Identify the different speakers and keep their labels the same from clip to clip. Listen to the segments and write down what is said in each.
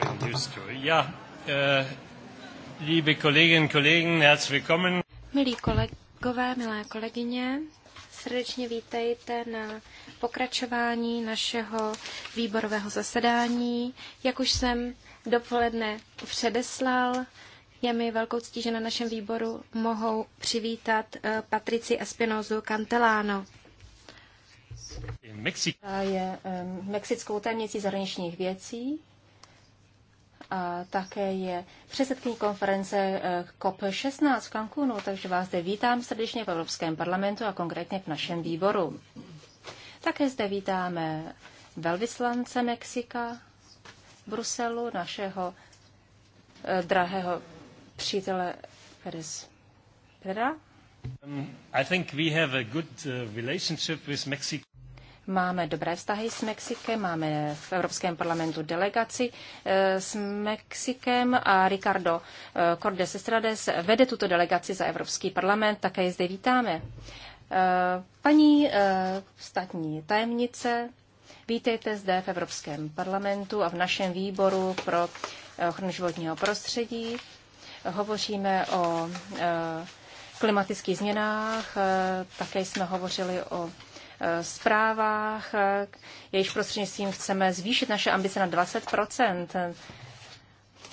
Speaker 1: Eh, Milí kolegové, milé kolegyně, srdečně vítejte na pokračování našeho výborového zasedání. Jak už jsem dopoledne předeslal, je mi velkou ctí, že na našem výboru mohou přivítat eh, Patrici Espinozu Cantelano. Je
Speaker 2: mexickou tajemnicí zahraničních věcí a také je předsedkyní konference eh, COP16 v Cancúnu, takže vás zde vítám srdečně v Evropském parlamentu a konkrétně v našem výboru. Také zde vítáme velvyslance Mexika v Bruselu, našeho eh, drahého přítele Perez Pera.
Speaker 1: Um, I think we have a good uh, relationship with Mexico.
Speaker 2: Máme dobré vztahy s Mexikem, máme v Evropském parlamentu delegaci eh, s Mexikem a Ricardo eh, Cordes Estrades vede tuto delegaci za Evropský parlament, také je zde vítáme. Eh, paní státní tajemnice, vítejte zde v Evropském parlamentu a v našem výboru pro ochranu životního prostředí. Hovoříme o klimatických změnách, také jsme hovořili o Eh, zprávách, eh, jejich prostřednictvím chceme zvýšit naše ambice na 20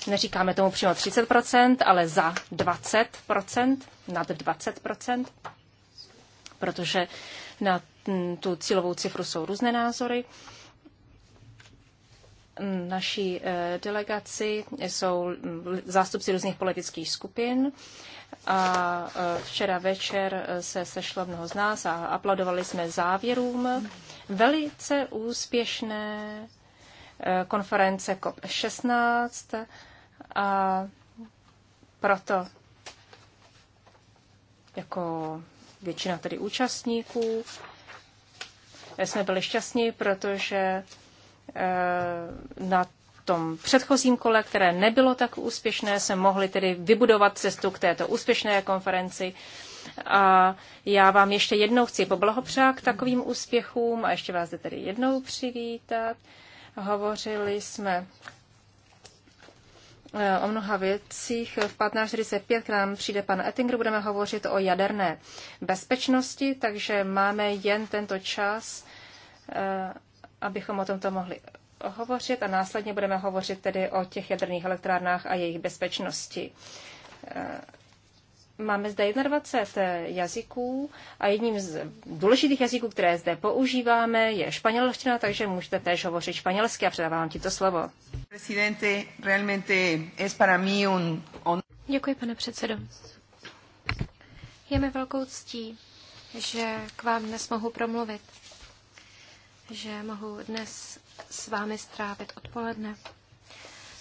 Speaker 2: Neříkáme tomu přímo 30 ale za 20 nad 20 protože na mm, tu cílovou cifru jsou různé názory naší eh, delegaci jsou mm, zástupci různých politických skupin a e, včera večer e, se sešlo mnoho z nás a aplaudovali jsme závěrům velice úspěšné e, konference COP16 a proto jako většina tedy účastníků jsme byli šťastní, protože na tom předchozím kole, které nebylo tak úspěšné, se mohli tedy vybudovat cestu k této úspěšné konferenci. A já vám ještě jednou chci poblahopřát k takovým úspěchům a ještě vás zde tedy jednou přivítat. Hovořili jsme eh, o mnoha věcích. V 15.45 k nám přijde pan Ettinger, budeme hovořit o jaderné bezpečnosti, takže máme jen tento čas, eh, abychom o tomto mohli hovořit a následně budeme hovořit tedy o těch jaderných elektrárnách a jejich bezpečnosti. Eh, máme zde 21 eh, jazyků a jedním z důležitých jazyků, které zde používáme, je španělština, takže můžete též hovořit španělsky a předávám ti to slovo.
Speaker 3: Děkuji, pane předsedo.
Speaker 1: Je mi velkou ctí, že k vám dnes mohu promluvit, že mohu dnes s vámi strávit odpoledne.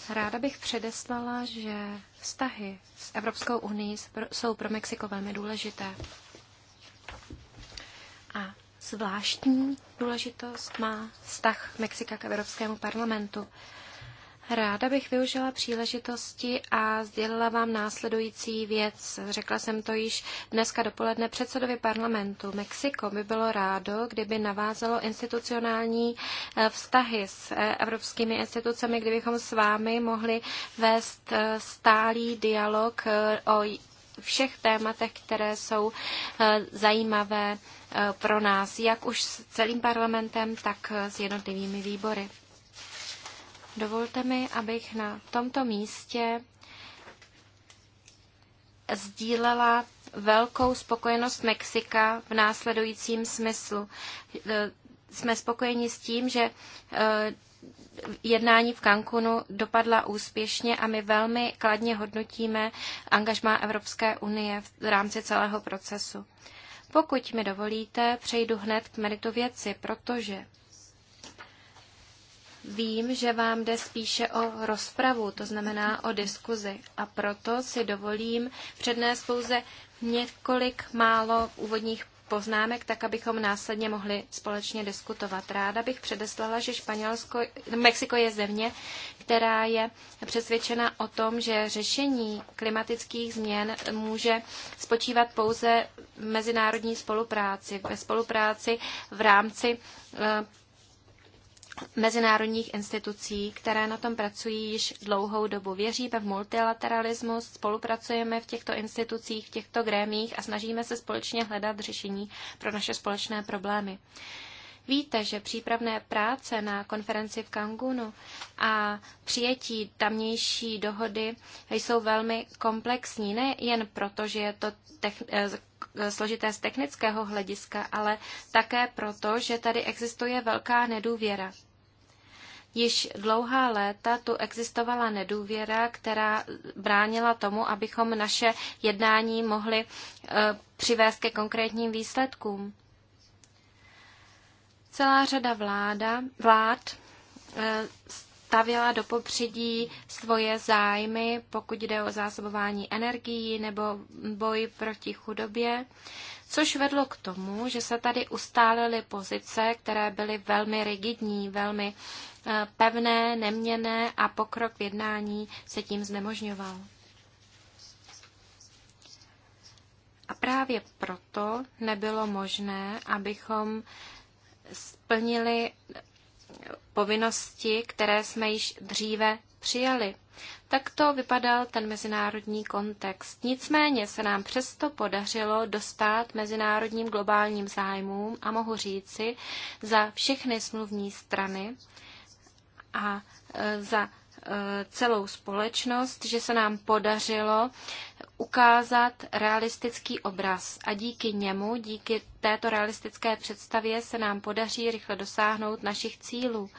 Speaker 1: Ráda bych předeslala, že vztahy s Evropskou unii jsou pro Mexiko velmi důležité. A zvláštní důležitost má vztah Mexika k Evropskému parlamentu. Ráda bych využila příležitosti a sdělila vám následující věc. Řekla jsem to již dneska dopoledne předsedovi parlamentu. Mexiko by bylo rádo, kdyby navázalo institucionální eh, vztahy s eh, evropskými institucemi, kdybychom s vámi mohli vést eh, stálý dialog o všech tématech, které jsou zajímavé pro nás, jak už s celým parlamentem, tak s jednotlivými výbory. Dovolte mi, abych na tomto místě sdílela velkou spokojenost Mexika v následujícím smyslu. E, jsme spokojeni s tím, že e, jednání v Cancunu dopadla úspěšně a my velmi kladně hodnotíme angažmá Evropské unie v rámci celého procesu. Pokud mi dovolíte, přejdu hned k meritu věci, protože Vím, že vám jde spíše o rozpravu, to znamená o diskuzi, a proto si dovolím přednést pouze několik málo úvodních poznámek, tak abychom následně mohli společně diskutovat. Ráda bych předeslala, že Španělsko, Mexiko je země, která je přesvědčena o tom, že řešení klimatických změn může spočívat pouze v mezinárodní spolupráci, ve spolupráci v rámci eh, mezinárodních institucí, které na tom pracují již dlouhou dobu. Věříme v multilateralismus, spolupracujeme v těchto institucích, v těchto grémích a snažíme se společně hledat řešení pro naše společné problémy. Víte, že přípravné práce na konferenci v Kangunu a přijetí tamnější dohody jsou velmi komplexní, nejen proto, že je to eh, složité z technického hlediska, ale také proto, že tady existuje velká nedůvěra. Již dlouhá léta tu existovala nedůvěra, která bránila tomu, abychom naše jednání mohli e, přivést ke konkrétním výsledkům. Celá řada vláda, vlád e, stavěla do popředí svoje zájmy, pokud jde o zásobování energií nebo boj proti chudobě což vedlo k tomu, že se tady ustálily pozice, které byly velmi rigidní, velmi eh, pevné, neměné a pokrok v jednání se tím znemožňoval. A právě proto nebylo možné, abychom splnili povinnosti, které jsme již dříve přijali. Takto vypadal ten mezinárodní kontext. Nicméně se nám přesto podařilo dostat mezinárodním globálním zájmům a mohu říci za všechny smluvní strany a e, za e, celou společnost, že se nám podařilo ukázat realistický obraz a díky němu, díky této realistické představě se nám podaří rychle dosáhnout našich cílů.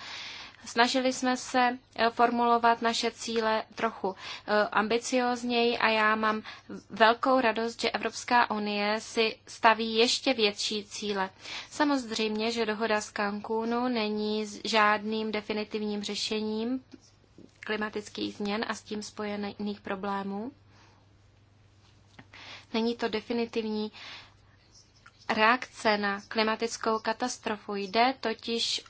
Speaker 1: Snažili jsme se eh, formulovat naše cíle trochu eh, ambiciozněji a já mám velkou radost, že Evropská unie si staví ještě větší cíle. Samozřejmě, že dohoda z Cancúnu není žádným definitivním řešením klimatických změn a s tím spojených problémů. Není to definitivní reakce na klimatickou katastrofu. Jde totiž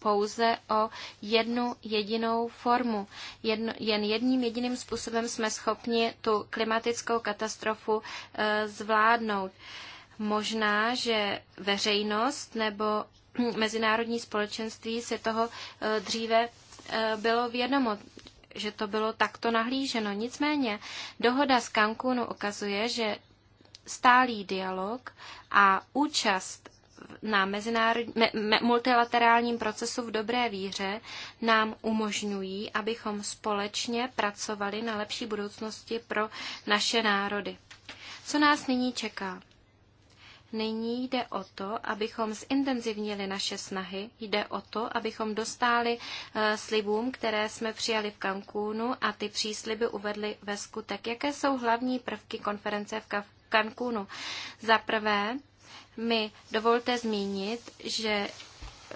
Speaker 1: pouze o jednu jedinou formu. Jedno, jen jedním jediným způsobem jsme schopni tu klimatickou katastrofu e, zvládnout. Možná, že veřejnost nebo mezinárodní společenství se toho e, dříve e, bylo vědomo, že to bylo takto nahlíženo. Nicméně dohoda z Cancúnu ukazuje, že stálý dialog a účast na mezinárodní, me, me, multilaterálním procesu v dobré víře nám umožňují, abychom společně pracovali na lepší budoucnosti pro naše národy. Co nás nyní čeká? Nyní jde o to, abychom zintenzivnili naše snahy, jde o to, abychom dostali eh, slibům, které jsme přijali v Cancúnu a ty přísliby uvedli ve skutek. Jaké jsou hlavní prvky konference v Cancúnu? Za prvé, mi dovolte zmínit, že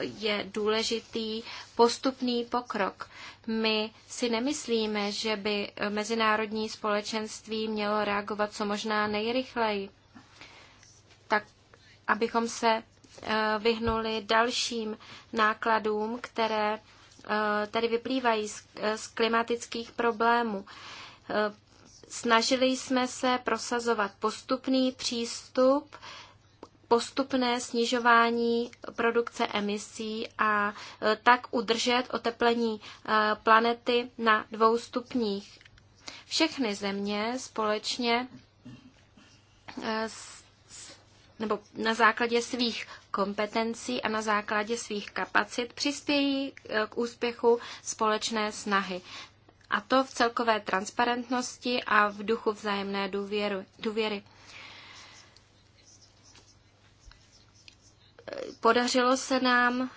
Speaker 1: je důležitý postupný pokrok. My si nemyslíme, že by mezinárodní společenství mělo reagovat co možná nejrychleji, tak abychom se eh, vyhnuli dalším nákladům, které eh, tady vyplývají eh, z klimatických problémů. Snažili jsme se prosazovat postupný přístup, postupné snižování produkce emisí a e, tak udržet oteplení e, planety na dvou stupních. Všechny země společně e, nebo na základě svých kompetencí a na základě svých kapacit přispějí k úspěchu společné snahy. A to v celkové transparentnosti a v duchu vzájemné důvěry. podařilo se nám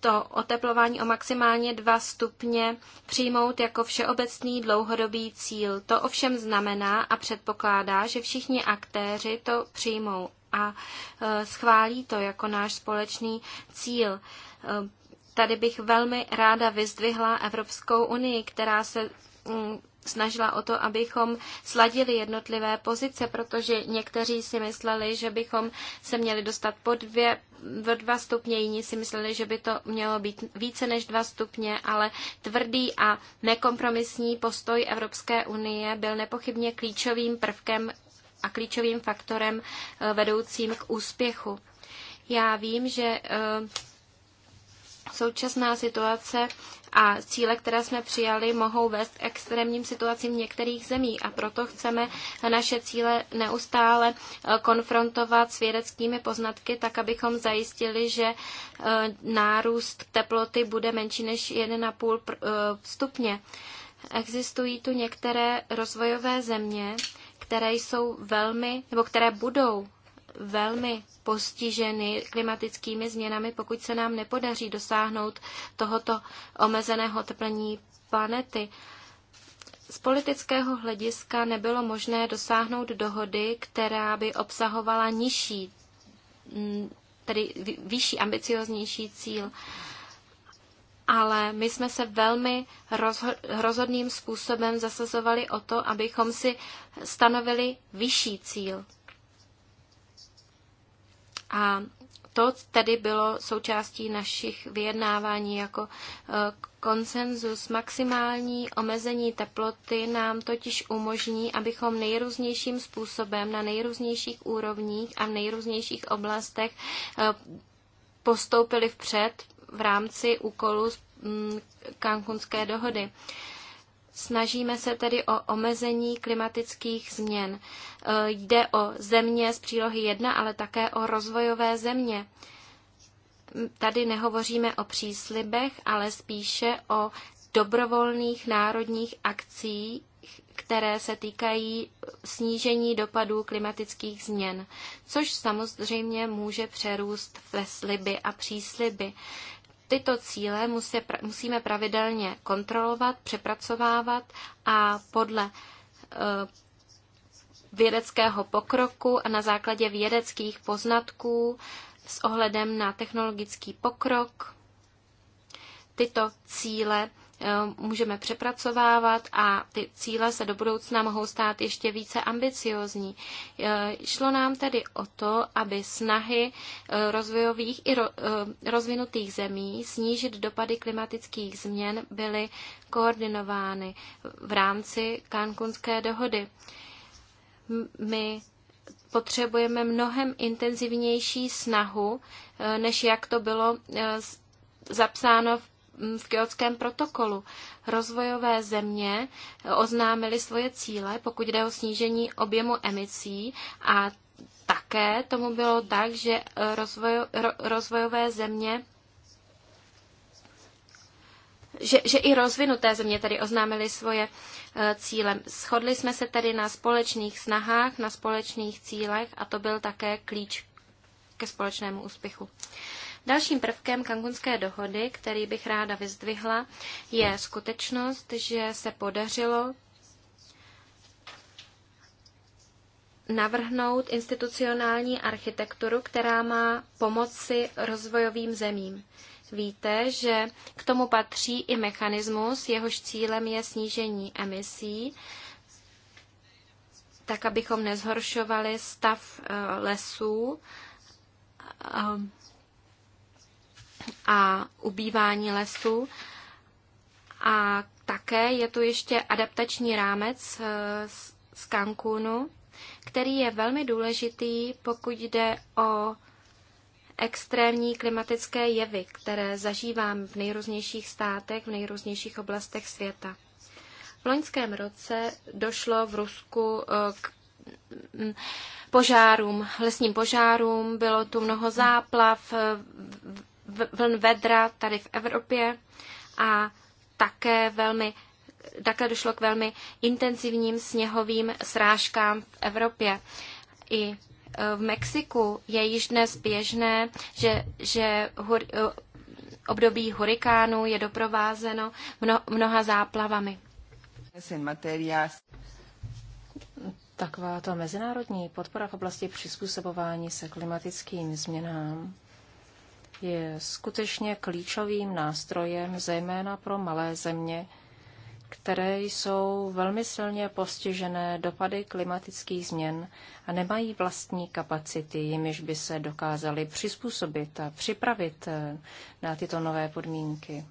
Speaker 1: to oteplování o maximálně 2 stupně přijmout jako všeobecný dlouhodobý cíl. To ovšem znamená a předpokládá, že všichni aktéři to přijmou a e, schválí to jako náš společný cíl. E, tady bych velmi ráda vyzdvihla Evropskou unii, která se mm, snažila o to, abychom sladili jednotlivé pozice, protože někteří si mysleli, že bychom se měli dostat po dvě, o dva stupně, jiní si mysleli, že by to mělo být více než dva stupně, ale tvrdý a nekompromisní postoj Evropské unie byl nepochybně klíčovým prvkem a klíčovým faktorem eh, vedoucím k úspěchu. Já vím, že eh, současná situace a cíle, které jsme přijali, mohou vést k extrémním situacím v některých zemí a proto chceme naše cíle neustále eh, konfrontovat s vědeckými poznatky, tak abychom zajistili, že eh, nárůst teploty bude menší než 1,5 eh, stupně. Existují tu některé rozvojové země, které jsou velmi, nebo které budou velmi postiženy klimatickými změnami, pokud se nám nepodaří dosáhnout tohoto omezeného teplení planety. Z politického hlediska nebylo možné dosáhnout dohody, která by obsahovala nižší, mm, tedy vyšší, ambicioznější cíl ale my jsme se velmi rozhodným způsobem zasazovali o to, abychom si stanovili vyšší cíl. A to tedy bylo součástí našich vyjednávání jako e, konsenzus. Maximální omezení teploty nám totiž umožní, abychom nejrůznějším způsobem na nejrůznějších úrovních a v nejrůznějších oblastech e, postoupili vpřed v rámci úkolu mm, Cancunské dohody. Snažíme se tedy o omezení klimatických změn. Eh, jde o země z přílohy 1, ale také o rozvojové země. Tady nehovoříme o příslibech, ale spíše o dobrovolných národních akcích, které se týkají snížení dopadů klimatických změn, což samozřejmě může přerůst ve sliby a přísliby tyto cíle musí, musíme pravidelně kontrolovat, přepracovávat a podle eh, vědeckého pokroku a na základě vědeckých poznatků s ohledem na technologický pokrok tyto cíle Eh, můžeme přepracovávat a ty cíle se do budoucna mohou stát ještě více ambiciozní. Eh, šlo nám tedy o to, aby snahy eh, rozvojových i rozvinutých zemí snížit dopady klimatických změn byly koordinovány v rámci Cancunské dohody. My potřebujeme mnohem intenzivnější snahu, než jak to bylo zapsáno v Mm, v Kyotském protokolu. Rozvojové země oznámily svoje cíle, pokud jde o snížení objemu emisí a také tomu bylo tak, že rozvoj, rozvojové země že, že i rozvinuté země tady oznámily svoje eh, cíle. Shodli jsme se tedy na společných snahách, na společných cílech a to byl také klíč ke společnému úspěchu. Dalším prvkem kangunské dohody, který bych ráda vyzdvihla, je skutečnost, že se podařilo navrhnout institucionální architekturu, která má pomoci rozvojovým zemím. Víte, že k tomu patří i mechanismus, jehož cílem je snížení emisí, tak abychom nezhoršovali stav eh, lesů. Eh, a ubývání lesů. A také je tu ještě adaptační rámec eh, z Cancúnu, který je velmi důležitý, pokud jde o extrémní klimatické jevy, které zažívám v nejrůznějších státech, v nejrůznějších oblastech světa. V loňském roce došlo v Rusku eh, k mm, požárům, lesním požárům, bylo tu mnoho záplav, eh, vln vedra tady v Evropě a také velmi také došlo k velmi intenzivním sněhovým srážkám v Evropě. I e, v Mexiku je již dnes běžné, že, že hur, e, období hurikánů je doprovázeno mno, mnoha záplavami.
Speaker 2: Taková to mezinárodní podpora v oblasti přizpůsobování se klimatickým změnám je skutečně klíčovým nástrojem zejména pro malé země, které jsou velmi silně postižené dopady klimatických změn a nemají vlastní kapacity, jimiž by se dokázali přizpůsobit a připravit eh, na tyto nové podmínky.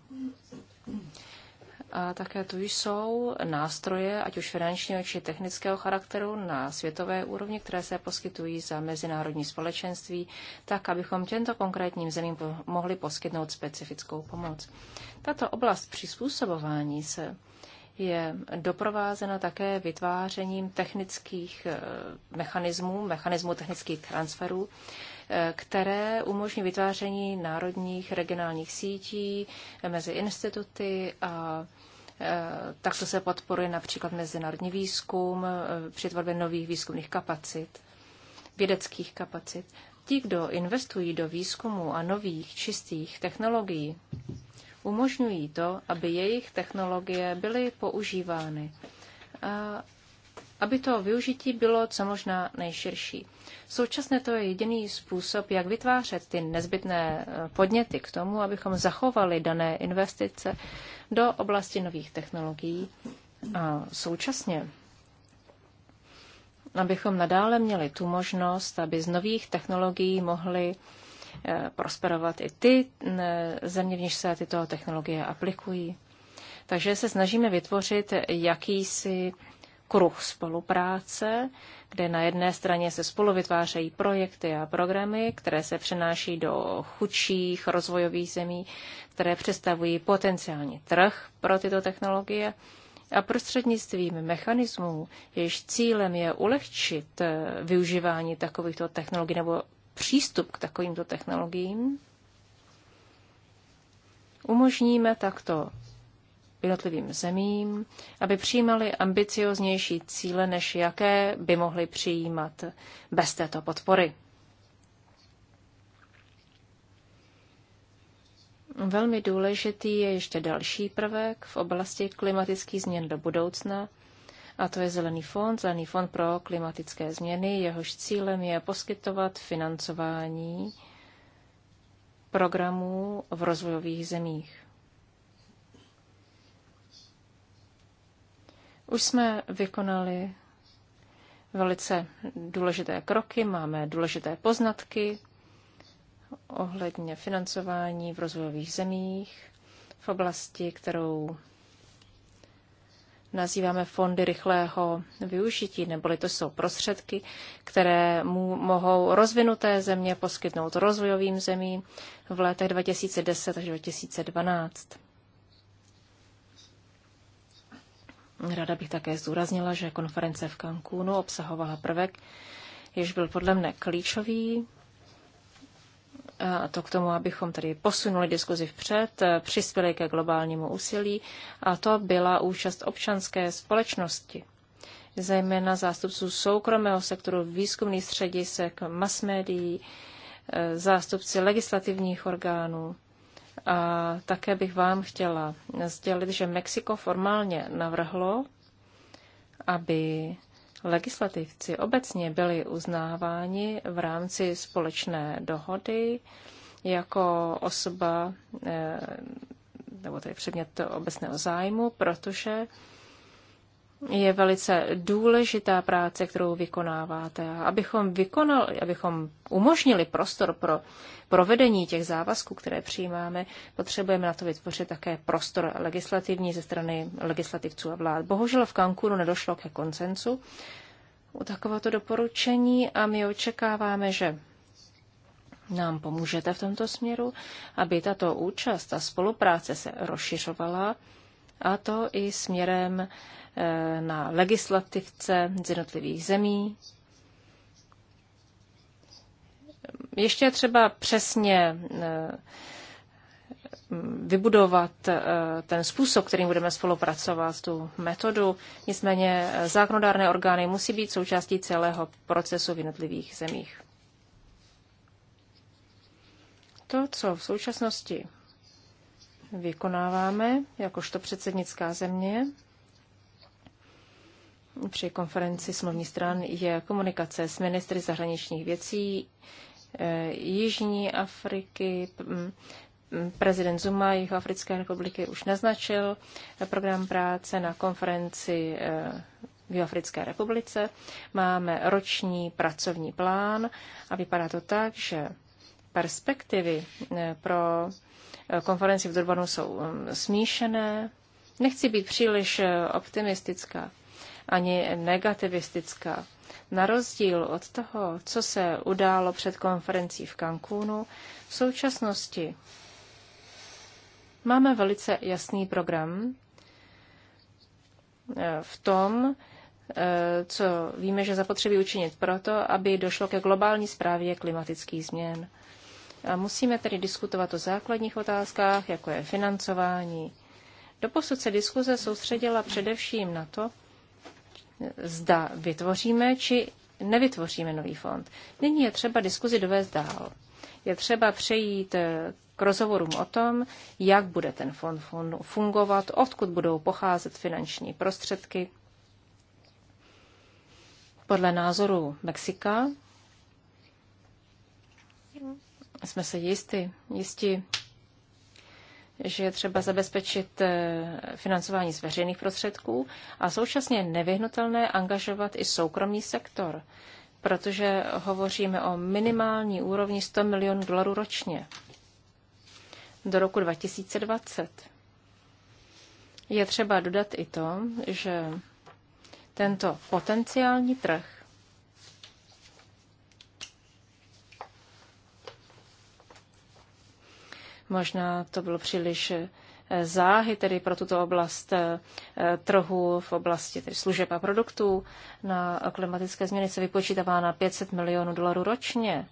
Speaker 2: A také tu jsou nástroje, ať už finančního či technického charakteru na světové úrovni, které se poskytují za mezinárodní společenství, tak abychom těmto konkrétním zemím mohli poskytnout specifickou pomoc. Tato oblast přizpůsobování se je doprovázena také vytvářením technických eh, mechanismů, mechanismů technických transferů, které umožní vytváření národních regionálních sítí mezi instituty a e, Takto se podporuje například mezinárodní výzkum e, při tvorbě nových výzkumných kapacit, vědeckých kapacit. Ti, kdo investují do výzkumu a nových čistých technologií, umožňují to, aby jejich technologie byly používány a aby to využití bylo co možná nejširší. Současně to je jediný způsob, jak vytvářet ty nezbytné eh, podněty k tomu, abychom zachovali dané investice do oblasti nových technologií a současně abychom nadále měli tu možnost, aby z nových technologií mohly eh, prosperovat i ty země, v níž se tyto technologie aplikují. Takže se snažíme vytvořit jakýsi kruh spolupráce, kde na jedné straně se spolu vytvářejí projekty a programy, které se přenáší do chudších rozvojových zemí, které představují potenciální trh pro tyto technologie a prostřednictvím mechanismů, jejichž cílem je ulehčit eh, využívání takovýchto technologií nebo přístup k takovýmto technologiím, umožníme takto jednotlivým zemím, aby přijímali ambicioznější cíle, než jaké by mohly přijímat bez této podpory. Velmi důležitý je ještě další prvek v oblasti klimatických změn do budoucna, a to je Zelený fond, Zelený fond pro klimatické změny. Jehož cílem je poskytovat financování programů v rozvojových zemích. Už jsme vykonali velice důležité kroky, máme důležité poznatky ohledně financování v rozvojových zemích v oblasti, kterou nazýváme fondy rychlého využití, neboli to jsou prostředky, které mu mohou rozvinuté země poskytnout rozvojovým zemím v letech 2010 až 2012. Ráda bych také zdůraznila, že konference v Cancúnu obsahovala prvek, jež byl podle mne klíčový, a to k tomu, abychom tedy posunuli diskuzi vpřed, eh, přispěli ke globálnímu úsilí, a to byla účast občanské společnosti, zejména zástupců soukromého sektoru, výzkumných středisek, mass médií, eh, zástupci legislativních orgánů a také bych vám chtěla sdělit, že Mexiko formálně navrhlo, aby legislativci obecně byli uznáváni v rámci společné dohody jako osoba eh, nebo tedy předmět obecného zájmu, protože je velice důležitá práce, kterou vykonáváte. abychom, vykonali, abychom umožnili prostor pro provedení těch závazků, které přijímáme, potřebujeme na to vytvořit také prostor legislativní ze strany legislativců a vlád. Bohužel v Cancunu nedošlo ke koncensu u takovéto doporučení a my očekáváme, že nám pomůžete v tomto směru, aby tato účast a spolupráce se rozšiřovala, a to i směrem Eh, na legislativce z jednotlivých zemí. Ještě třeba přesně eh, vybudovat eh, ten způsob, kterým budeme spolupracovat, tu metodu. Nicméně zákonodárné orgány musí být součástí celého procesu v jednotlivých zemích. To, co v současnosti vykonáváme jakožto předsednická země, při konferenci smluvní stran je komunikace s ministry zahraničních věcí eh, Jižní Afriky. Mm, mm, prezident Zuma Jihoafrické republiky už naznačil program práce na konferenci eh, v Jihoafrické republice. Máme roční pracovní plán a vypadá to tak, že perspektivy eh, pro konferenci v Durbanu jsou mm, smíšené. Nechci být příliš optimistická, ani negativistická. Na rozdíl od toho, co se událo před konferencí v Cancúnu, v současnosti máme velice jasný program eh, v tom, eh, co víme, že zapotřebí učinit proto, aby došlo ke globální zprávě klimatických změn. A musíme tedy diskutovat o základních otázkách, jako je financování. Doposud se diskuze soustředila především na to, zda vytvoříme či nevytvoříme nový fond. Nyní je třeba diskuzi dovést dál. Je třeba přejít eh, k rozhovorům o tom, jak bude ten fond fungovat, odkud budou pocházet finanční prostředky. Podle názoru Mexika jsme se jistí, jistí že je třeba zabezpečit eh, financování z veřejných prostředků a současně je nevyhnutelné angažovat i soukromý sektor, protože hovoříme o minimální úrovni 100 milionů dolarů ročně do roku 2020. Je třeba dodat i to, že tento potenciální trh Možná to bylo příliš eh, záhy tedy pro tuto oblast eh, trhu v oblasti tedy služeb a produktů na klimatické změny se vypočítává na 500 milionů dolarů ročně.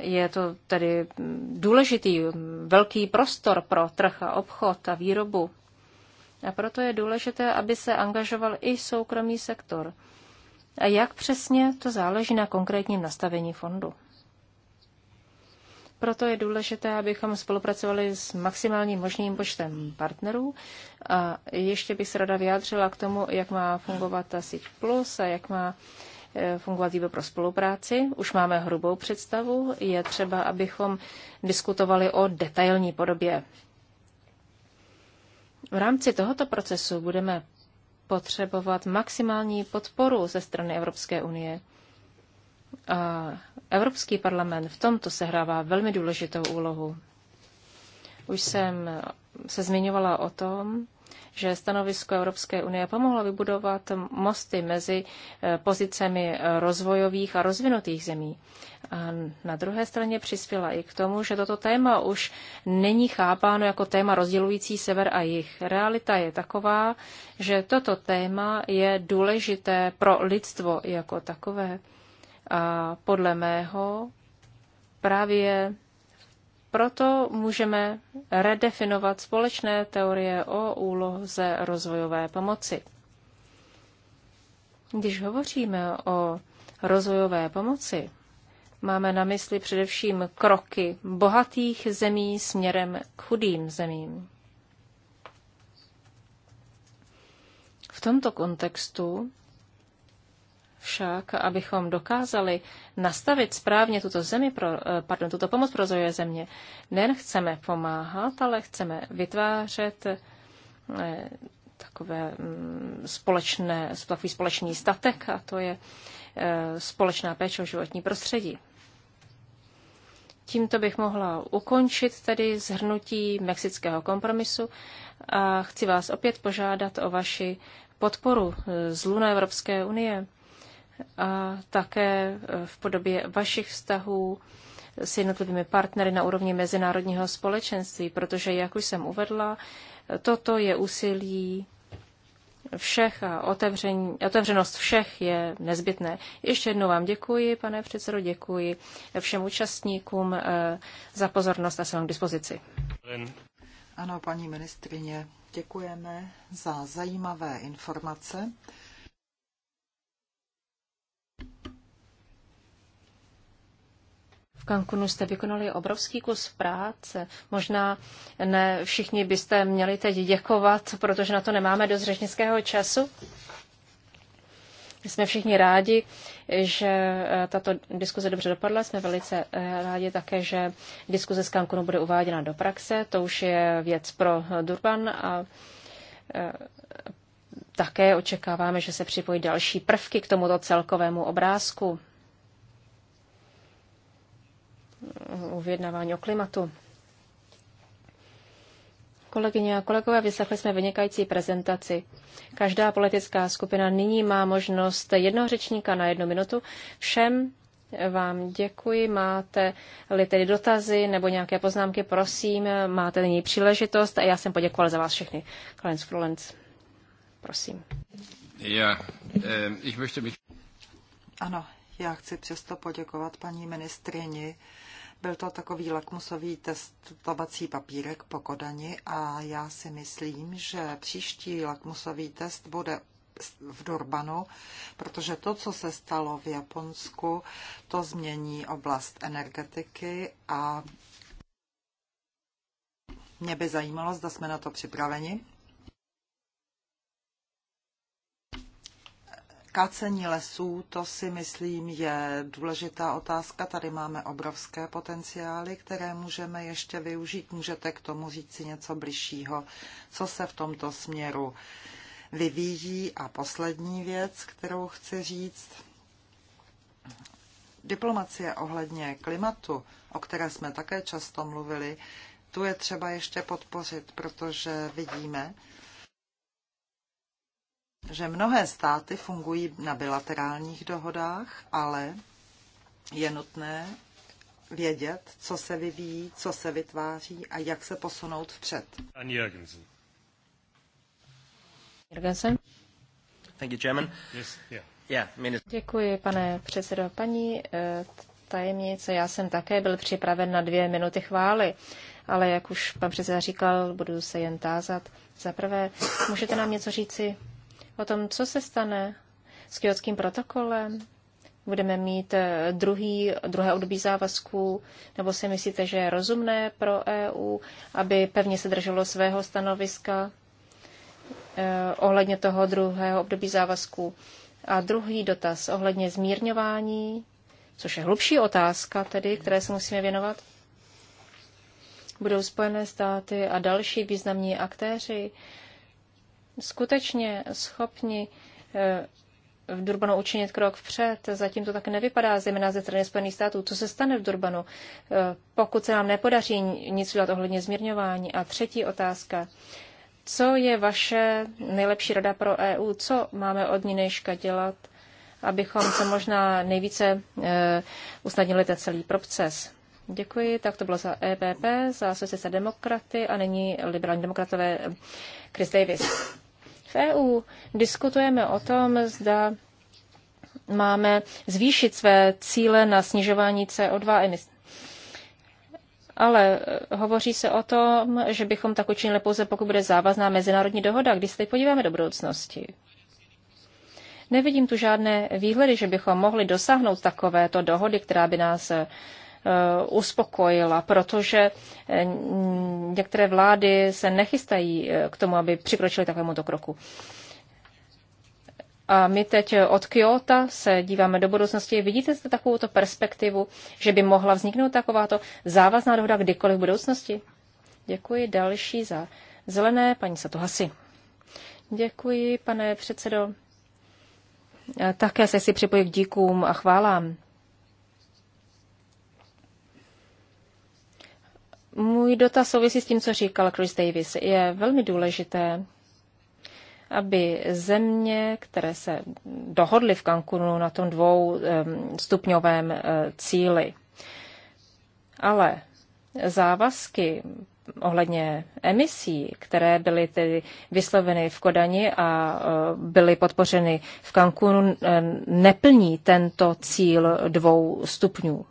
Speaker 2: Je to tedy mm, důležitý mm, velký prostor pro trh a obchod a výrobu. A proto je důležité, aby se angažoval i soukromý sektor. A jak přesně, to záleží na konkrétním nastavení fondu. Proto je důležité, abychom spolupracovali s maximálním možným počtem partnerů. A ještě bych se rada vyjádřila k tomu, jak má fungovat ta síť plus a jak má e, fungovat výbor pro spolupráci. Už máme hrubou představu. Je třeba, abychom diskutovali o detailní podobě. V rámci tohoto procesu budeme potřebovat maximální podporu ze strany Evropské unie a Evropský parlament v tomto sehrává velmi důležitou úlohu. Už jsem se zmiňovala o tom, že stanovisko Evropské unie pomohlo vybudovat mosty mezi e, pozicemi rozvojových a rozvinutých zemí. A na druhé straně přispěla i k tomu, že toto téma už není chápáno jako téma rozdělující sever a jich. Realita je taková, že toto téma je důležité pro lidstvo jako takové. A podle mého právě proto můžeme redefinovat společné teorie o úloze rozvojové pomoci. Když hovoříme o rozvojové pomoci, máme na mysli především kroky bohatých zemí směrem k chudým zemím. V tomto kontextu však, abychom dokázali nastavit správně tuto, zemi pro, eh, pardon, tuto pomoc pro rozvojové země, nejen chceme pomáhat, ale chceme vytvářet eh, takové mm, společné, takový společný statek a to je eh, společná péče o životní prostředí. Tímto bych mohla ukončit tedy zhrnutí mexického kompromisu a chci vás opět požádat o vaši podporu z Luna Evropské unie a také e, v podobě vašich vztahů s jednotlivými partnery na úrovni mezinárodního společenství, protože, jak už jsem uvedla, toto je úsilí všech a otevření, otevřenost všech je nezbytné. Ještě jednou vám děkuji, pane předsedo, děkuji všem účastníkům e, za pozornost a jsem k dispozici.
Speaker 3: Ano, paní ministrině, děkujeme za zajímavé informace.
Speaker 2: V Cancunu jste vykonali obrovský kus práce. Možná ne všichni byste měli teď děkovat, protože na to nemáme dost řečnického času. Jsme všichni rádi, že eh, tato diskuze dobře dopadla. Jsme velice eh, rádi také, že diskuze z Cancunu bude uváděna do praxe. To už je věc pro Durban a eh, také očekáváme, že se připojí další prvky k tomuto celkovému obrázku o vyjednávání o klimatu. Kolegyně a kolegové, vyslechli jsme vynikající prezentaci. Každá politická skupina nyní má možnost jednoho řečníka na jednu minutu. Všem vám děkuji. Máte-li tedy dotazy nebo nějaké poznámky, prosím, máte nyní příležitost a já jsem poděkoval za vás všechny. Klenc Frulenc, prosím.
Speaker 1: Já, eh, ich möchte mich...
Speaker 3: Ano, já chci přesto poděkovat paní ministrini byl to takový lakmusový testovací papírek po Kodani a já si myslím, že příští lakmusový test bude v Durbanu, protože to, co se stalo v Japonsku, to změní oblast energetiky a mě by zajímalo, zda jsme na to připraveni. kácení lesů, to si myslím je důležitá otázka. Tady máme obrovské potenciály, které můžeme ještě využít. Můžete k tomu říct si něco bližšího, co se v tomto směru vyvíjí. A poslední věc, kterou chci říct, diplomacie ohledně klimatu, o které jsme také často mluvili, tu je třeba ještě podpořit, protože vidíme, že mnohé státy fungují na bilaterálních dohodách, ale je nutné vědět, co se vyvíjí, co se vytváří a jak se posunout vpřed. Jürgensen. Jürgensen? Thank you, Chairman. Yes, yeah. Yeah,
Speaker 2: Děkuji, pane předsedo. Paní eh, tajemnice, já jsem také byl připraven na dvě minuty chvály, ale jak už pan předseda říkal, budu se jen tázat. Za prvé, můžete nám něco říci o tom, co se stane s kyotským protokolem? Budeme mít eh, druhý, druhé období závazků, nebo si myslíte, že je rozumné pro EU, aby pevně se drželo svého stanoviska eh, ohledně toho druhého období závazků? A druhý dotaz ohledně zmírňování, což je hlubší otázka tedy, které se musíme věnovat. Budou Spojené státy a další významní aktéři eh, skutečně schopni eh, v Durbanu učinit krok vpřed. Zatím to tak nevypadá, zejména ze strany Spojených států. Co se stane v Durbanu, eh, pokud se nám nepodaří nic udělat ohledně zmírňování? A třetí otázka. Co je vaše nejlepší rada pro EU? Co máme od nejška dělat, abychom se možná nejvíce eh, usnadnili ten celý proces? Děkuji. Tak to bylo za EPP, za Asociace demokraty a nyní liberální demokratové Chris Davis. V EU diskutujeme o tom, zda máme zvýšit své cíle na snižování CO2 emisí. Ale eh, hovoří se o tom, že bychom tak učinili pouze, pokud bude závazná mezinárodní dohoda. Když se teď podíváme do budoucnosti, nevidím tu žádné výhledy, že bychom mohli dosáhnout takovéto dohody, která by nás eh, Eh, uspokojila, protože eh, některé vlády se nechystají eh, k tomu, aby přikročily takovémuto kroku. A my teď od Kyoto se díváme do budoucnosti. Vidíte zde takovouto perspektivu, že by mohla vzniknout takováto závazná dohoda kdykoliv v budoucnosti? Děkuji další za zelené, paní Satohasi. Děkuji, pane předsedo. Také se si připojit k díkům a chválám. Můj dotaz souvisí s tím, co říkal Chris Davis. Je velmi důležité, aby země, které se dohodly v Cancunu na tom dvou stupňovém eh, cíli, ale závazky ohledně emisí, které byly tedy vysloveny v Kodani a eh, byly podpořeny v Cancunu, eh, neplní tento cíl dvou stupňů.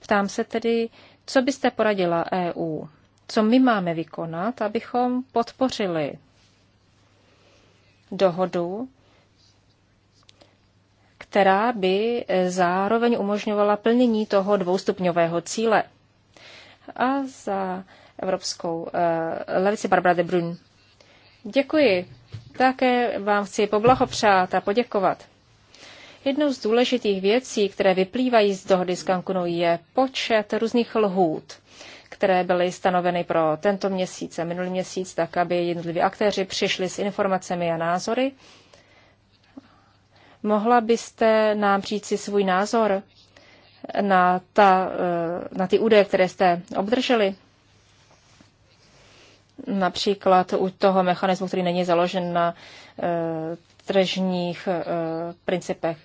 Speaker 2: Ptám se tedy, co byste poradila EU? Co my máme vykonat, abychom podpořili dohodu, která by zároveň umožňovala plnění toho dvoustupňového cíle? A za evropskou eh, levici Barbara de Brun. Děkuji. Také vám chci poblahopřát a poděkovat. Jednou z důležitých věcí, které vyplývají z dohody z Cancunu, je počet různých lhůt, které byly stanoveny pro tento měsíc a minulý měsíc, tak aby jednotliví aktéři přišli s informacemi a názory. Mohla byste nám říci svůj názor na, ta, eh, na ty údaje, které jste obdrželi? Například u toho mechanismu, který není založen na eh, tržních eh, principech.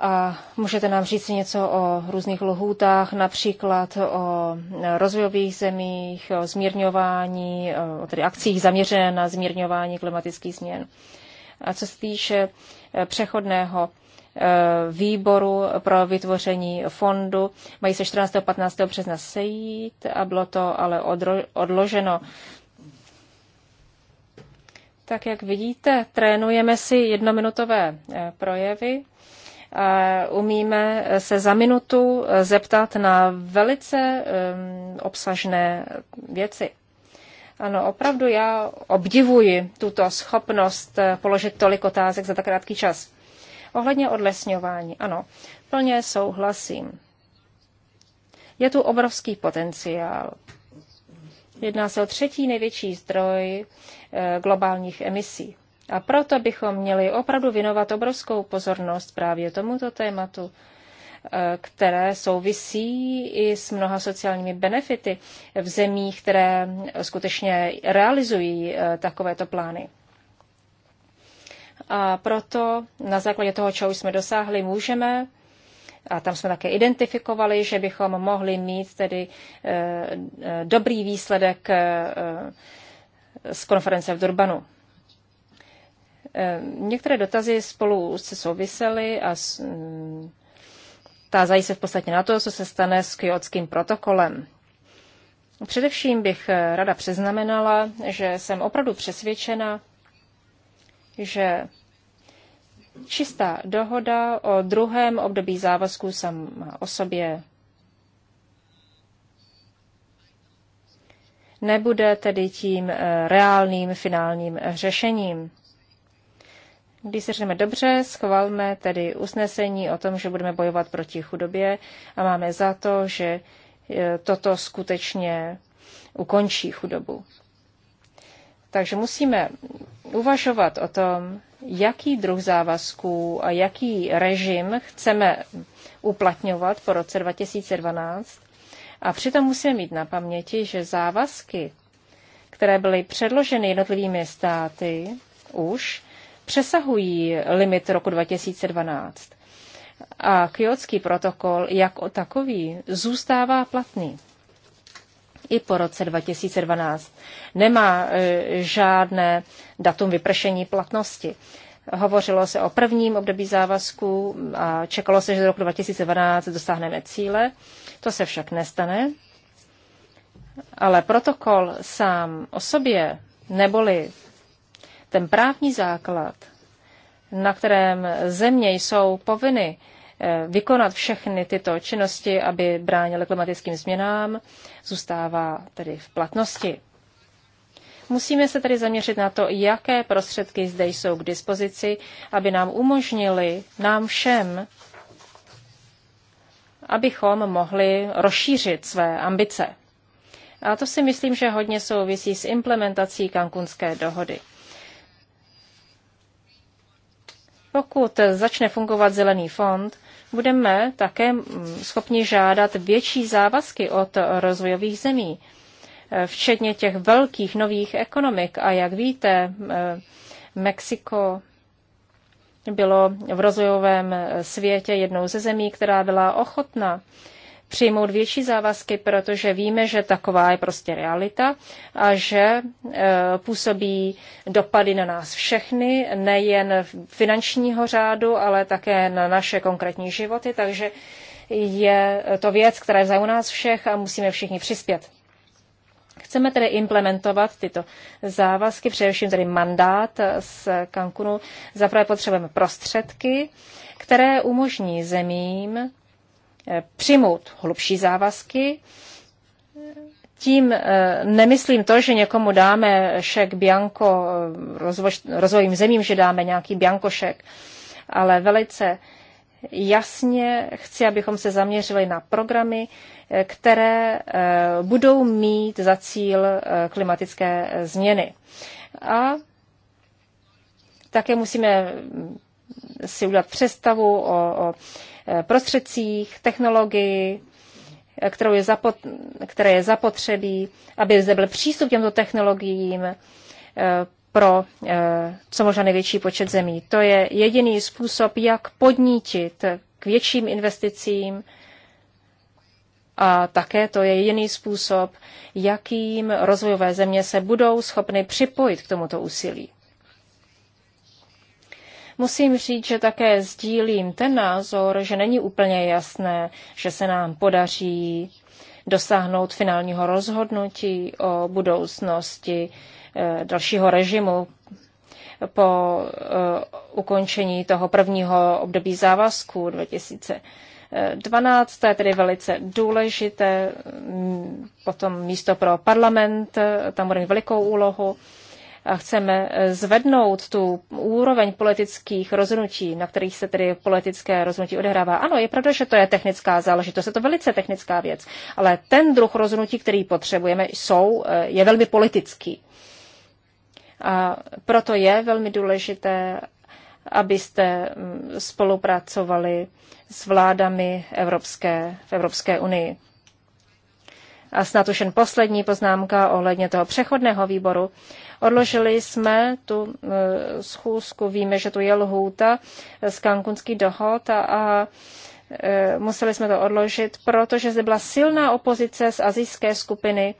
Speaker 2: A můžete nám říct něco o různých lohůtách, například o rozvojových zemích, o zmírňování, o tedy akcích zaměřené na zmírňování klimatických změn. A co se týče e, přechodného e, výboru pro vytvoření fondu. Mají se 14. a 15. března sejít a bylo to ale odloženo. Tak jak vidíte, trénujeme si jednominutové e, projevy. Eh, umíme se za minutu eh, zeptat na velice ehm, obsažné věci. Ano, opravdu já obdivuji tuto schopnost eh, položit tolik otázek za tak krátký čas. Ohledně odlesňování, ano, plně souhlasím. Je tu obrovský potenciál. Jedná se o třetí největší zdroj globálních emisí. A proto bychom měli opravdu věnovat obrovskou pozornost právě tomuto tématu eh, které souvisí i s mnoha sociálními benefity v zemích, které skutečně realizují eh, takovéto plány. A proto na základě toho, čeho jsme dosáhli, můžeme a tam jsme také identifikovali, že bychom mohli mít tedy eh, dobrý výsledek z konference v Durbanu. Ehm, některé dotazy spolu se souvisely a mm, tázají se v podstatě na to, co se stane s kyotským protokolem. Především bych eh, rada přeznamenala, že jsem opravdu přesvědčena, že čistá dohoda o druhém období závazků sama o sobě nebude tedy tím eh, reálným finálním řešením. Když se řekneme dobře, schvalme tedy usnesení o tom, že budeme bojovat proti chudobě a máme za to, že e, toto skutečně ukončí chudobu. Takže musíme uvažovat o tom, jaký druh závazků a jaký režim chceme uplatňovat po roce 2012. A přitom musíme mít na paměti, že závazky, které byly předloženy jednotlivými státy už, přesahují limit roku 2012. A kyotský protokol jako takový zůstává platný i po roce 2012. Nemá e, žádné datum vypršení platnosti. Hovořilo se o prvním období závazku a čekalo se, že do roku 2012 dosáhneme cíle. To se však nestane. Ale protokol sám o sobě, neboli ten právní základ, na kterém země jsou povinny eh, vykonat všechny tyto činnosti, aby bránili klimatickým změnám, zůstává tedy v platnosti. Musíme se tedy zaměřit na to, jaké prostředky zde jsou k dispozici, aby nám umožnili, nám všem, abychom mohli rozšířit své ambice. A to si myslím, že hodně souvisí s implementací kankunské dohody. Pokud začne fungovat zelený fond, budeme také mm, schopni žádat větší závazky od rozvojových zemí, eh, včetně těch velkých nových ekonomik. A jak víte, eh, Mexiko bylo v rozvojovém eh, světě jednou ze zemí, která byla ochotna přijmout větší závazky, protože víme, že taková je prostě realita a že e, působí dopady na nás všechny, nejen finančního řádu, ale také na naše konkrétní životy, takže je to věc, která je u nás všech a musíme všichni přispět. Chceme tedy implementovat tyto závazky, především tedy mandát z Cancunu. Zaprvé potřebujeme prostředky, které umožní zemím Eh, přijmout hlubší závazky. Tím eh, nemyslím to, že někomu dáme šek bianko eh, rozvojím zemím, že dáme nějaký biankošek, ale velice jasně chci, abychom se zaměřili na programy, které budou mít za cíl klimatické změny. A také musíme si udělat představu o, o e, prostředcích, technologii, e, kterou je zapot, které je zapotřebí, aby zde byl přístup k těmto technologiím e, pro co možná největší počet zemí. To je jediný způsob, jak podnítit k větším investicím a také to je jediný způsob, jakým rozvojové země se budou schopny připojit k tomuto úsilí. Musím říct, že také sdílím ten názor, že není úplně jasné, že se nám podaří dosáhnout finálního rozhodnutí o budoucnosti eh, dalšího režimu po eh, ukončení toho prvního období závazku 2012. To je tedy velice důležité. Potom místo pro parlament, eh, tam bude velikou úlohu chceme eh, zvednout tu úroveň politických rozhodnutí, na kterých se tedy politické rozhodnutí odehrává. Ano, je pravda, že to je technická záležitost, je to velice technická věc, ale ten druh rozhodnutí, který potřebujeme, jsou, eh, je velmi politický. A proto je velmi důležité, abyste mm, spolupracovali s vládami Evropské, v Evropské unii. A snad už jen poslední poznámka ohledně toho přechodného výboru. Odložili jsme tu e, schůzku, víme, že to je lhůta z kankunských dohod a, a e, museli jsme to odložit, protože zde byla silná opozice z azijské skupiny,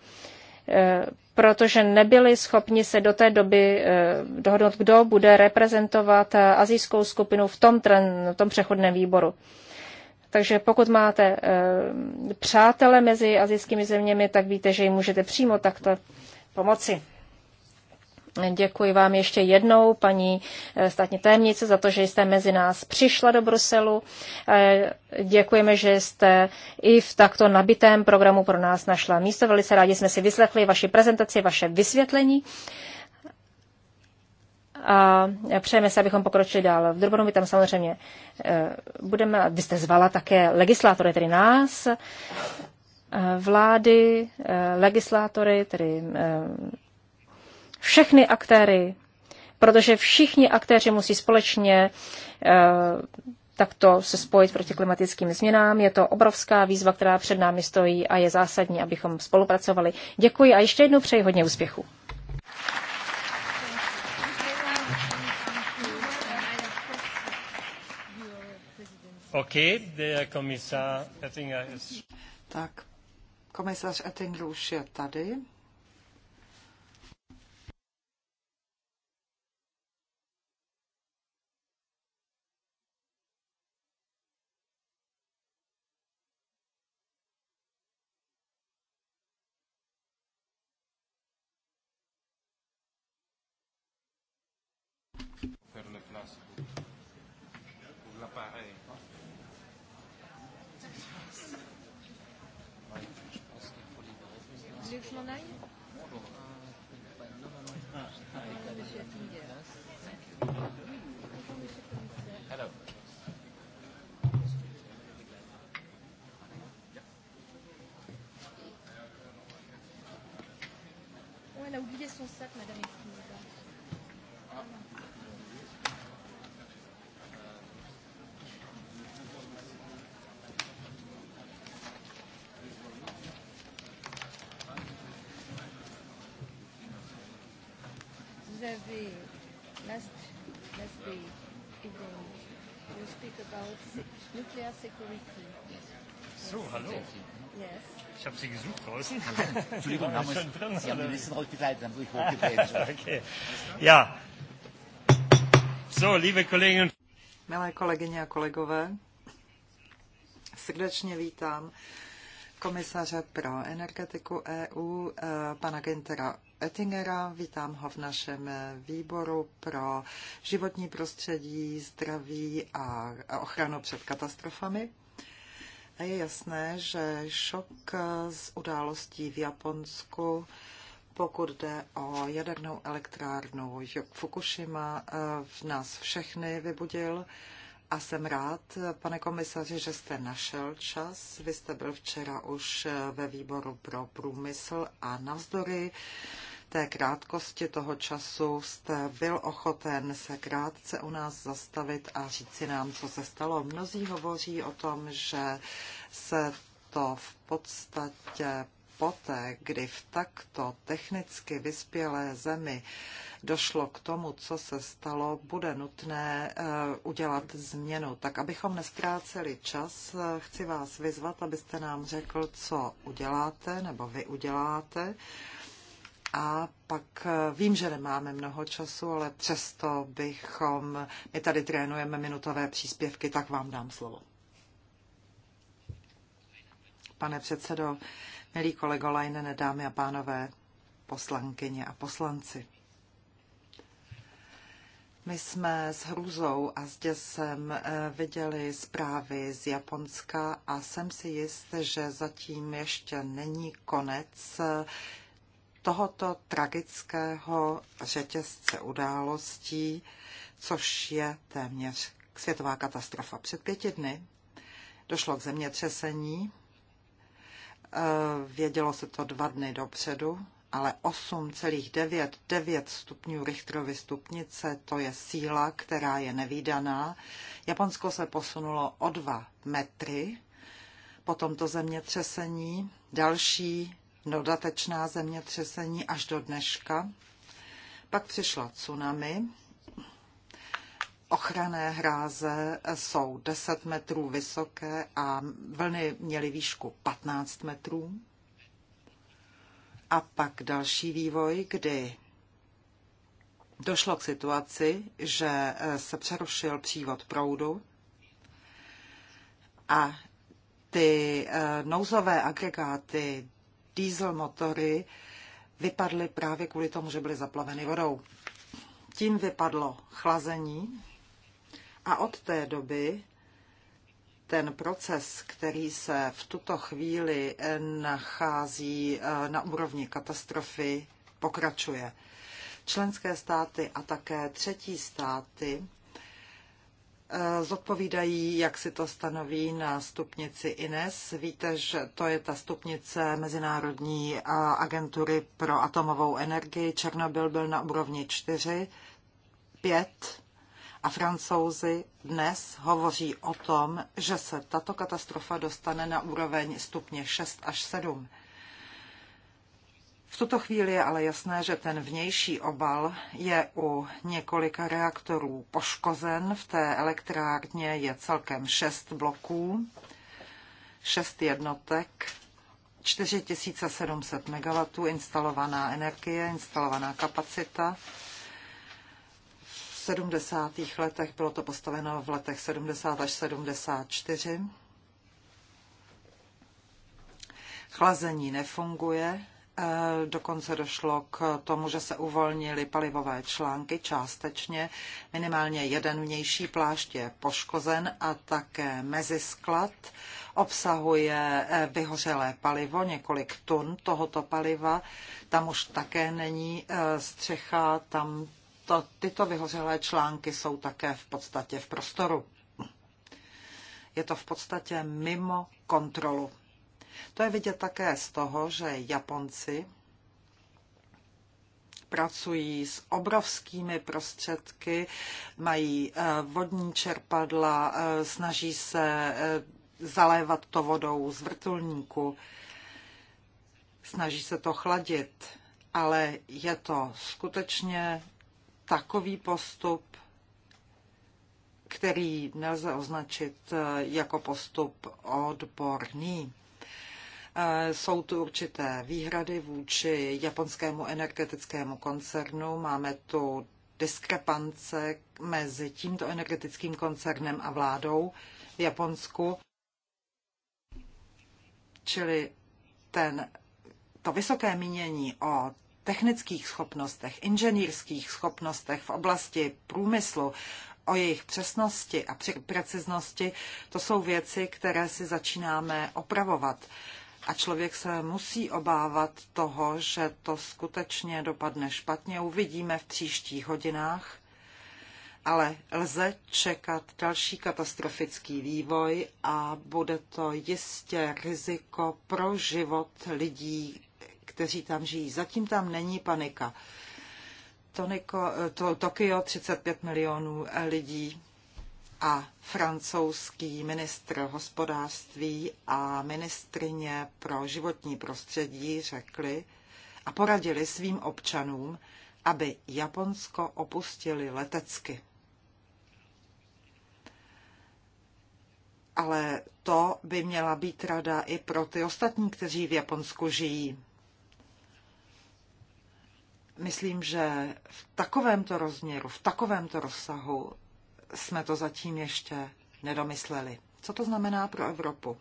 Speaker 2: e, protože nebyli schopni se do té doby dohodnout, kdo bude reprezentovat azijskou skupinu v tom, tren, v tom přechodném výboru. Takže pokud máte přátele mezi azijskými zeměmi, tak víte, že jim můžete přímo takto pomoci. Děkuji vám ještě jednou, paní eh, státní témnice, za to, že jste mezi nás přišla do Bruselu. Eh, děkujeme, že jste i v takto nabitém programu pro nás našla místo. Velice rádi jsme si vyslechli vaši prezentaci, vaše vysvětlení. A přejeme se, abychom pokročili dál. V Durbanu my tam samozřejmě eh, budeme, vy jste zvala také legislátory, tedy nás, vlády, legislátory, tedy všechny aktéry, protože všichni aktéři musí společně eh, takto se spojit proti klimatickým změnám. Je to obrovská výzva, která před námi stojí a je zásadní, abychom spolupracovali. Děkuji a ještě jednou přeji hodně úspěchu.
Speaker 3: Tak, komisař Ettinger už je tady.
Speaker 2: vous avez last last day evening you speak about nuclear security. So, yes. hallo. Yes.
Speaker 3: Ich habe Sie gesucht draußen. Entschuldigung, haben schon drin, Sie haben die Liste rausgekleidet, haben dann sich hochgekleidet. okay. Ja. So, liebe Kolleginnen und Milé kolegyně a kolegové, srdečně vítám komisaře pro energetiku EU, eh, pana Gintera Ettingera. Vítám ho v našem výboru pro životní prostředí, zdraví a ochranu před katastrofami. A je jasné, že šok z událostí v Japonsku, pokud jde o jadernou elektrárnu Fukushima, v nás všechny vybudil. A jsem rád, pane komisaři, že jste našel čas. Vy jste byl včera už ve výboru pro průmysl a navzdory té krátkosti toho času jste byl ochoten se krátce u nás zastavit a říci nám, co se stalo. Mnozí hovoří o tom, že se to v podstatě poté, kdy v takto technicky vyspělé zemi došlo k tomu, co se stalo, bude nutné eh, udělat změnu. Tak abychom nestráceli čas, eh, chci vás vyzvat, abyste nám řekl, co uděláte nebo vy uděláte a pak eh, vím, že nemáme mnoho času, ale přesto bychom, my tady trénujeme minutové příspěvky, tak vám dám slovo. Pane předsedo, milí kolego Lajnene, dámy a pánové, poslankyně a poslanci. My jsme s hrůzou a s děsem eh, viděli zprávy z Japonska a jsem si jist, že zatím ještě není konec eh, tohoto tragického řetězce událostí, což je téměř světová katastrofa. Před pěti dny došlo k zemětřesení, eh, vědělo se to dva dny dopředu, ale 8,99 stupňů Richterovy stupnice, to je síla, která je nevýdaná. Japonsko se posunulo o 2 metry po tomto zemětřesení. Další dodatečná zemětřesení až do dneška. Pak přišla tsunami. Ochranné hráze jsou 10 metrů vysoké a vlny měly výšku 15 metrů. A pak další vývoj, kdy došlo k situaci, že se přerušil přívod proudu a ty eh, nouzové agregáty diesel motory vypadly právě kvůli tomu, že byly zaplaveny vodou. Tím vypadlo chlazení a od té doby ten proces, který se v tuto chvíli nachází eh, na úrovni katastrofy, pokračuje. Členské státy a také třetí státy Eh, zodpovídají, jak si to stanoví na stupnici INES. Víte, že to je ta stupnice Mezinárodní eh, agentury pro atomovou energii. Černobyl byl na úrovni 4, 5 a francouzi dnes hovoří o tom, že se tato katastrofa dostane na úroveň stupně 6 až 7. V tuto chvíli je ale jasné, že ten vnější obal je u několika reaktorů poškozen. V té elektrárně je celkem šest bloků, šest jednotek, 4700 MW instalovaná energie, instalovaná kapacita. V 70. letech bylo to postaveno v letech 70 až 74. Chlazení nefunguje, Eh, dokonce došlo k tomu, že se uvolnily palivové články částečně. Minimálně jeden vnější plášť je poškozen a také mezisklad obsahuje eh, vyhořelé palivo, několik tun tohoto paliva. Tam už také není eh, střecha, tam to, tyto vyhořelé články jsou také v podstatě v prostoru. Je to v podstatě mimo kontrolu. To je vidět také z toho, že Japonci pracují s obrovskými prostředky, mají eh, vodní čerpadla, eh, snaží se eh, zalévat to vodou z vrtulníku, snaží se to chladit, ale je to skutečně takový postup, který nelze označit jako postup odborný. E, jsou tu určité výhrady vůči japonskému energetickému koncernu. Máme tu diskrepance mezi tímto energetickým koncernem a vládou v Japonsku. Čili ten, to vysoké mínění o technických schopnostech, inženýrských schopnostech v oblasti průmyslu, o jejich přesnosti a preciznosti, to jsou věci, které si začínáme opravovat a člověk se musí obávat toho, že to skutečně dopadne špatně. Uvidíme v příštích hodinách, ale lze čekat další katastrofický vývoj a bude to jistě riziko pro život lidí, kteří tam žijí. Zatím tam není panika. Toniko, eh, to, Tokio 35 milionů lidí a francouzský ministr hospodářství a ministrině pro životní prostředí řekli a poradili svým občanům, aby Japonsko opustili letecky. Ale to by měla být rada i pro ty ostatní, kteří v Japonsku žijí. Myslím, že v takovémto rozměru, v takovémto rozsahu jsme to zatím ještě nedomysleli. Co to znamená pro Evropu?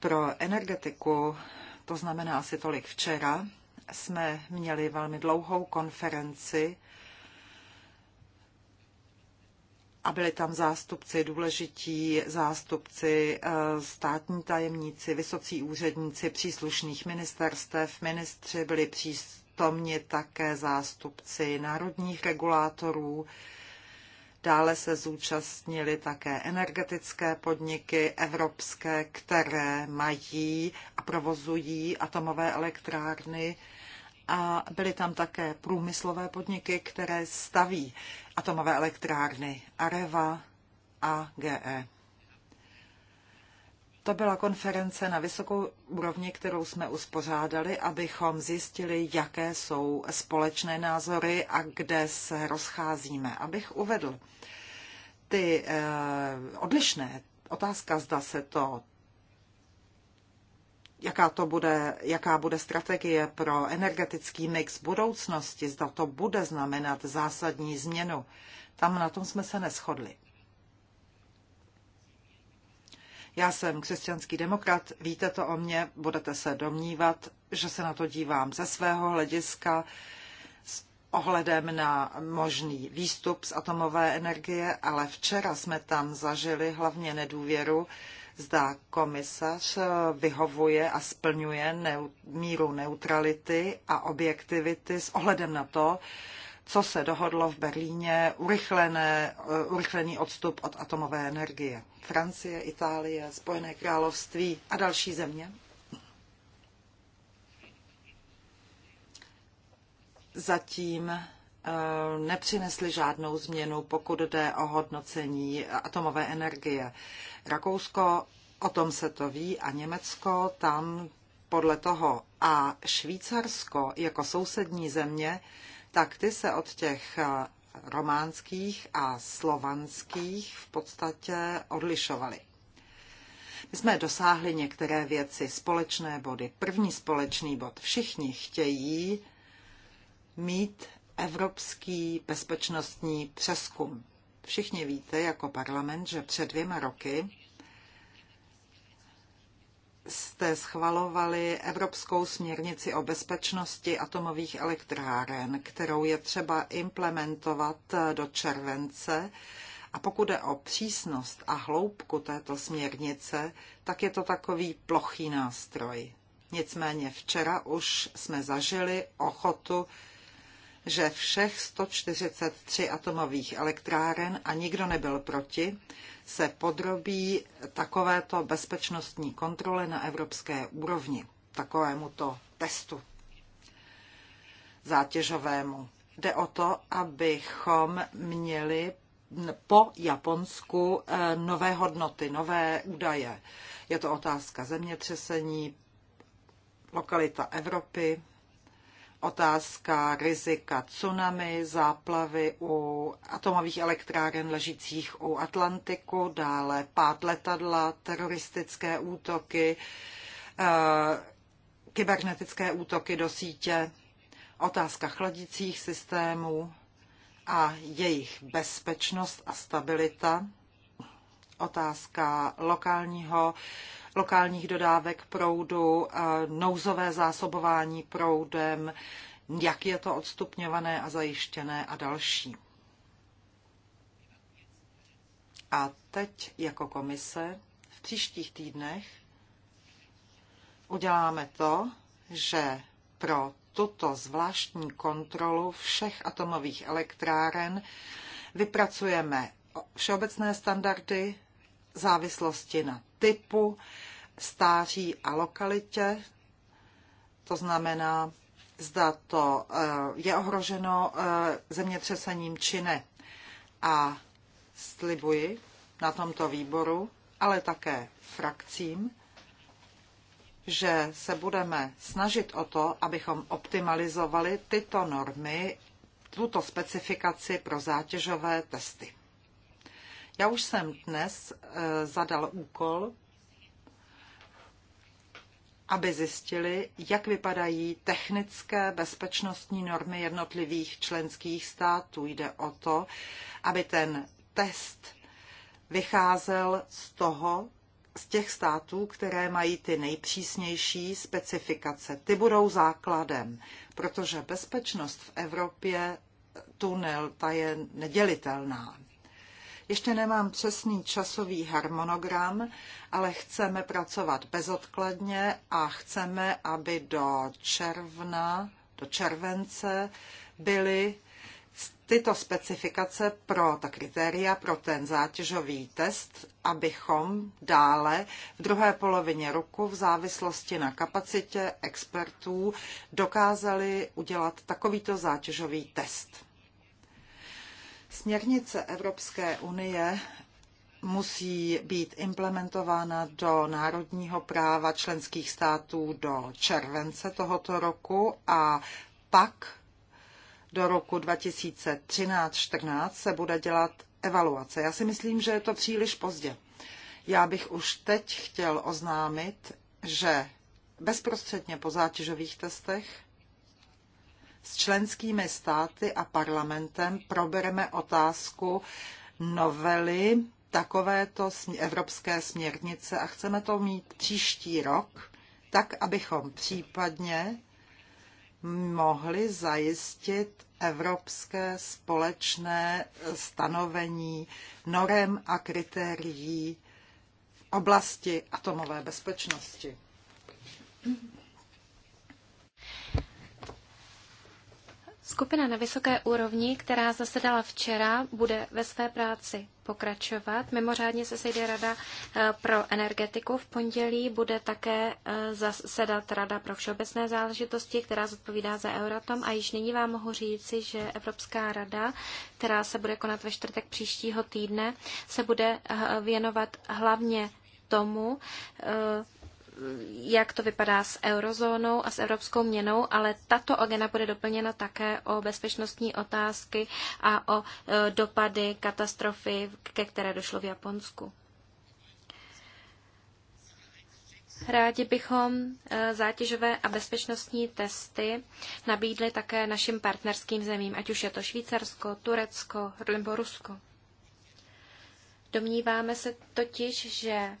Speaker 3: Pro energetiku, to znamená asi tolik včera, jsme měli velmi dlouhou konferenci a byli tam zástupci důležití, zástupci eh, státní tajemníci, vysocí úředníci příslušných ministerstev, ministři byli to mě také zástupci národních regulátorů, Dále se zúčastnili také energetické podniky evropské, které mají a provozují atomové elektrárny. A byly tam také průmyslové podniky, které staví atomové elektrárny Areva a GE. To byla konference na vysokou úrovni, kterou jsme uspořádali, abychom zjistili, jaké jsou společné názory a kde se rozcházíme. Abych uvedl ty eh, odlišné otázka, zda se to jaká to bude, jaká bude strategie pro energetický mix budoucnosti, zda to bude znamenat zásadní změnu. Tam na tom jsme se neschodli. Já jsem křesťanský demokrat, víte to o mně, budete se domnívat, že se na to dívám ze svého hlediska s ohledem na možný výstup z atomové energie, ale včera jsme tam zažili hlavně nedůvěru, zda komisař vyhovuje a splňuje míru neutrality a objektivity s ohledem na to, co se dohodlo v Berlíně, urychlené, eh, urychlený odstup od atomové energie. Francie, Itálie, Spojené království a další země. Zatím eh, nepřinesly žádnou změnu, pokud jde o hodnocení atomové energie. Rakousko, o tom se to ví, a Německo, tam podle toho. A Švýcarsko jako sousední země tak ty se od těch eh, románských a slovanských v podstatě odlišovaly. My jsme dosáhli některé věci, společné body. První společný bod. Všichni chtějí mít evropský bezpečnostní přeskum. Všichni víte jako parlament, že před dvěma roky jste schvalovali Evropskou směrnici o bezpečnosti atomových elektráren, kterou je třeba implementovat do července. A pokud je o přísnost a hloubku této směrnice, tak je to takový plochý nástroj. Nicméně včera už jsme zažili ochotu, že všech 143 atomových elektráren a nikdo nebyl proti, se podrobí takovéto bezpečnostní kontrole na evropské úrovni, takovému to testu zátěžovému. Jde o to, abychom měli po Japonsku eh, nové hodnoty, nové údaje. Je to otázka zemětřesení, lokalita Evropy, otázka rizika tsunami, záplavy u atomových elektráren ležících u Atlantiku, dále pát letadla, teroristické útoky, eh, kybernetické útoky do sítě, otázka chladicích systémů a jejich bezpečnost a stabilita, otázka lokálního lokálních dodávek proudu, eh, nouzové zásobování proudem, jak je to odstupňované a zajištěné a další. A teď jako komise v příštích týdnech uděláme to, že pro tuto zvláštní kontrolu všech atomových elektráren vypracujeme všeobecné standardy závislosti na typu, stáří a lokalitě. To znamená, zda to eh, je ohroženo eh, zemětřesením či ne. A slibuji na tomto výboru, ale také frakcím, že se budeme snažit o to, abychom optimalizovali tyto normy, tuto specifikaci pro zátěžové testy. Já už jsem dnes eh, zadal úkol aby zjistili, jak vypadají technické bezpečnostní normy jednotlivých členských států. Jde o to, aby ten test vycházel z toho, z těch států, které mají ty nejpřísnější specifikace. Ty budou základem, protože bezpečnost v Evropě tunel, ta je nedělitelná. Ještě nemám přesný časový harmonogram, ale chceme pracovat bezodkladně a chceme, aby do června, do července byly tyto specifikace pro ta kritéria, pro ten zátěžový test, abychom dále v druhé polovině roku v závislosti na kapacitě expertů dokázali udělat takovýto zátěžový test. Směrnice Evropské unie musí být implementována do národního práva členských států do července tohoto roku a pak do roku 2013-14 se bude dělat evaluace. Já si myslím, že je to příliš pozdě. Já bych už teď chtěl oznámit, že bezprostředně po zátěžových testech s členskými státy a parlamentem probereme otázku novely takovéto evropské směrnice a chceme to mít příští rok, tak abychom případně mohli zajistit evropské společné stanovení norem a kritérií v oblasti atomové bezpečnosti.
Speaker 1: Skupina na vysoké úrovni, která zasedala včera, bude ve své práci pokračovat. Mimořádně se sejde Rada eh, pro energetiku. V pondělí bude také eh, zasedat Rada pro všeobecné záležitosti, která zodpovídá za Euratom. A již nyní vám mohu říci, že Evropská rada, která se bude konat ve čtvrtek příštího týdne, se bude eh, věnovat hlavně tomu, jak to vypadá s eurozónou a s evropskou měnou, ale tato agenda bude doplněna také o bezpečnostní otázky a o e, dopady katastrofy, ke které došlo v Japonsku. Rádi bychom e, zátěžové a bezpečnostní testy nabídli také našim partnerským zemím, ať už je to Švýcarsko, Turecko nebo Rusko. Domníváme se totiž, že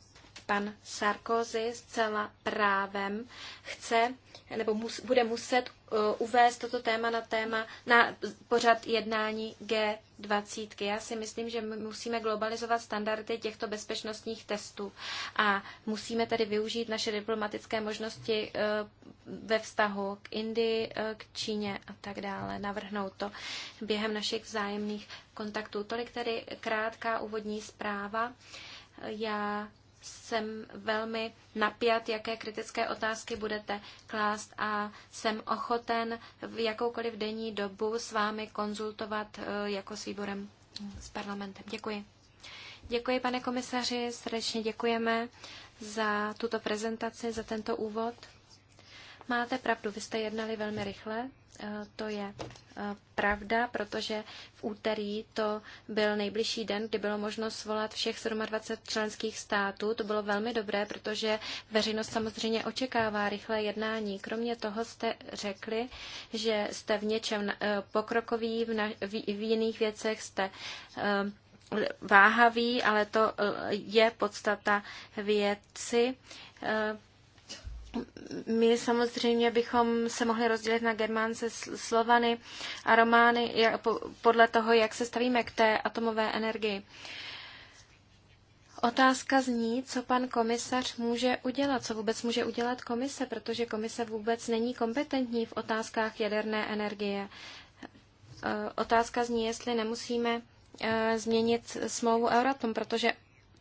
Speaker 1: pan Sarkozy zcela právem chce nebo mus, bude muset uh, uvést toto téma na téma na pořad jednání G20. Já si myslím, že my musíme globalizovat standardy těchto bezpečnostních testů a musíme tedy využít naše diplomatické možnosti uh, ve vztahu k Indii, uh, k Číně a tak dále. Navrhnout to během našich vzájemných kontaktů. Tolik tedy krátká úvodní zpráva. Já jsem velmi napjat, jaké kritické otázky budete klást a jsem ochoten v jakoukoliv denní dobu s vámi konzultovat eh, jako s výborem eh, s parlamentem. Děkuji. Děkuji, pane komisaři, srdečně děkujeme za tuto prezentaci, za tento úvod. Máte pravdu, vy jste jednali velmi rychle, eh, to je eh, pravda, protože v úterý to byl nejbližší den, kdy bylo možno svolat všech 27 členských států. To bylo velmi dobré, protože veřejnost samozřejmě očekává rychlé jednání. Kromě toho jste řekli, že jste v něčem eh, pokrokoví, v, na, v, v jiných věcech jste váhaví, ale to je podstata věci my samozřejmě bychom se mohli rozdělit na Germánce, Slovany a Romány podle toho, jak se stavíme k té atomové energii. Otázka zní, co pan komisař může udělat, co vůbec může udělat komise, protože komise vůbec není kompetentní v otázkách jaderné energie. E, otázka zní, jestli nemusíme e, změnit smlouvu Euratom, protože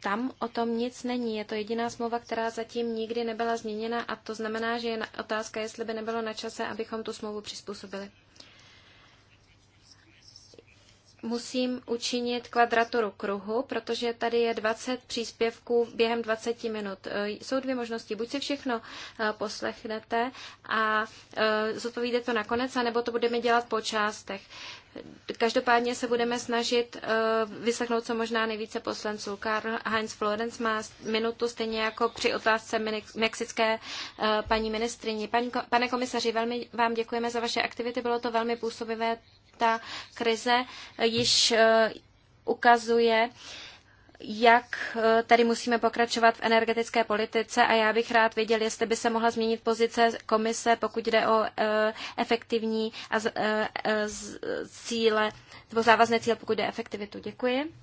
Speaker 1: tam o tom nic není. Je to jediná smlouva, která zatím nikdy nebyla změněna a to znamená, že je otázka, jestli by nebylo na čase, abychom tu smlouvu přizpůsobili musím učinit kvadraturu kruhu, protože tady je 20 příspěvků během 20 minut. E, jsou dvě možnosti. Buď si všechno e, poslechnete a e, zodpovíde to nakonec, anebo to budeme dělat po částech. Každopádně se budeme snažit vyslechnout co možná nejvíce poslanců. Karl Heinz Florenz má minutu stejně jako při otázce mexické paní ministrině. Pane komisaři, velmi vám děkujeme za vaše aktivity, bylo to velmi působivé ta krize již eh, ukazuje, jak eh, tady musíme pokračovat v energetické politice a já bych rád věděl, jestli by se mohla změnit pozice komise, pokud jde o eh, efektivní a cíle, nebo závazné cíle, pokud jde o efektivitu. Děkuji.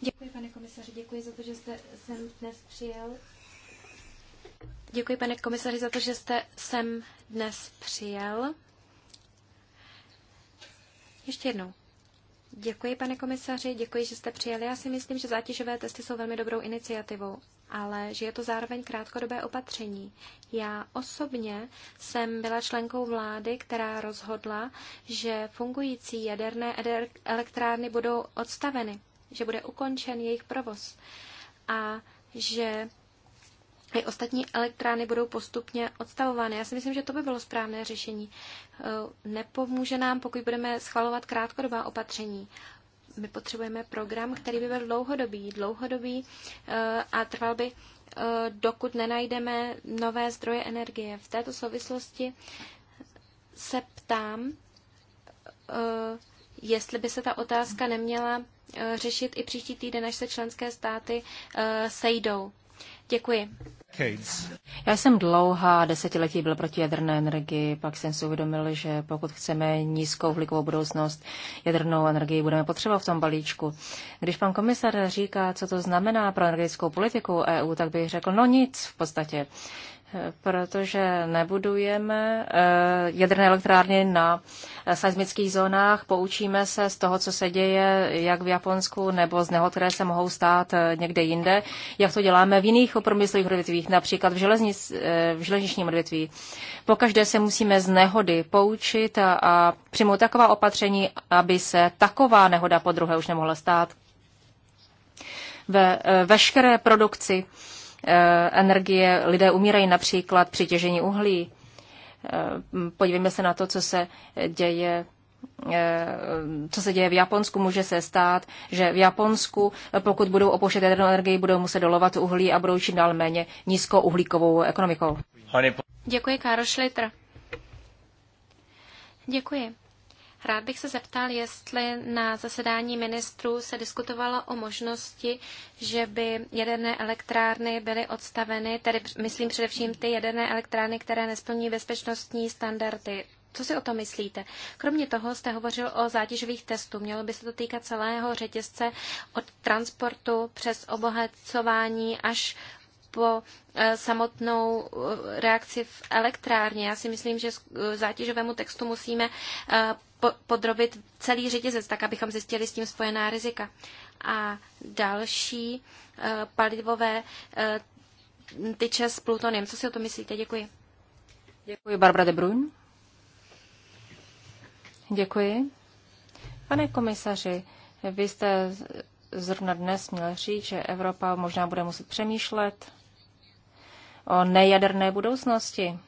Speaker 1: Děkuji, pane komisaři, děkuji za to, že jste sem dnes přijel. Děkuji, pane komisaři, za to, že jste sem dnes přijel. Ještě jednou. Děkuji, pane komisaři, děkuji, že jste přijeli. Já si myslím, že zátěžové testy jsou velmi dobrou iniciativou, ale že je to zároveň krátkodobé opatření. Já osobně jsem byla členkou vlády, která rozhodla, že fungující jaderné elektrárny budou odstaveny, že bude ukončen jejich provoz a že i ostatní elektrárny budou postupně odstavovány. Já si myslím, že to by bylo správné řešení. Eh, nepomůže nám, pokud budeme schvalovat krátkodobá opatření. My potřebujeme program, který by byl dlouhodobý, dlouhodobý eh, a trval by, eh, dokud nenajdeme nové zdroje energie. V této souvislosti se ptám, jestli by se ta otázka neměla řešit i příští týden, až se členské státy sejdou.
Speaker 2: Děkuji. Já jsem dlouhá desetiletí byl proti jaderné energii, pak jsem si uvědomil, že pokud chceme nízkou uhlíkovou budoucnost, jadernou energii budeme potřebovat v tom balíčku. Když pan komisar říká, co to znamená pro energetickou politiku EU, tak bych řekl, no nic v podstatě protože nebudujeme eh, jaderné elektrárny na seismických zónách. Poučíme se z toho, co se děje jak v Japonsku nebo z nehod, které se mohou stát eh, někde jinde, jak to děláme v jiných průmyslových odvětvích, například v, železnic, eh, v železničním odvětví. Pokaždé se musíme z nehody poučit a, a přijmout taková opatření, aby se taková nehoda po druhé už nemohla stát. Ve veškeré produkci Eh, energie. Lidé umírají například při těžení uhlí. Eh, podívejme se na to, co se děje eh, co se děje v Japonsku, může se stát, že v Japonsku, pokud budou opouštět jadernou energii, budou muset dolovat uhlí a budou čím dál méně nízkouhlíkovou ekonomikou. Děkuji,
Speaker 1: Karl Schlitter. Děkuji. Rád bych se zeptal, jestli na zasedání ministrů se diskutovalo o možnosti, že by jaderné elektrárny byly odstaveny, tedy myslím především ty jaderné elektrárny, které nesplní bezpečnostní standardy. Co si o to myslíte? Kromě toho jste hovořil o zátěžových testů. Mělo by se to týkat celého řetězce od transportu přes obohacování až po eh, samotnou eh, reakci v elektrárně. Já si myslím, že eh, zátěžovému textu musíme podrobit celý řetězec, tak abychom zjistili s tím spojená rizika. A další eh, palivové eh, tyče s plutoniem. Co si o to myslíte? Děkuji.
Speaker 2: Děkuji, Barbara de Bruyn. Děkuji. Pane komisaři, vy jste zrovna dnes měl říct, že Evropa možná bude muset přemýšlet o nejaderné budoucnosti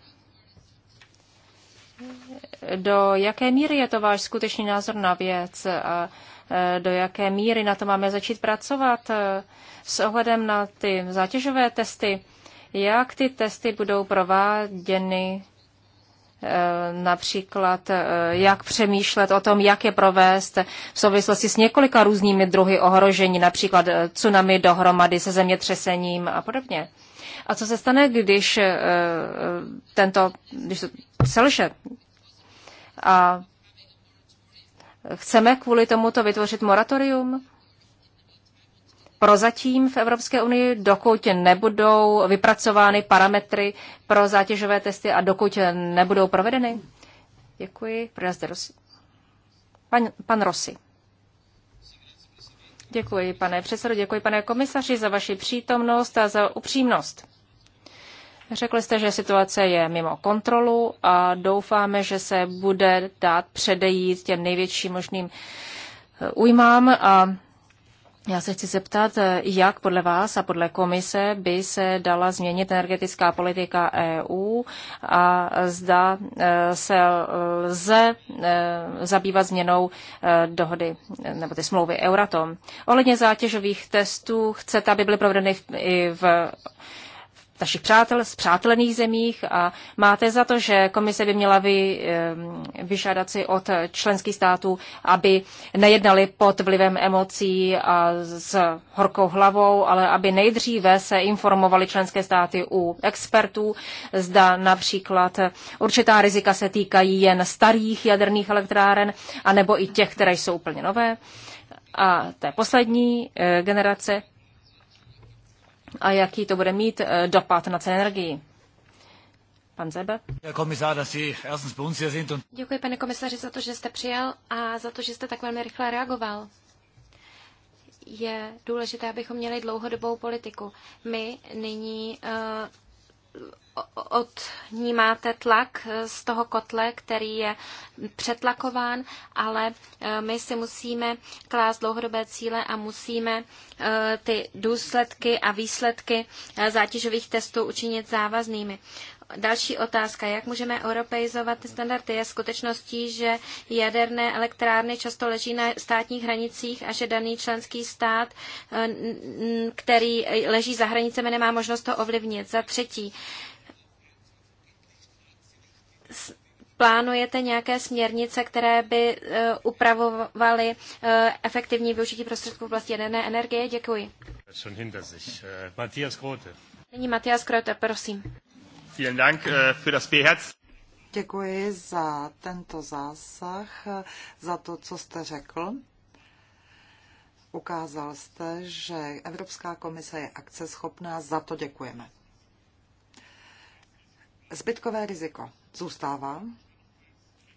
Speaker 2: do jaké míry je to váš skutečný názor na věc a e, do jaké míry na to máme začít pracovat e, s ohledem na ty zátěžové testy, jak ty testy budou prováděny, e, například jak přemýšlet o tom, jak je provést v souvislosti s několika různými druhy ohrožení, například tsunami dohromady se zemětřesením a podobně. A co se stane, když eh, tento, když to selže a chceme kvůli tomuto vytvořit moratorium? Prozatím v Evropské unii, dokud nebudou vypracovány parametry pro zátěžové testy a dokud nebudou provedeny? Děkuji. Pan, pan Rossi. Děkuji, pane předsedo, děkuji, pane komisaři, za vaši přítomnost a za upřímnost. Řekli jste, že situace je mimo kontrolu a doufáme, že se bude dát předejít těm největším možným eh, újmám a já se chci zeptat, eh, jak podle vás a podle komise by se dala změnit energetická politika EU a zda eh, se lze zabývat změnou dohody nebo ty smlouvy Euratom. Ohledně zátěžových testů chcete, aby byly provedeny i v našich přátel, z přátelných zemích a máte za to, že komise by měla vy, vyžádat si od členských států, aby nejednali pod vlivem emocí a s horkou hlavou, ale aby nejdříve se informovali členské státy u expertů, zda například určitá rizika se týkají jen starých jaderných elektráren, anebo i těch, které jsou úplně nové. A té poslední eh, generace a jaký to bude mít eh, dopad na ceny energii. Pan Zebe. Děkuji, pane
Speaker 1: komisaři, za to, že jste přijel a za to, že jste tak velmi rychle reagoval je důležité, abychom měli dlouhodobou politiku. My nyní eh, odnímáte tlak z toho kotle, který je přetlakován, ale e, my si musíme klást dlouhodobé cíle a musíme e, ty důsledky a výsledky e, zátěžových testů učinit závaznými. Další otázka, jak můžeme europeizovat standardy, je skutečností, že jaderné elektrárny často leží na státních hranicích a že daný členský stát, eh, který leží za hranicemi, nemá možnost to ovlivnit. Za třetí, plánujete nějaké směrnice, které by eh, upravovaly eh, efektivní využití prostředků v oblasti jaderné energie? Děkuji.
Speaker 3: Äh, Nyní Matias Krote, prosím. Vielen Dank äh, für das Beherz. Děkuji za tento zásah, za to, co jste řekl. Ukázal jste, že Evropská komise je akceschopná, za to děkujeme. Zbytkové riziko zůstává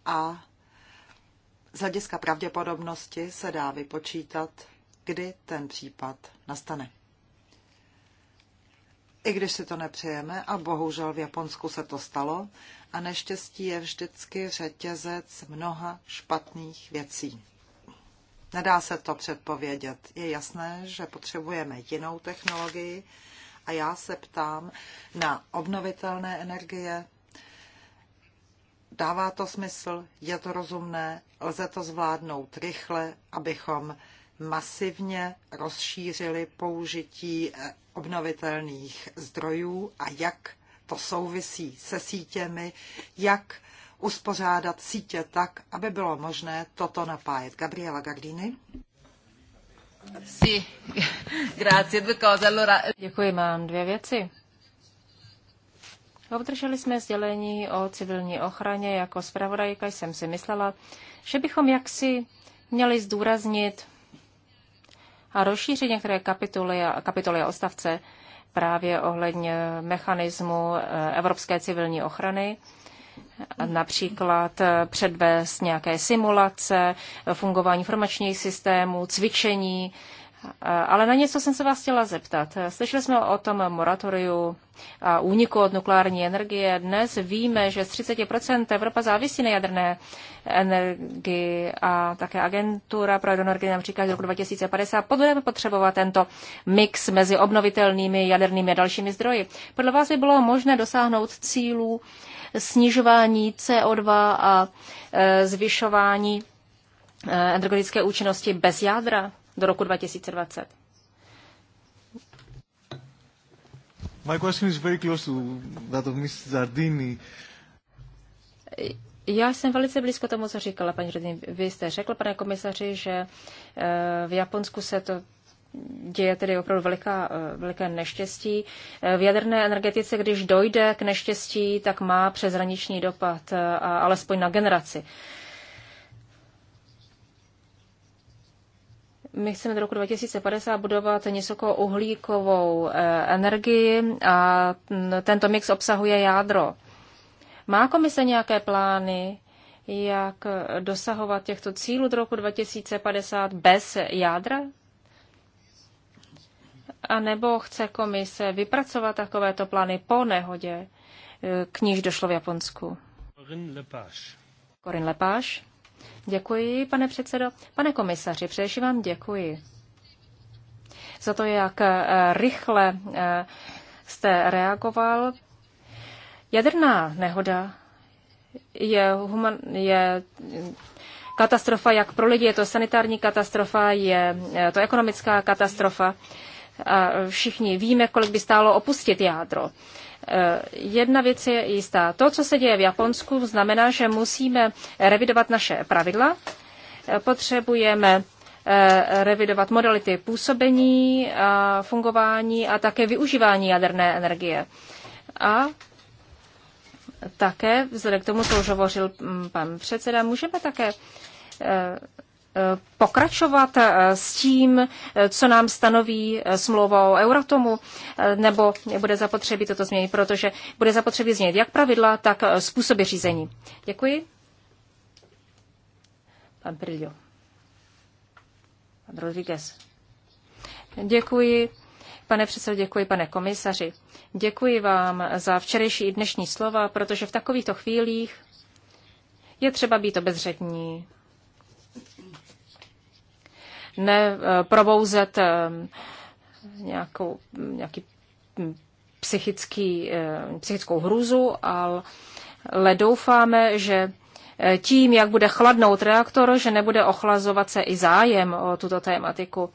Speaker 3: a z hlediska pravděpodobnosti se dá vypočítat, kdy ten případ nastane i když si to nepřejeme, a bohužel v Japonsku se to stalo, a neštěstí je vždycky řetězec mnoha špatných věcí. Nedá se to předpovědět. Je jasné, že potřebujeme jinou technologii a já se ptám na obnovitelné energie. Dává to smysl, je to rozumné, lze to zvládnout rychle, abychom masivně rozšířili použití eh, obnovitelných zdrojů a jak to souvisí se sítěmi, jak uspořádat sítě tak, aby bylo možné toto napájet. Gabriela Gardini. Sì, grazie, due Allora... Děkuji, mám
Speaker 2: dvě věci. Obdrželi jsme sdělení o civilní ochraně. Jako zpravodajka jsem si myslela, že bychom jaksi měli zdůraznit a rozšířit některé kapitoly a, kapitoly a odstavce právě ohledně mechanismu eh, evropské civilní ochrany, například eh, předvést nějaké simulace, fungování informačních systémů, cvičení, ale na něco jsem se vás chtěla zeptat. Slyšeli jsme o tom moratoriu a úniku od nukleární energie. Dnes víme, že z 30% Evropa závisí na jaderné energii a také agentura pro jadernou energii nám říká, že roku 2050 budeme potřebovat tento mix mezi obnovitelnými, jadernými a dalšími zdroji. Podle vás by bylo možné dosáhnout cílů snižování CO2 a e, zvyšování e, energetické účinnosti bez jádra? do roku 2020.
Speaker 1: My question is very close to that of Ms. Zardini.
Speaker 2: Já jsem velice blízko tomu, co říkala paní Zardini Vy jste řekl, pane komisaři, že eh, v Japonsku se to děje tedy opravdu veliká, eh, veliké neštěstí. Eh, v jaderné energetice, když dojde k neštěstí, tak má přeshraniční dopad, alespoň na generaci. My chceme do roku 2050 budovat nízkouhlíkovou eh, energii a mm, tento mix obsahuje jádro. Má komise nějaké plány, jak eh, dosahovat těchto cílů do roku 2050 bez jádra? A nebo chce komise vypracovat takovéto plány po nehodě, eh, k níž došlo v Japonsku? Corinne
Speaker 3: Lepage.
Speaker 2: Corinne Lepage. Děkuji, pane předsedo. Pane komisaři, především vám děkuji za to, jak eh, rychle eh, jste reagoval. Jaderná nehoda je, human, je katastrofa jak pro lidi, je to sanitární katastrofa, je eh, to ekonomická katastrofa. A všichni víme, kolik by stálo opustit jádro. Eh, jedna věc je jistá. To, co se děje v Japonsku, znamená, že musíme revidovat naše pravidla, eh, potřebujeme eh, revidovat modality působení, a fungování a také využívání jaderné energie. A také, vzhledem k tomu, co už hovořil mm, pan předseda, můžeme také pokračovat eh, s tím, eh, co nám stanoví eh, smlouva o Euratomu, nebo bude zapotřebí toto změnit, protože bude zapotřebí změnit jak pravidla, tak způsoby řízení. Děkuji. Pan Prilio. Pan Rodriguez. Děkuji. Pane předsedo, děkuji, pane komisaři. Děkuji vám za včerejší i dnešní slova, protože v takovýchto chvílích je třeba být obezřetní neprobouzet eh, eh, nějakou, nějaký hm, psychický, eh, psychickou hruzu, ale doufáme, že tím, jak bude chladnout reaktor, že nebude ochlazovat se i zájem o tuto tématiku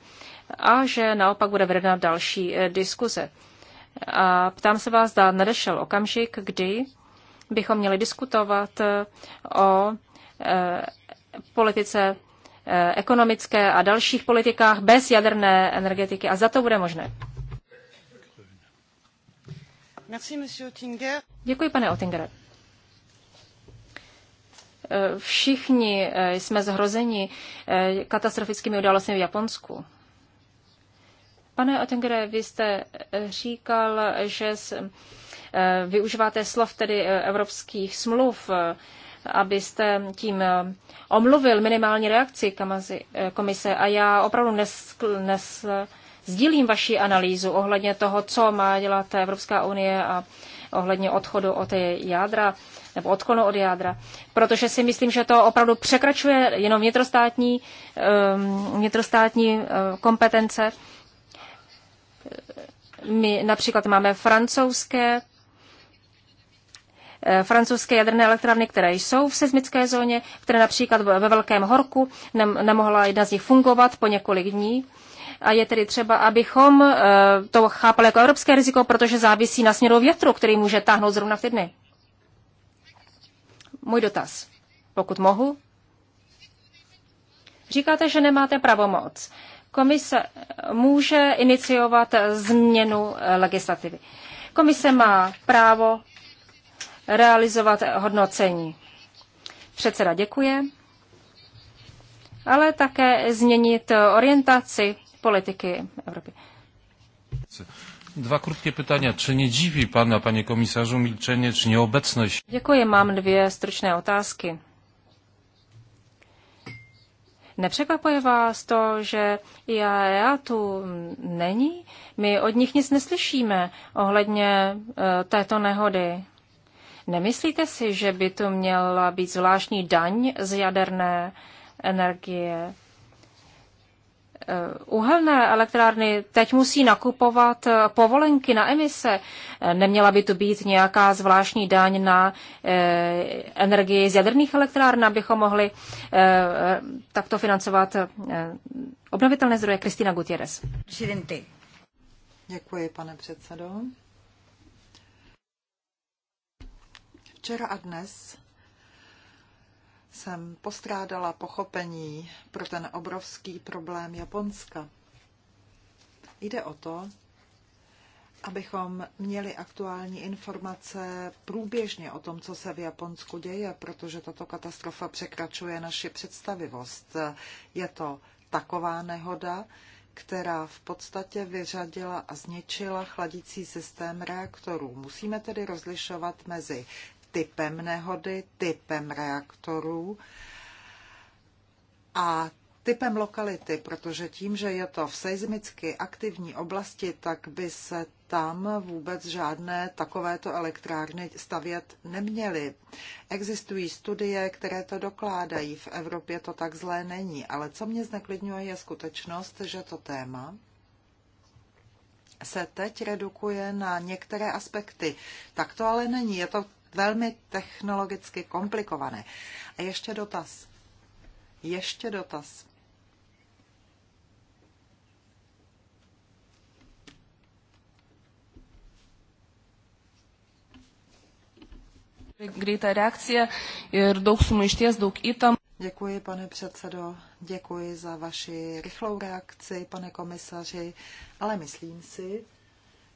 Speaker 2: a že naopak bude vedena další diskuze. A ptám se vás, zda nadešel okamžik, kdy bychom měli diskutovat o politice Eh, ekonomické a dalších politikách bez jaderné energetiky a za to bude možné. Děkuji, pane Ottinger. Eh, všichni eh, jsme zhrozeni katastrofickými událostmi v Japonsku. Pane Otengere, vy jste říkal, že využíváte slov tedy evropských smluv abyste tím eh, omluvil minimální reakci eh, komise. A já opravdu neskl nes, sdílím vaši analýzu ohledně toho, co má dělat Evropská unie a ohledně odchodu od jádra nebo odklonu od jádra, protože si myslím, že to opravdu překračuje jenom vnitrostátní, ehm, vnitrostátní eh, kompetence. My například máme francouzské Eh, francouzské jaderné elektrárny, které jsou v seismické zóně, které například ve Velkém Horku nemohla jedna z nich fungovat po několik dní. A je tedy třeba, abychom eh, to chápali jako evropské riziko, protože závisí na směru větru, který může táhnout zrovna v ty dny. Můj dotaz, pokud mohu. Říkáte, že nemáte pravomoc. Komise může iniciovat změnu eh, legislativy. Komise má právo realizovat hodnocení. Předseda děkuje, ale také změnit orientaci politiky Evropy.
Speaker 3: Dva krótkie pytania. Czy nie dziwi Pana, Panie Komisarzu, milczenie czy nieobecność?
Speaker 2: Dziękuję. Mam dwie stručné otázky. przekwapuje was to, že IAEA e tu není? My od nich nic neslyšíme ohledně eh, této nehody. Nemyslíte si, že by to měla být zvláštní daň z jaderné energie? Eh, uhelné elektrárny teď musí nakupovat povolenky na emise. Eh, neměla by to být nějaká zvláštní daň na eh, energii z jaderných elektrárn, abychom mohli takto financovat obnovitelné zdroje. Kristina Gutierrez.
Speaker 3: Děkuji, pane předsedo. Včera a dnes jsem postrádala pochopení pro ten obrovský problém Japonska. Jde o to, abychom měli aktuální informace průběžně o tom, co se v Japonsku děje, protože tato katastrofa překračuje naši představivost. Je to taková nehoda, která v podstatě vyřadila a zničila chladící systém reaktorů. Musíme tedy rozlišovat mezi typem nehody, typem reaktorů a typem lokality, protože tím, že je to v seismicky aktivní oblasti, tak by se tam vůbec žádné takovéto elektrárny stavět neměly. Existují studie, které to dokládají. V Evropě to tak zlé není. Ale co mě zneklidňuje, je skutečnost, že to téma se teď redukuje na některé aspekty. Tak to ale není. Je to velmi technologicky komplikované. A ještě dotaz. Ještě dotaz. Greta, reakce. je daug sumaišties, daug įtam. Děkuji, pane předsedo, děkuji za vaši rychlou reakci, pane komisaři, ale myslím si,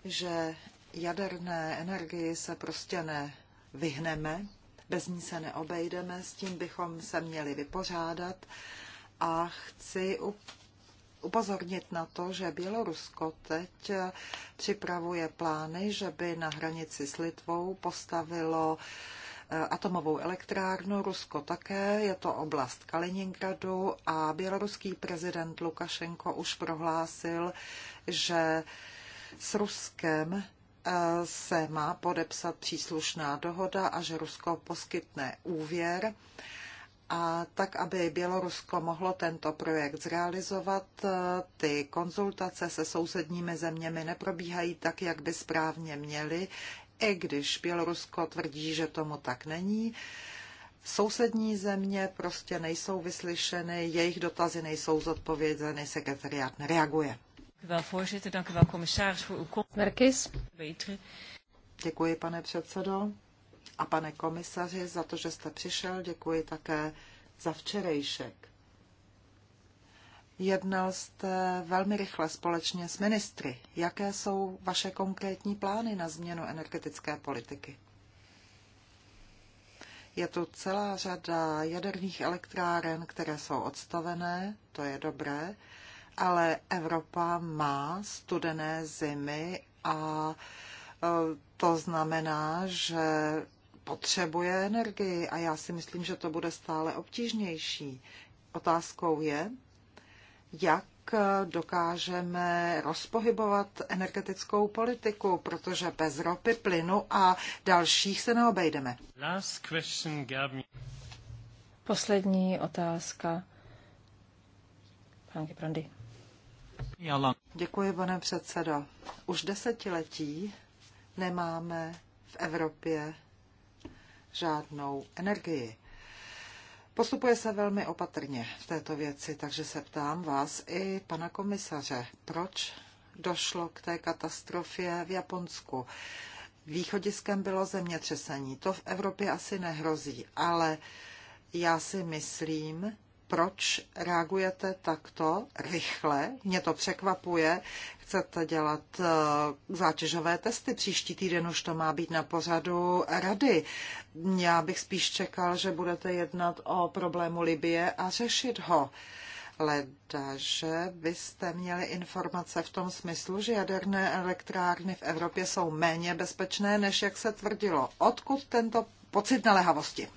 Speaker 3: že jaderné energii se prostě ne vyhneme, bez ní se neobejdeme, s tím bychom se měli vypořádat. A chci upozornit na to, že Bělorusko teď eh, připravuje plány, že by na hranici s Litvou postavilo eh, atomovou elektrárnu, Rusko také, je to oblast Kaliningradu a běloruský prezident Lukašenko už prohlásil, že s Ruskem se má podepsat příslušná dohoda a že Rusko poskytne úvěr. A tak, aby Bělorusko mohlo tento projekt zrealizovat, ty konzultace se sousedními zeměmi neprobíhají tak, jak by správně měly, i když Bělorusko tvrdí, že tomu tak není. Sousední země prostě nejsou vyslyšeny, jejich dotazy nejsou zodpovězeny, sekretariát nereaguje. Merkis. Děkuji, pane předsedo a pane komisaři, za to, že jste přišel. Děkuji také za včerejšek. Jednal jste velmi rychle společně s ministry. Jaké jsou vaše konkrétní plány na změnu energetické politiky? Je tu celá řada jaderných elektráren, které jsou odstavené, to je dobré, ale Evropa má studené zimy a e, to znamená, že potřebuje energii a já si myslím, že to bude stále obtížnější. Otázkou je, jak dokážeme rozpohybovat energetickou politiku, protože bez ropy, plynu a dalších se neobejdeme.
Speaker 2: Poslední otázka. Pan Brandy.
Speaker 3: Děkuji, pane předsedo. Už desetiletí nemáme v Evropě žádnou energii. Postupuje se velmi opatrně v této věci, takže se ptám vás i pana komisaře, proč došlo k té katastrofě v Japonsku. Východiskem bylo zemětřesení. To v Evropě asi nehrozí, ale já si myslím, proč reagujete takto rychle. Mě to překvapuje. Chcete dělat eh, zátěžové testy. Příští týden už to má být na pořadu rady. Já bych spíš čekal, že budete jednat o problému Libie a řešit ho. Ledaže byste měli informace v tom smyslu, že jaderné elektrárny v Evropě jsou méně bezpečné, než jak se tvrdilo. Odkud tento pocit naléhavosti?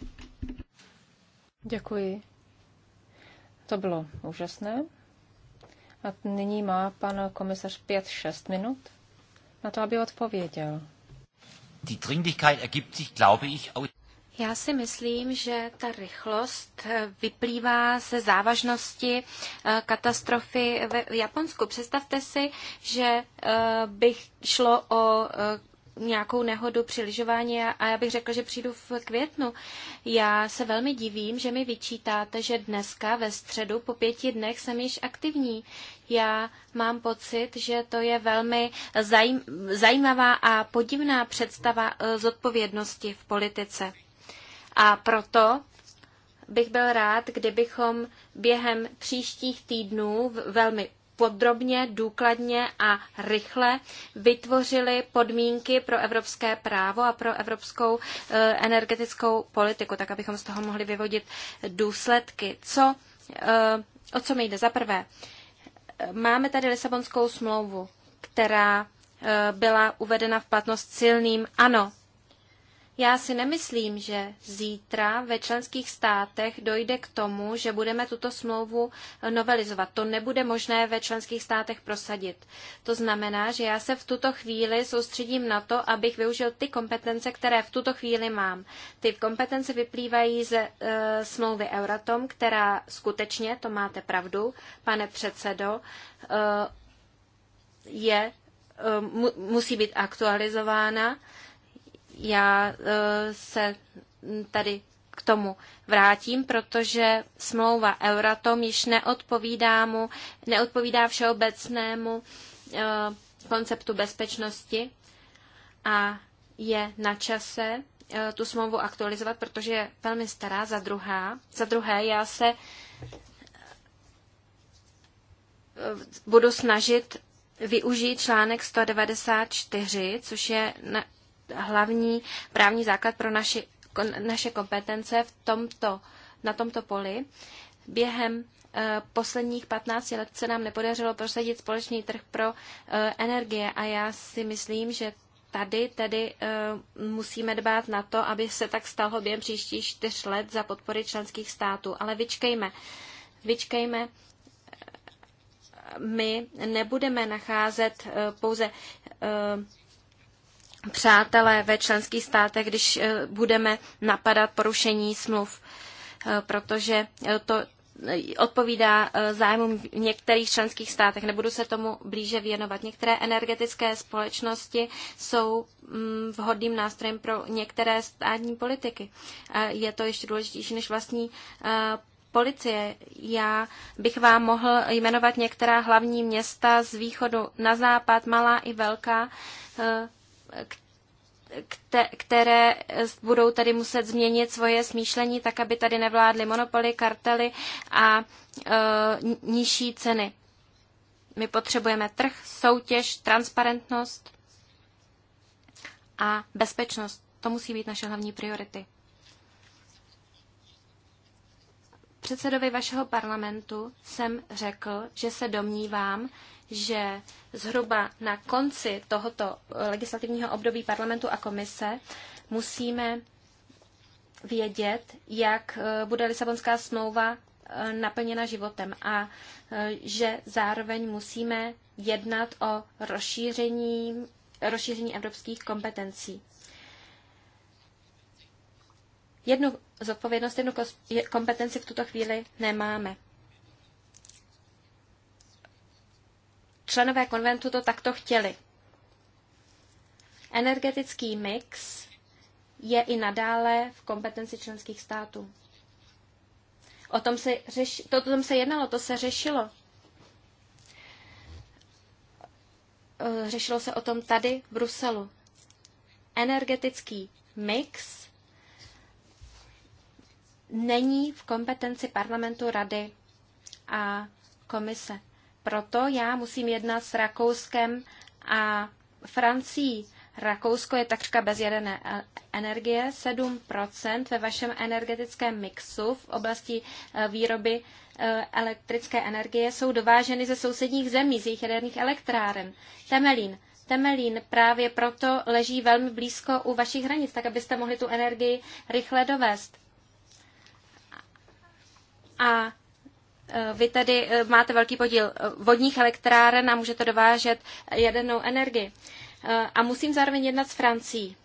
Speaker 2: Děkuji. To bylo úžasné. A nyní má pan komisař 5-6 minut na to, aby odpověděl.
Speaker 1: Die Dringlichkeit ergibt sich, glaube ich, aus
Speaker 2: já si myslím,
Speaker 1: že ta rychlost eh, vyplývá ze závažnosti eh, katastrofy v Japonsku. Představte si, že eh, bych šlo o nějakou nehodu při lyžování a já bych řekl, že přijdu v květnu. Já se velmi divím, že mi vyčítáte, že dneska ve středu po pěti dnech jsem již aktivní. Já mám pocit, že to je velmi zajímavá a podivná představa eh, zodpovědnosti v politice. A proto bych byl rád, kdybychom během příštích týdnů velmi podrobně, důkladně a rychle vytvořili podmínky pro evropské právo a pro evropskou eh, energetickou politiku, tak abychom z toho mohli vyvodit důsledky. Co, eh, o co mi jde? Za prvé, eh, máme tady Lisabonskou smlouvu, která byla uvedena v platnost silným ano já si nemyslím, že zítra ve členských státech dojde k tomu, že budeme tuto smlouvu novelizovat. To nebude možné ve členských státech prosadit. To znamená, že já se v tuto chvíli soustředím na to, abych využil ty kompetence, které v tuto chvíli mám. Ty kompetence vyplývají ze e, smlouvy Euratom, která skutečně, to máte pravdu, pane předsedo, e, je, e, mu, musí být aktualizována. E, já e, se tady k tomu vrátím, protože smlouva Euratom již neodpovídá, mu, neodpovídá všeobecnému e, konceptu bezpečnosti a je na čase e, tu smlouvu aktualizovat, protože je velmi stará. Za, druhá, za druhé, já se budu snažit využít článek 194, což je hlavní právní základ pro naši, naše kompetence v tomto, na tomto poli. Během eh, posledních 15 let se nám nepodařilo prosadit společný trh pro eh, energie a já si myslím, že tady tedy eh, musíme dbát na to, aby se tak stalo během příštích 4 let za podpory členských států. Ale vyčkejme, vyčkejme, my nebudeme nacházet pouze přátelé ve členských státech, když eh, budeme napadat porušení smluv, eh, protože eh, to odpovídá zájmům v některých členských státech. Nebudu se tomu blíže věnovat. Některé energetické společnosti jsou mm, vhodným nástrojem pro některé státní politiky. Je to ještě důležitější než vlastní policie. Já bych vám mohl jmenovat některá hlavní města z východu na západ, malá i velká, které budou tady muset změnit svoje smýšlení, tak aby tady nevládly monopoly, kartely a e, nižší ceny. My potřebujeme trh, soutěž, transparentnost a bezpečnost. To musí být naše hlavní priority. Předsedovi vašeho parlamentu jsem řekl, že se domnívám, že zhruba na konci tohoto legislativního období parlamentu a komise musíme vědět, jak eh, bude Lisabonská smlouva eh, naplněna životem a eh, že zároveň musíme jednat o rozšíření, rozšíření evropských kompetencí. Jednu zodpovědnost, jednu kompetenci v tuto chvíli nemáme. členové konventu to takto chtěli. Energetický mix je i nadále v kompetenci členských států. O tom se, řeši, to, o tom se jednalo, to se řešilo. Eh, řešilo se o tom tady v Bruselu. Energetický mix není v kompetenci parlamentu, rady a komise proto já musím jednat s Rakouskem a Francí. Rakousko je takřka bez jaderné e- energie, 7% ve vašem energetickém mixu v oblasti e, výroby e, elektrické energie jsou dováženy ze sousedních zemí, z jejich jaderných elektráren. Temelín. Temelín právě proto leží velmi blízko u vašich hranic, tak abyste mohli tu energii rychle dovést. A Eh, vy tedy eh, máte velký podíl eh, vodních elektráren a můžete dovážet jadernou energii. A musím zároveň jednat s Francií.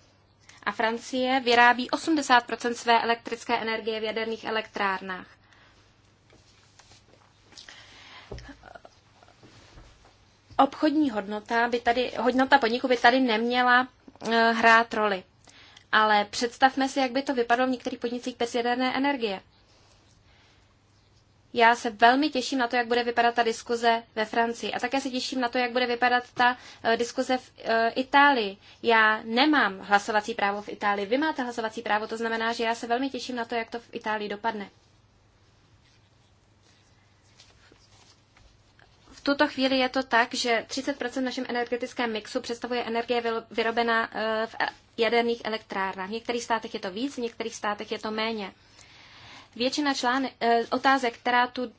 Speaker 1: A Francie vyrábí 80 své elektrické energie v jaderných elektrárnách. Obchodní hodnota by tady, hodnota podniku by tady neměla hrát roli. Ale představme si, jak by to vypadlo v některých podnicích bez jaderné energie. Já se velmi těším na to, jak bude vypadat ta diskuze ve Francii. A také se těším na to, jak bude vypadat ta uh, diskuze v uh, Itálii. Já nemám hlasovací právo v Itálii. Vy máte hlasovací právo, to znamená, že já se velmi těším na to, jak to v Itálii dopadne. V tuto chvíli je to tak, že 30 v našem energetickém mixu představuje energie vyrobená uh, v e-, jaderných elektrárnách. V některých státech je to víc, v některých státech je to méně. Většina článe, eh, otázek, která tu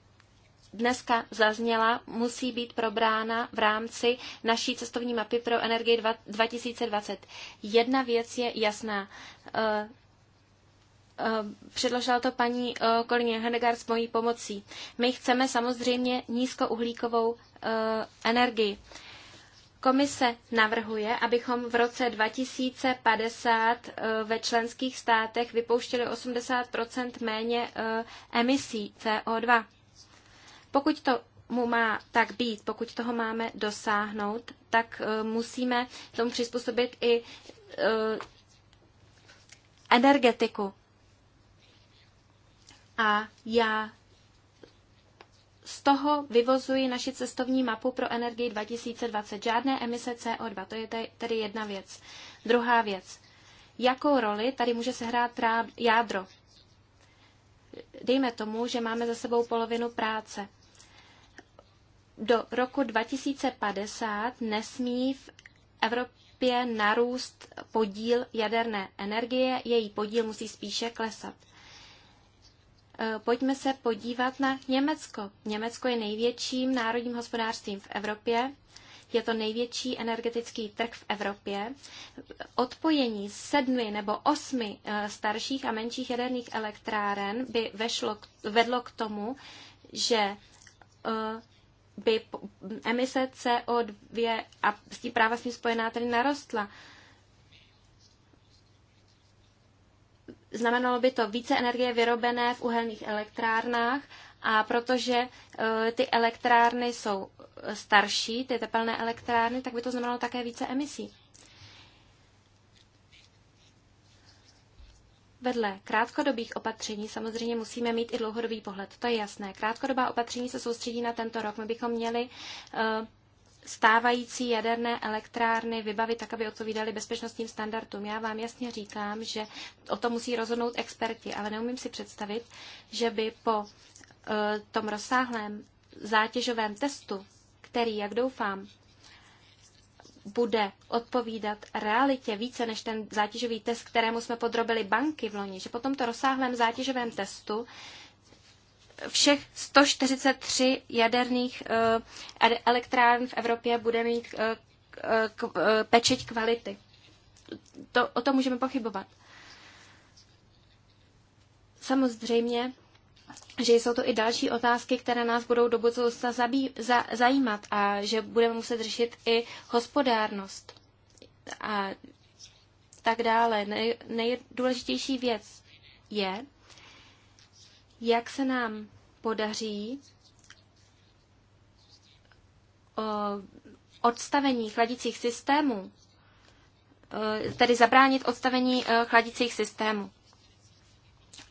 Speaker 1: dneska zazněla, musí být probrána v rámci naší cestovní mapy pro energii 2020. Jedna věc je jasná. Eh, eh, předložila to paní Kolíně Henegard s mojí pomocí. My chceme samozřejmě nízkouhlíkovou energii. Komise navrhuje, abychom v roce 2050 eh, ve členských státech vypouštěli 80 méně eh, emisí CO2. Pokud to mu má tak být, pokud toho máme dosáhnout, tak eh, musíme tomu přizpůsobit i energetiku. A já z toho vyvozuji naši cestovní mapu pro energii 2020. Žádné emise CO2, to je tedy jedna věc. Druhá věc. Jakou roli tady může sehrát jádro? Dejme tomu, že máme za sebou polovinu práce. Do roku 2050 nesmí v Evropě narůst podíl jaderné energie, její podíl musí spíše klesat. Eh, pojďme se podívat na Německo. Německo je největším národním hospodářstvím v Evropě. Je to největší energetický trh v Evropě. Odpojení sedmi nebo osmi eh, starších a menších jaderných elektráren by vešlo, vedlo k tomu, že eh, by emise CO2 a s tím právě s tím spojená tedy narostla. znamenalo by to více energie vyrobené v uhelných elektrárnách a protože e, ty elektrárny jsou e, starší, ty tepelné elektrárny, tak by to znamenalo také více emisí. Vedle krátkodobých opatření samozřejmě musíme mít i dlouhodobý pohled, to je jasné. Krátkodobá opatření se soustředí na tento rok. My bychom měli uh, stávající jaderné elektrárny vybavit tak, aby odpovídaly bezpečnostním standardům. Já vám jasně říkám, že o to musí rozhodnout experti, ale neumím si představit, že by po e, tom rozsáhlém zátěžovém testu, který, jak doufám, bude odpovídat realitě více než ten zátěžový test, kterému jsme podrobili banky v loni, že po tomto rozsáhlém zátěžovém testu všech 143 jaderných eh, elektrárn v Evropě bude mít eh, eh, pečeť kvality. To, o tom můžeme pochybovat. Samozřejmě, že jsou to i další otázky, které nás budou do budoucna zabí, za, zajímat a že budeme muset řešit i hospodárnost a tak dále. Nej, nejdůležitější věc je, jak se nám podaří odstavení chladicích systémů, tedy zabránit odstavení chladicích systémů.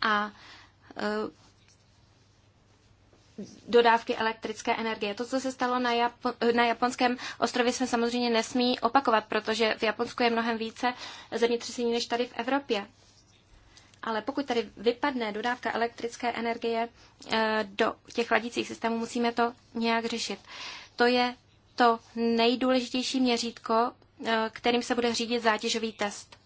Speaker 1: A dodávky elektrické energie. To, co se stalo na, Japo- na japonském ostrově, se samozřejmě nesmí opakovat, protože v Japonsku je mnohem více zemětřesení než tady v Evropě ale pokud tady vypadne dodávka elektrické energie eh, do těch ladících systémů, musíme to nějak řešit. To je to nejdůležitější měřítko, eh, kterým se bude řídit zátěžový test.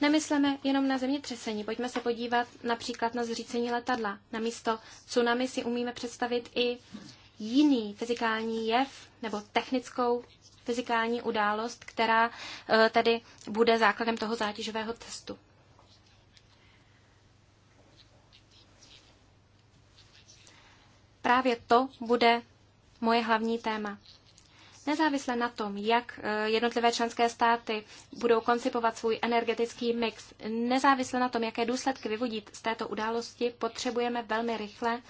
Speaker 1: Nemysleme jenom na zemětřesení, pojďme se podívat například na zřícení letadla. Namísto tsunami si umíme představit i jiný fyzikální jev nebo technickou fyzikální událost, která eh, tady bude základem toho zátěžového testu. právě to bude moje hlavní téma. Nezávisle na tom, jak eh, jednotlivé členské státy budou koncipovat svůj energetický mix, nezávisle na tom, jaké důsledky vyvodit z této události, potřebujeme velmi rychle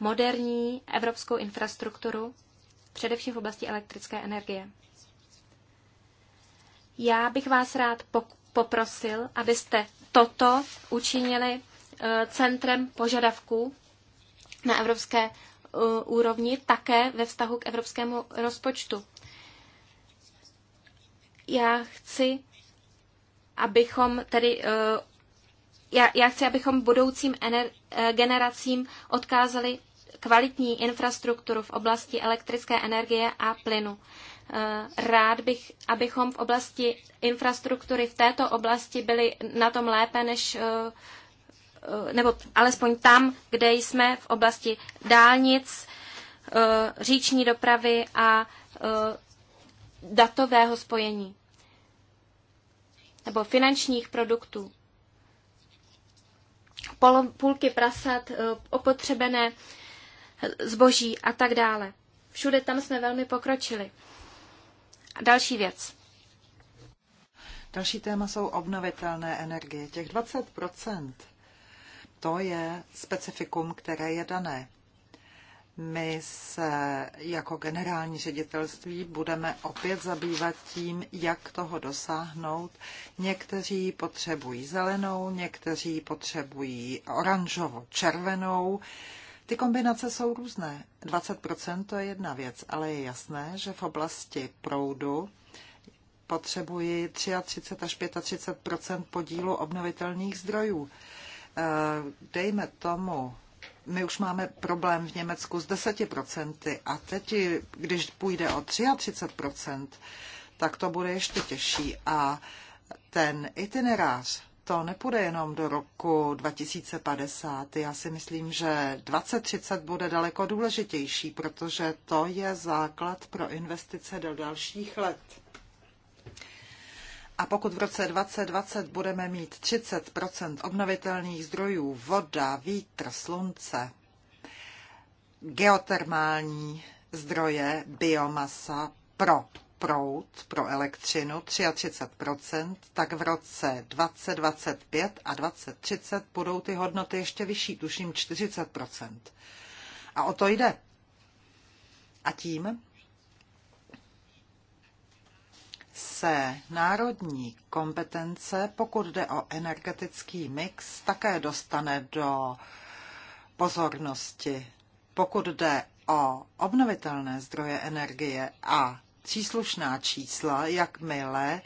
Speaker 1: moderní evropskou infrastrukturu, především v oblasti elektrické energie. Já bych vás rád poprosil, abyste toto učinili eh, centrem požadavků na evropské eh, úrovni, také ve vztahu k evropskému rozpočtu. Já chci, abychom tedy eh, já, já chci, abychom budoucím ener, eh, generacím odkázali kvalitní infrastrukturu v oblasti elektrické energie a plynu. Rád bych, abychom v oblasti infrastruktury v této oblasti byli na tom lépe než Eh, nebo alespoň tam, kde jsme v oblasti dálnic, eh, říční dopravy a eh, datového spojení nebo finančních produktů. Půlky prasat, opotřebené zboží a tak dále. Všude tam jsme velmi pokročili. A další věc.
Speaker 3: Další téma jsou obnovitelné energie. Těch 20 to je specifikum, které je dané. My se jako generální ředitelství budeme opět zabývat tím, jak toho dosáhnout. Někteří potřebují zelenou, někteří potřebují oranžovo-červenou. Ty kombinace jsou různé. 20% to je jedna věc, ale je jasné, že v oblasti proudu potřebuji 33 až 35 podílu obnovitelných zdrojů. Eh, dejme tomu, my už máme problém v Německu s 10% a teď, když půjde o 33%, tak to bude ještě těžší. A ten itinerář, to nepůjde jenom do roku 2050. Já si myslím, že 2030 bude daleko důležitější, protože to je základ pro investice do dalších let. A pokud v roce 2020 budeme mít 30 obnovitelných zdrojů, voda, vítr, slunce, geotermální zdroje, biomasa pro proud, pro elektřinu 33%, tak v roce 2025 a 2030 budou ty hodnoty ještě vyšší, tuším 40%. A o to jde. A tím se národní kompetence, pokud jde o energetický mix, také dostane do pozornosti. Pokud jde o obnovitelné zdroje energie a příslušná čísla, jakmile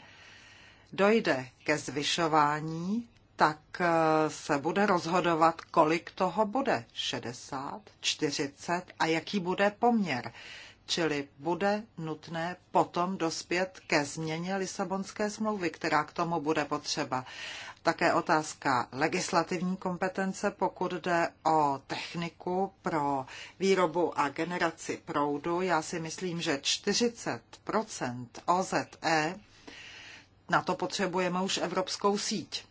Speaker 3: dojde ke zvyšování, tak eh, se bude rozhodovat, kolik toho bude 60, 40 a jaký bude poměr čili bude nutné potom dospět ke změně Lisabonské smlouvy, která k tomu bude potřeba. Také otázka legislativní kompetence, pokud jde o techniku pro výrobu a generaci proudu. Já si myslím, že 40 OZE na to potřebujeme už evropskou síť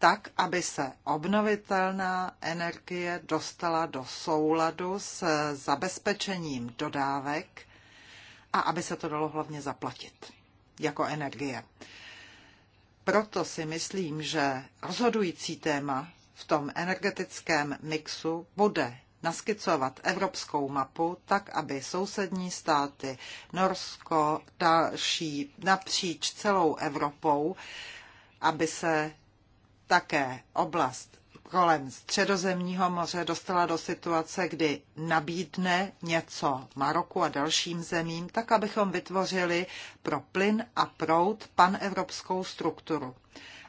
Speaker 3: tak, aby se obnovitelná energie dostala do souladu s zabezpečením dodávek a aby se to dalo hlavně zaplatit jako energie. Proto si myslím, že rozhodující téma v tom energetickém mixu bude naskicovat evropskou mapu tak, aby sousední státy, Norsko, další napříč celou Evropou, aby se také oblast kolem Středozemního moře dostala do situace, kdy nabídne něco Maroku a dalším zemím, tak abychom vytvořili pro plyn a prout panevropskou strukturu.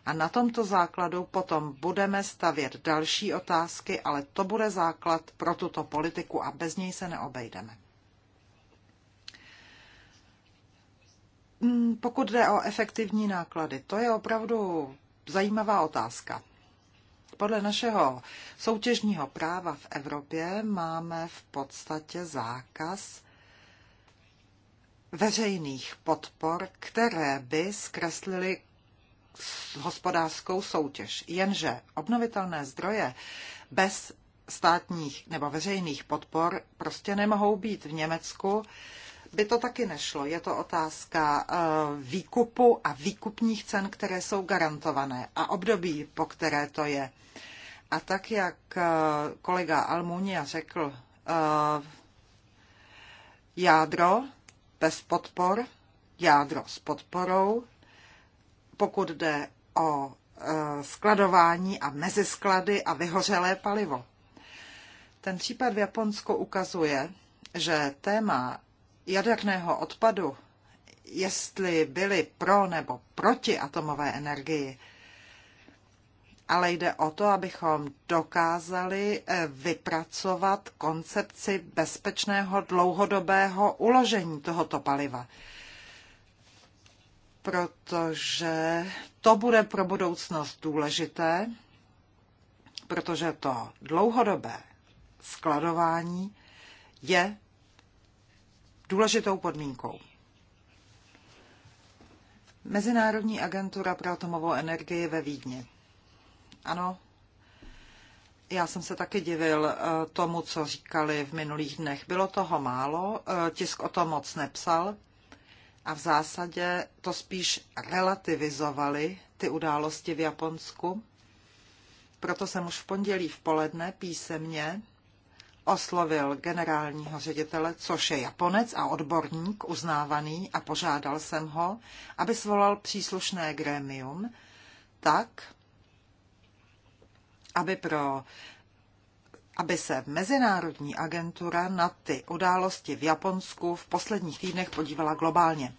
Speaker 3: A na tomto základu potom budeme stavět další otázky, ale to bude základ pro tuto politiku a bez něj se neobejdeme. Hmm, pokud jde o efektivní náklady, to je opravdu zajímavá otázka. Podle našeho soutěžního práva v Evropě máme v podstatě zákaz veřejných podpor, které by zkreslily hospodářskou soutěž. Jenže obnovitelné zdroje bez státních nebo veřejných podpor prostě nemohou být v Německu by to taky nešlo. Je to otázka eh, výkupu a výkupních cen, které jsou garantované a období, po které to je. A tak, jak eh, kolega Almunia řekl, eh, jádro bez podpor, jádro s podporou, pokud jde o skladování a mezisklady a vyhořelé palivo. Ten případ v Japonsku ukazuje, že téma jaderného odpadu, jestli byli pro nebo proti atomové energii, ale jde o to, abychom dokázali eh, vypracovat koncepci bezpečného dlouhodobého uložení tohoto paliva. Protože to bude pro budoucnost důležité, protože to dlouhodobé skladování je důležitou podmínkou. Mezinárodní agentura pro atomovou energii ve Vídni. Ano, já jsem se taky divil eh, tomu, co říkali v minulých dnech. Bylo toho málo, eh, tisk o tom moc nepsal a v zásadě to spíš relativizovali ty události v Japonsku. Proto jsem už v pondělí v poledne písemně oslovil generálního ředitele, což je Japonec a odborník uznávaný a požádal jsem ho, aby svolal příslušné grémium tak, aby pro aby se Mezinárodní agentura na ty události v Japonsku v posledních týdnech podívala globálně.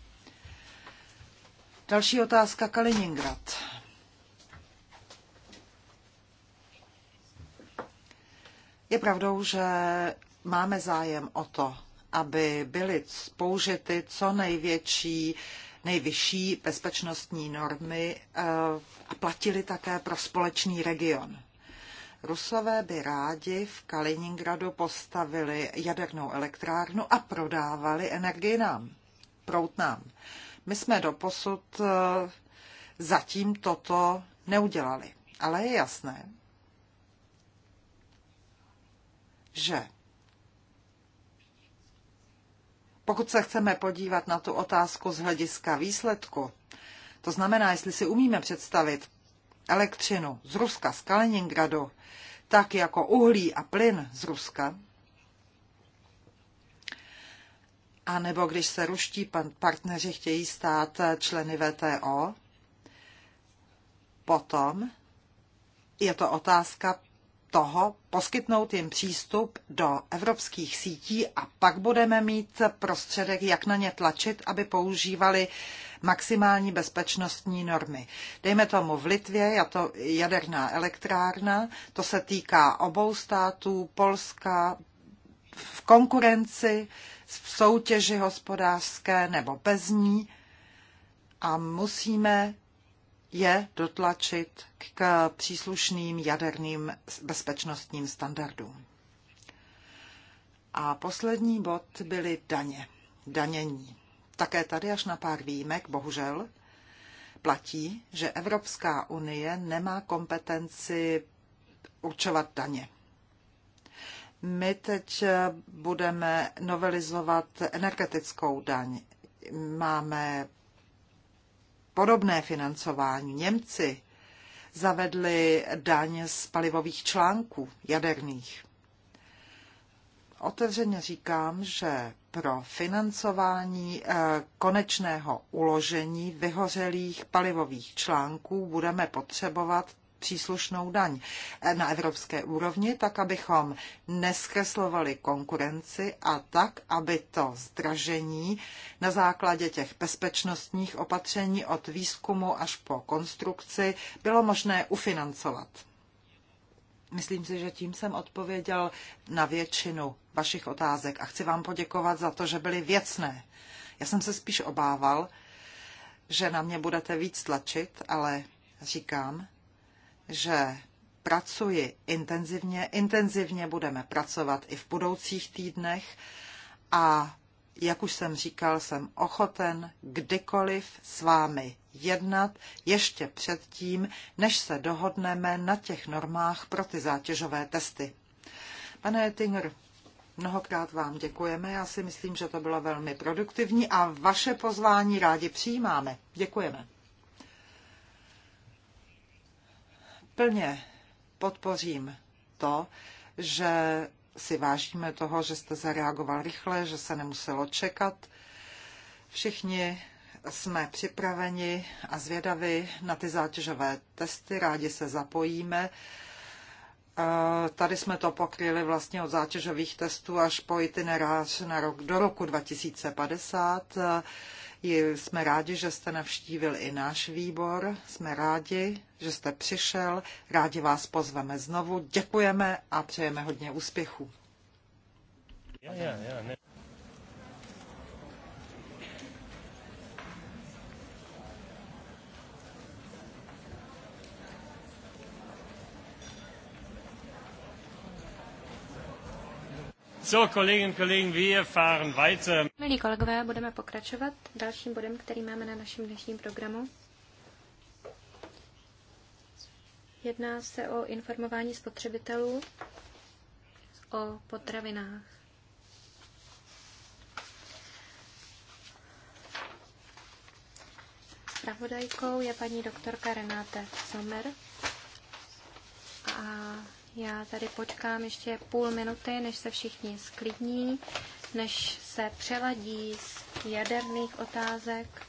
Speaker 3: Další otázka Kaliningrad. Je pravdou, že máme zájem o to, aby byly použity co největší, nejvyšší bezpečnostní normy eh, a platily také pro společný region. Rusové by rádi v Kaliningradu postavili jadernou elektrárnu a prodávali energii nám, prout nám. My jsme doposud eh, zatím toto neudělali. Ale je jasné, že pokud se chceme podívat na tu otázku z hlediska výsledku, to znamená, jestli si umíme představit elektřinu z Ruska, z Kaliningradu, tak jako uhlí a plyn z Ruska, a nebo když se ruští partneři chtějí stát členy VTO, potom je to otázka toho poskytnout jim přístup do evropských sítí a pak budeme mít prostředek, jak na ně tlačit, aby používali maximální bezpečnostní normy. Dejme tomu v Litvě to jaderná elektrárna, to se týká obou států, Polska, v konkurenci, v soutěži hospodářské nebo bez ní a musíme je dotlačit k příslušným jaderným bezpečnostním standardům. A poslední bod byly daně, danění. Také tady až na pár výjimek, bohužel, platí, že Evropská unie nemá kompetenci určovat daně. My teď budeme novelizovat energetickou daň. Máme podobné financování. Němci zavedli daň z palivových článků jaderných. Otevřeně říkám, že pro financování eh, konečného uložení vyhořelých palivových článků budeme potřebovat příslušnou daň na evropské úrovni, tak abychom neskreslovali konkurenci a tak, aby to zdražení na základě těch bezpečnostních opatření od výzkumu až po konstrukci bylo možné ufinancovat. Myslím si, že tím jsem odpověděl na většinu vašich otázek a chci vám poděkovat za to, že byly věcné. Já jsem se spíš obával, že na mě budete víc tlačit, ale říkám, že pracuji intenzivně, intenzivně budeme pracovat i v budoucích týdnech a jak už jsem říkal, jsem ochoten kdykoliv s vámi jednat ještě předtím, než se dohodneme na těch normách pro ty zátěžové testy. Pane Ettinger, mnohokrát vám děkujeme. Já si myslím, že to bylo velmi produktivní a vaše pozvání rádi přijímáme. Děkujeme. plně podpořím to, že si vážíme toho, že jste zareagoval rychle, že se nemuselo čekat. Všichni jsme připraveni a zvědaví na ty zátěžové testy, rádi se zapojíme. Tady jsme to pokryli vlastně od zátěžových testů až po itinerář na rok, do roku 2050. Jsme rádi, že jste navštívil i náš výbor. Jsme rádi, že jste přišel. Rádi vás pozveme znovu. Děkujeme a přejeme hodně úspěchů. Yeah, yeah, yeah.
Speaker 1: So, kolegyně, kolegyně, wir fahren weiter. Milí kolegové, budeme pokračovat dalším bodem, který máme na našem dnešním programu. Jedná se o informování spotřebitelů o potravinách. Pravodajkou je paní doktorka Renáte Sommer a já tady počkám ještě půl minuty, než se všichni sklidní, než se přeladí z jaderných otázek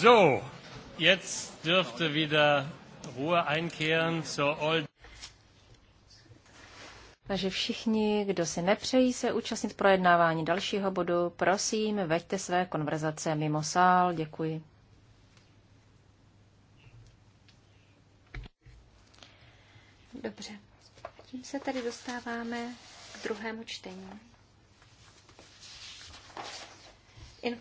Speaker 3: So, jetzt dürfte wieder Ruhe einkehren zur Old.
Speaker 2: Takže všichni, kdo si nepřejí se účastnit projednávání dalšího bodu, prosím, veďte své konverzace mimo sál. Děkuji. Dobře. Tím se
Speaker 1: tady dostáváme k druhému čtení. In-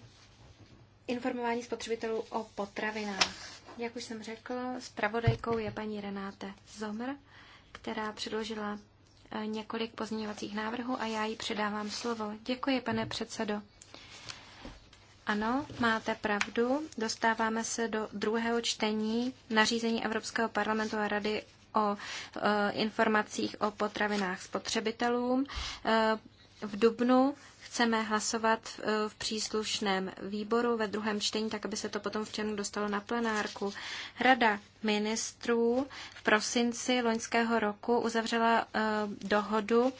Speaker 1: informování spotřebitelů o potravinách. Jak už jsem řekla, zpravodajkou je paní Renáte Zomr, která předložila eh, několik pozměňovacích návrhů a já jí předávám slovo. Děkuji, pane předsedo. Ano, máte pravdu. Dostáváme se do druhého čtení nařízení Evropského parlamentu a rady o e, informacích o potravinách spotřebitelům. E, v Dubnu chceme hlasovat v, eh, v příslušném výboru ve druhém čtení, tak aby se to potom v černu dostalo na plenárku. Rada ministrů v prosinci loňského roku uzavřela uh, dohodu.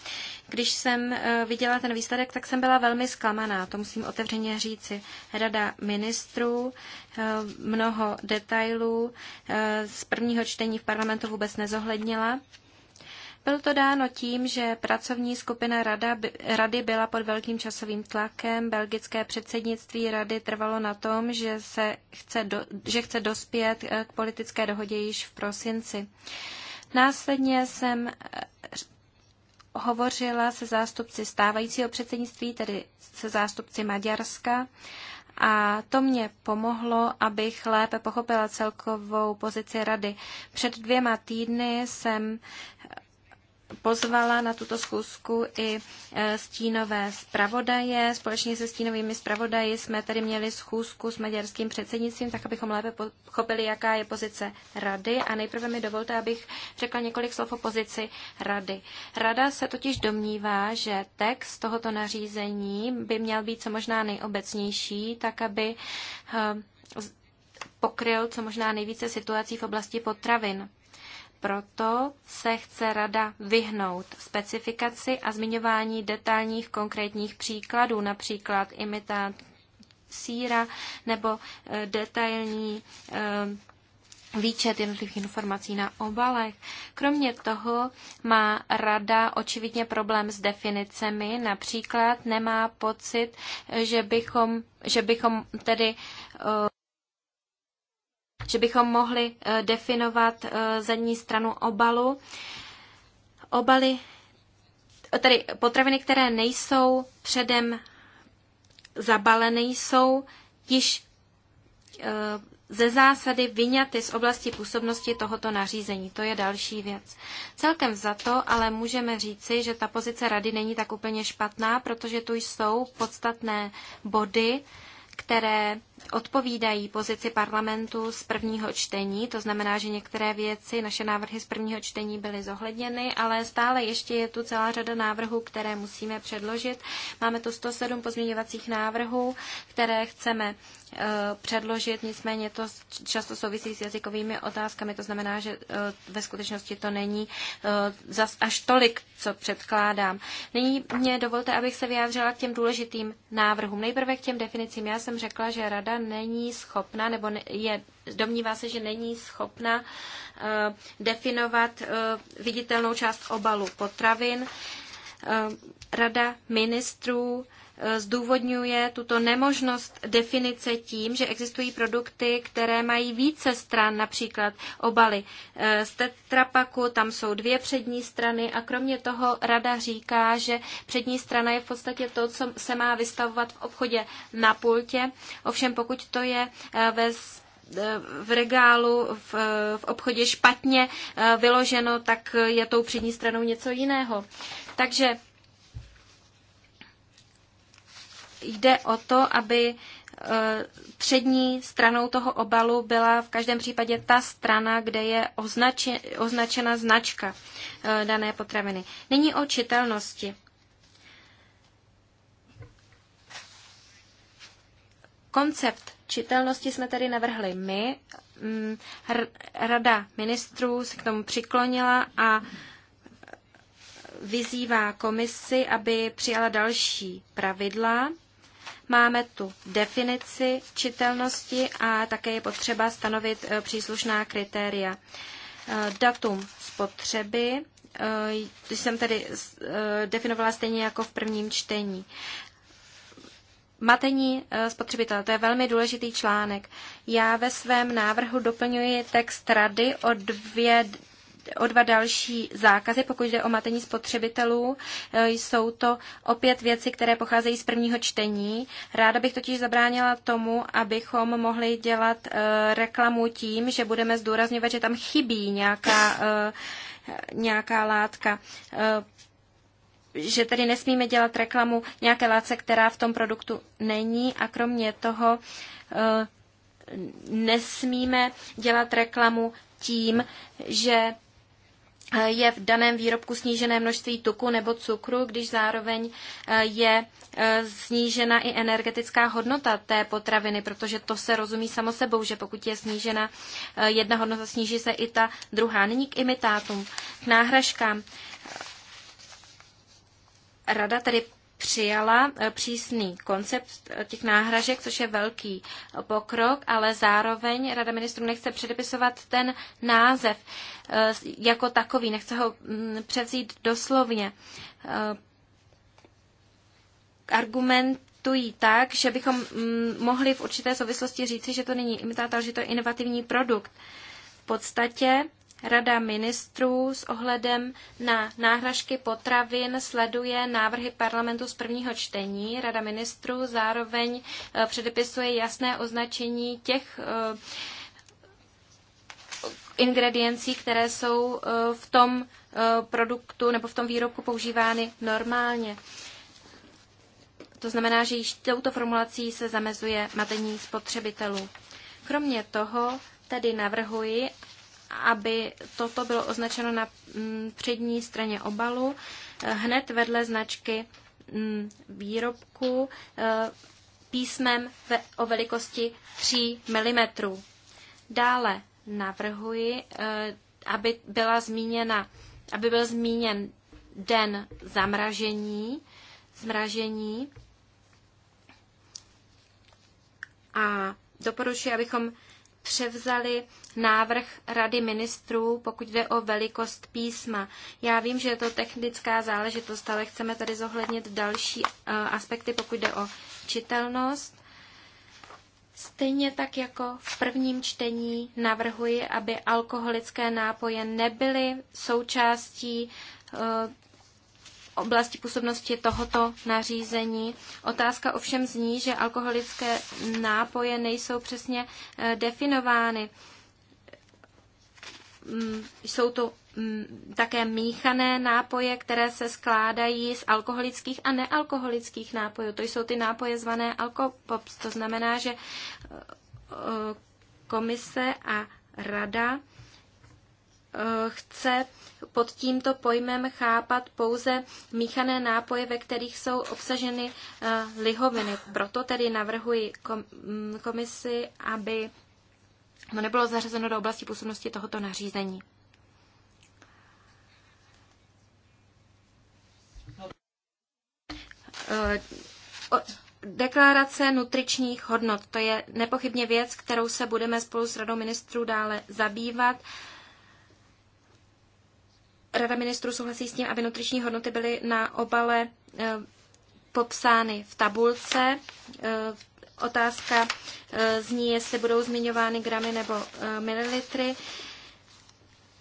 Speaker 1: Když jsem uh, viděla ten výsledek, tak jsem byla velmi zklamaná, to musím otevřeně říci. Rada ministrů, uh, mnoho detailů uh, z prvního čtení v parlamentu vůbec nezohlednila. Bylo to dáno tím, že pracovní skupina rada, rady byla pod velkým časovým tlakem. Belgické předsednictví rady trvalo na tom, že, se chce, do, že chce dospět eh, k politické dohodě již v prosinci. Následně jsem eh, hovořila se zástupci stávajícího předsednictví, tedy se zástupci Maďarska. A to mě pomohlo, abych lépe pochopila celkovou pozici rady. Před dvěma týdny jsem pozvala na tuto schůzku i e, stínové zpravodaje. Společně se stínovými zpravodaji jsme tady měli schůzku s maďarským předsednictvím, tak abychom lépe pochopili, jaká je pozice rady. A nejprve mi dovolte, abych řekla několik slov o pozici rady. Rada se totiž domnívá, že text tohoto nařízení by měl být co možná nejobecnější, tak aby e, pokryl co možná nejvíce situací v oblasti potravin proto se chce rada vyhnout specifikaci a zmiňování detailních konkrétních příkladů, například imitát síra nebo eh, detailní eh, výčet jednotlivých informací na obalech. Kromě toho má rada očividně problém s definicemi, například nemá pocit, že bychom, že bychom tedy eh, že bychom mohli eh, definovat eh, zadní stranu obalu. Obaly, tedy potraviny, které nejsou předem zabaleny, jsou již eh, ze zásady vyňaty z oblasti působnosti tohoto nařízení. To je další věc. Celkem za to ale můžeme říci, že ta pozice rady není tak úplně špatná, protože tu jsou podstatné body, které odpovídají pozici parlamentu z prvního čtení, to znamená, že některé věci, naše návrhy z prvního čtení byly zohledněny, ale stále ještě je tu celá řada návrhů, které musíme předložit. Máme tu 107 pozměňovacích návrhů, které chceme eh, předložit, nicméně to často souvisí s jazykovými otázkami, to znamená, že eh, ve skutečnosti to není eh, zas až tolik, co předkládám. Nyní mě dovolte, abych se vyjádřila k těm důležitým návrhům. Nejprve k těm definicím. Já jsem řekla, že rada vláda není schopna, nebo je, domnívá se, že není schopna eh, definovat eh, viditelnou část obalu potravin. Eh, rada ministrů zdůvodňuje tuto nemožnost definice tím, že existují produkty, které mají více stran, například obaly z tetrapaku, tam jsou dvě přední strany a kromě toho rada říká, že přední strana je v podstatě to, co se má vystavovat v obchodě na pultě. Ovšem pokud to je eh, ve eh, v regálu, v, eh, v obchodě špatně vyloženo, tak je tou přední stranou něco jiného. Takže jde o to, aby e, přední stranou toho obalu byla v každém případě ta strana, kde je označe, označena značka e, dané potraviny. Není o čitelnosti. Koncept čitelnosti jsme tedy navrhli my. Mm, Rada ministrů se k tomu přiklonila a vyzývá komisi, aby přijala další pravidla Máme tu definici čitelnosti a také je potřeba stanovit eh, příslušná kritéria. Eh, datum spotřeby, eh, jsem tedy definovala stejně jako v prvním čtení. Matení spotřebitele, to je velmi důležitý článek. Já ve svém návrhu doplňuji text rady o dvě o dva další zákazy, pokud jde o matení spotřebitelů. E, jsou to opět věci, které pocházejí z prvního čtení. Ráda bych totiž zabránila tomu, abychom mohli dělat e, reklamu tím, že budeme zdůrazňovat, že tam chybí nějaká, e, nějaká látka že tedy nesmíme dělat reklamu nějaké látce, která v tom produktu není a kromě toho nesmíme dělat reklamu tím, že je v daném výrobku snížené množství tuku nebo cukru, když zároveň eh, je eh, snížena i energetická hodnota té potraviny, protože to se rozumí samo sebou, že pokud je snížena eh, jedna hodnota, sníží se i ta druhá. Nyní k imitátům, k náhražkám. Rada tedy přijala eh, přísný koncept eh, těch náhražek, což je velký eh, pokrok, ale zároveň Rada ministrů nechce předepisovat ten název jako takový, nechce ho mm, převzít doslovně. Argument tak, že bychom mm, mohli v určité souvislosti říci, že to není imitátor, že to je inovativní produkt. V podstatě Rada ministrů s ohledem na náhražky potravin sleduje návrhy parlamentu z prvního čtení. Rada ministrů zároveň e, předepisuje jasné označení těch e, ingrediencí, které jsou e, v tom produktu nebo v tom výrobku používány normálně. To znamená, že již touto formulací se zamezuje matení spotřebitelů. Kromě toho tedy navrhuji, aby toto bylo označeno na mm, přední straně obalu eh, hned vedle značky mm, výrobku eh, písmem o velikosti 3 mm. Dále navrhuji, eh, aby, byla zmíněna, aby byl zmíněn den zamražení, zmražení a doporučuji, abychom převzali návrh Rady ministrů, pokud jde o velikost písma. Já vím, že je to technická záležitost, ale chceme tady zohlednit další eh, aspekty, pokud jde o čitelnost. Stejně tak jako v prvním čtení navrhuji, aby alkoholické nápoje nebyly součástí eh, oblasti působnosti tohoto nařízení. Otázka ovšem zní, že alkoholické nápoje nejsou přesně eh, definovány. Mm, jsou to mm, také míchané nápoje, které se skládají z alkoholických a nealkoholických nápojů. To jsou ty nápoje zvané alkopops. To znamená, že eh, eh, komise a rada Eh, chce pod tímto pojmem chápat pouze míchané nápoje, ve kterých jsou obsaženy eh, lihoviny. Proto tedy navrhuji mm, komisi, aby to nebylo zařazeno do oblasti působnosti tohoto nařízení. Eh, deklarace nutričních hodnot, to je nepochybně věc, kterou se budeme spolu s Radou ministrů dále zabývat. Rada ministrů souhlasí s tím, aby nutriční hodnoty byly na obale eh, popsány v tabulce. Eh, otázka eh, zní, jestli budou zmiňovány gramy nebo mililitry.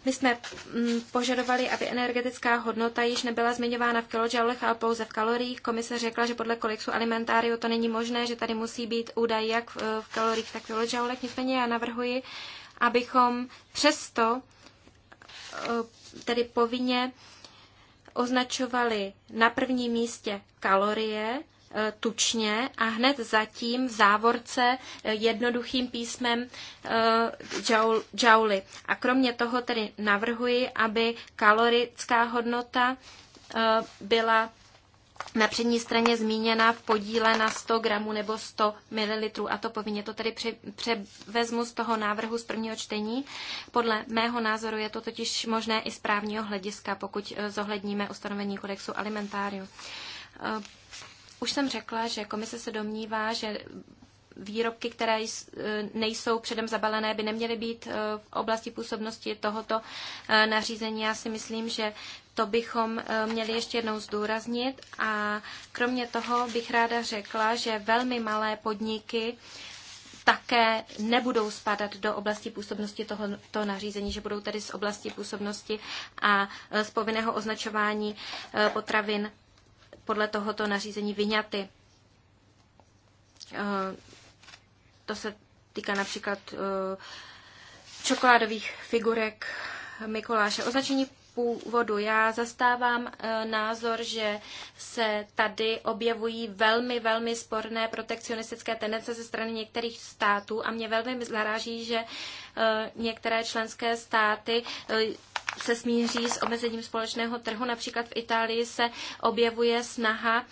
Speaker 1: My jsme mm, požadovali, aby energetická hodnota již nebyla zmiňována v kilojoulech, ale pouze v kaloriích. Komise řekla, že podle kolixu alimentáriu to není možné, že tady musí být údaj jak v kaloriích, tak v kilojoulech. Nicméně já navrhuji, abychom přesto Eh, tedy povinně označovali na prvním místě kalorie, eh, tučně a hned zatím v závorce eh, jednoduchým písmem džauly. A kromě toho tedy navrhuji, aby kalorická hodnota byla na přední straně zmíněna v podíle na 100 gramů nebo 100 ml. A to povinně to tedy převezmu z toho návrhu z prvního čtení. Podle mého názoru je to totiž možné i z právního hlediska, pokud eh, zohledníme ustanovení kodexu alimentáriu. Eh, už jsem řekla, že komise se domnívá, že výrobky, které e, nejsou předem zabalené, by neměly být e, v oblasti působnosti tohoto e, nařízení. Já si myslím, že to bychom měli ještě jednou zdůraznit. A kromě toho bych ráda řekla, že velmi malé podniky také nebudou spadat do oblasti působnosti tohoto nařízení, že budou tedy z oblasti působnosti a z povinného označování potravin podle tohoto nařízení vyňaty. To se týká například eh, čokoládových figurek Mikuláše. Označení původu. Já zastávám eh, názor, že se tady objevují velmi, velmi sporné protekcionistické tendence ze strany některých států a mě velmi zaráží, že eh, některé členské státy se smíří s omezením společného trhu. Například v Itálii se objevuje snaha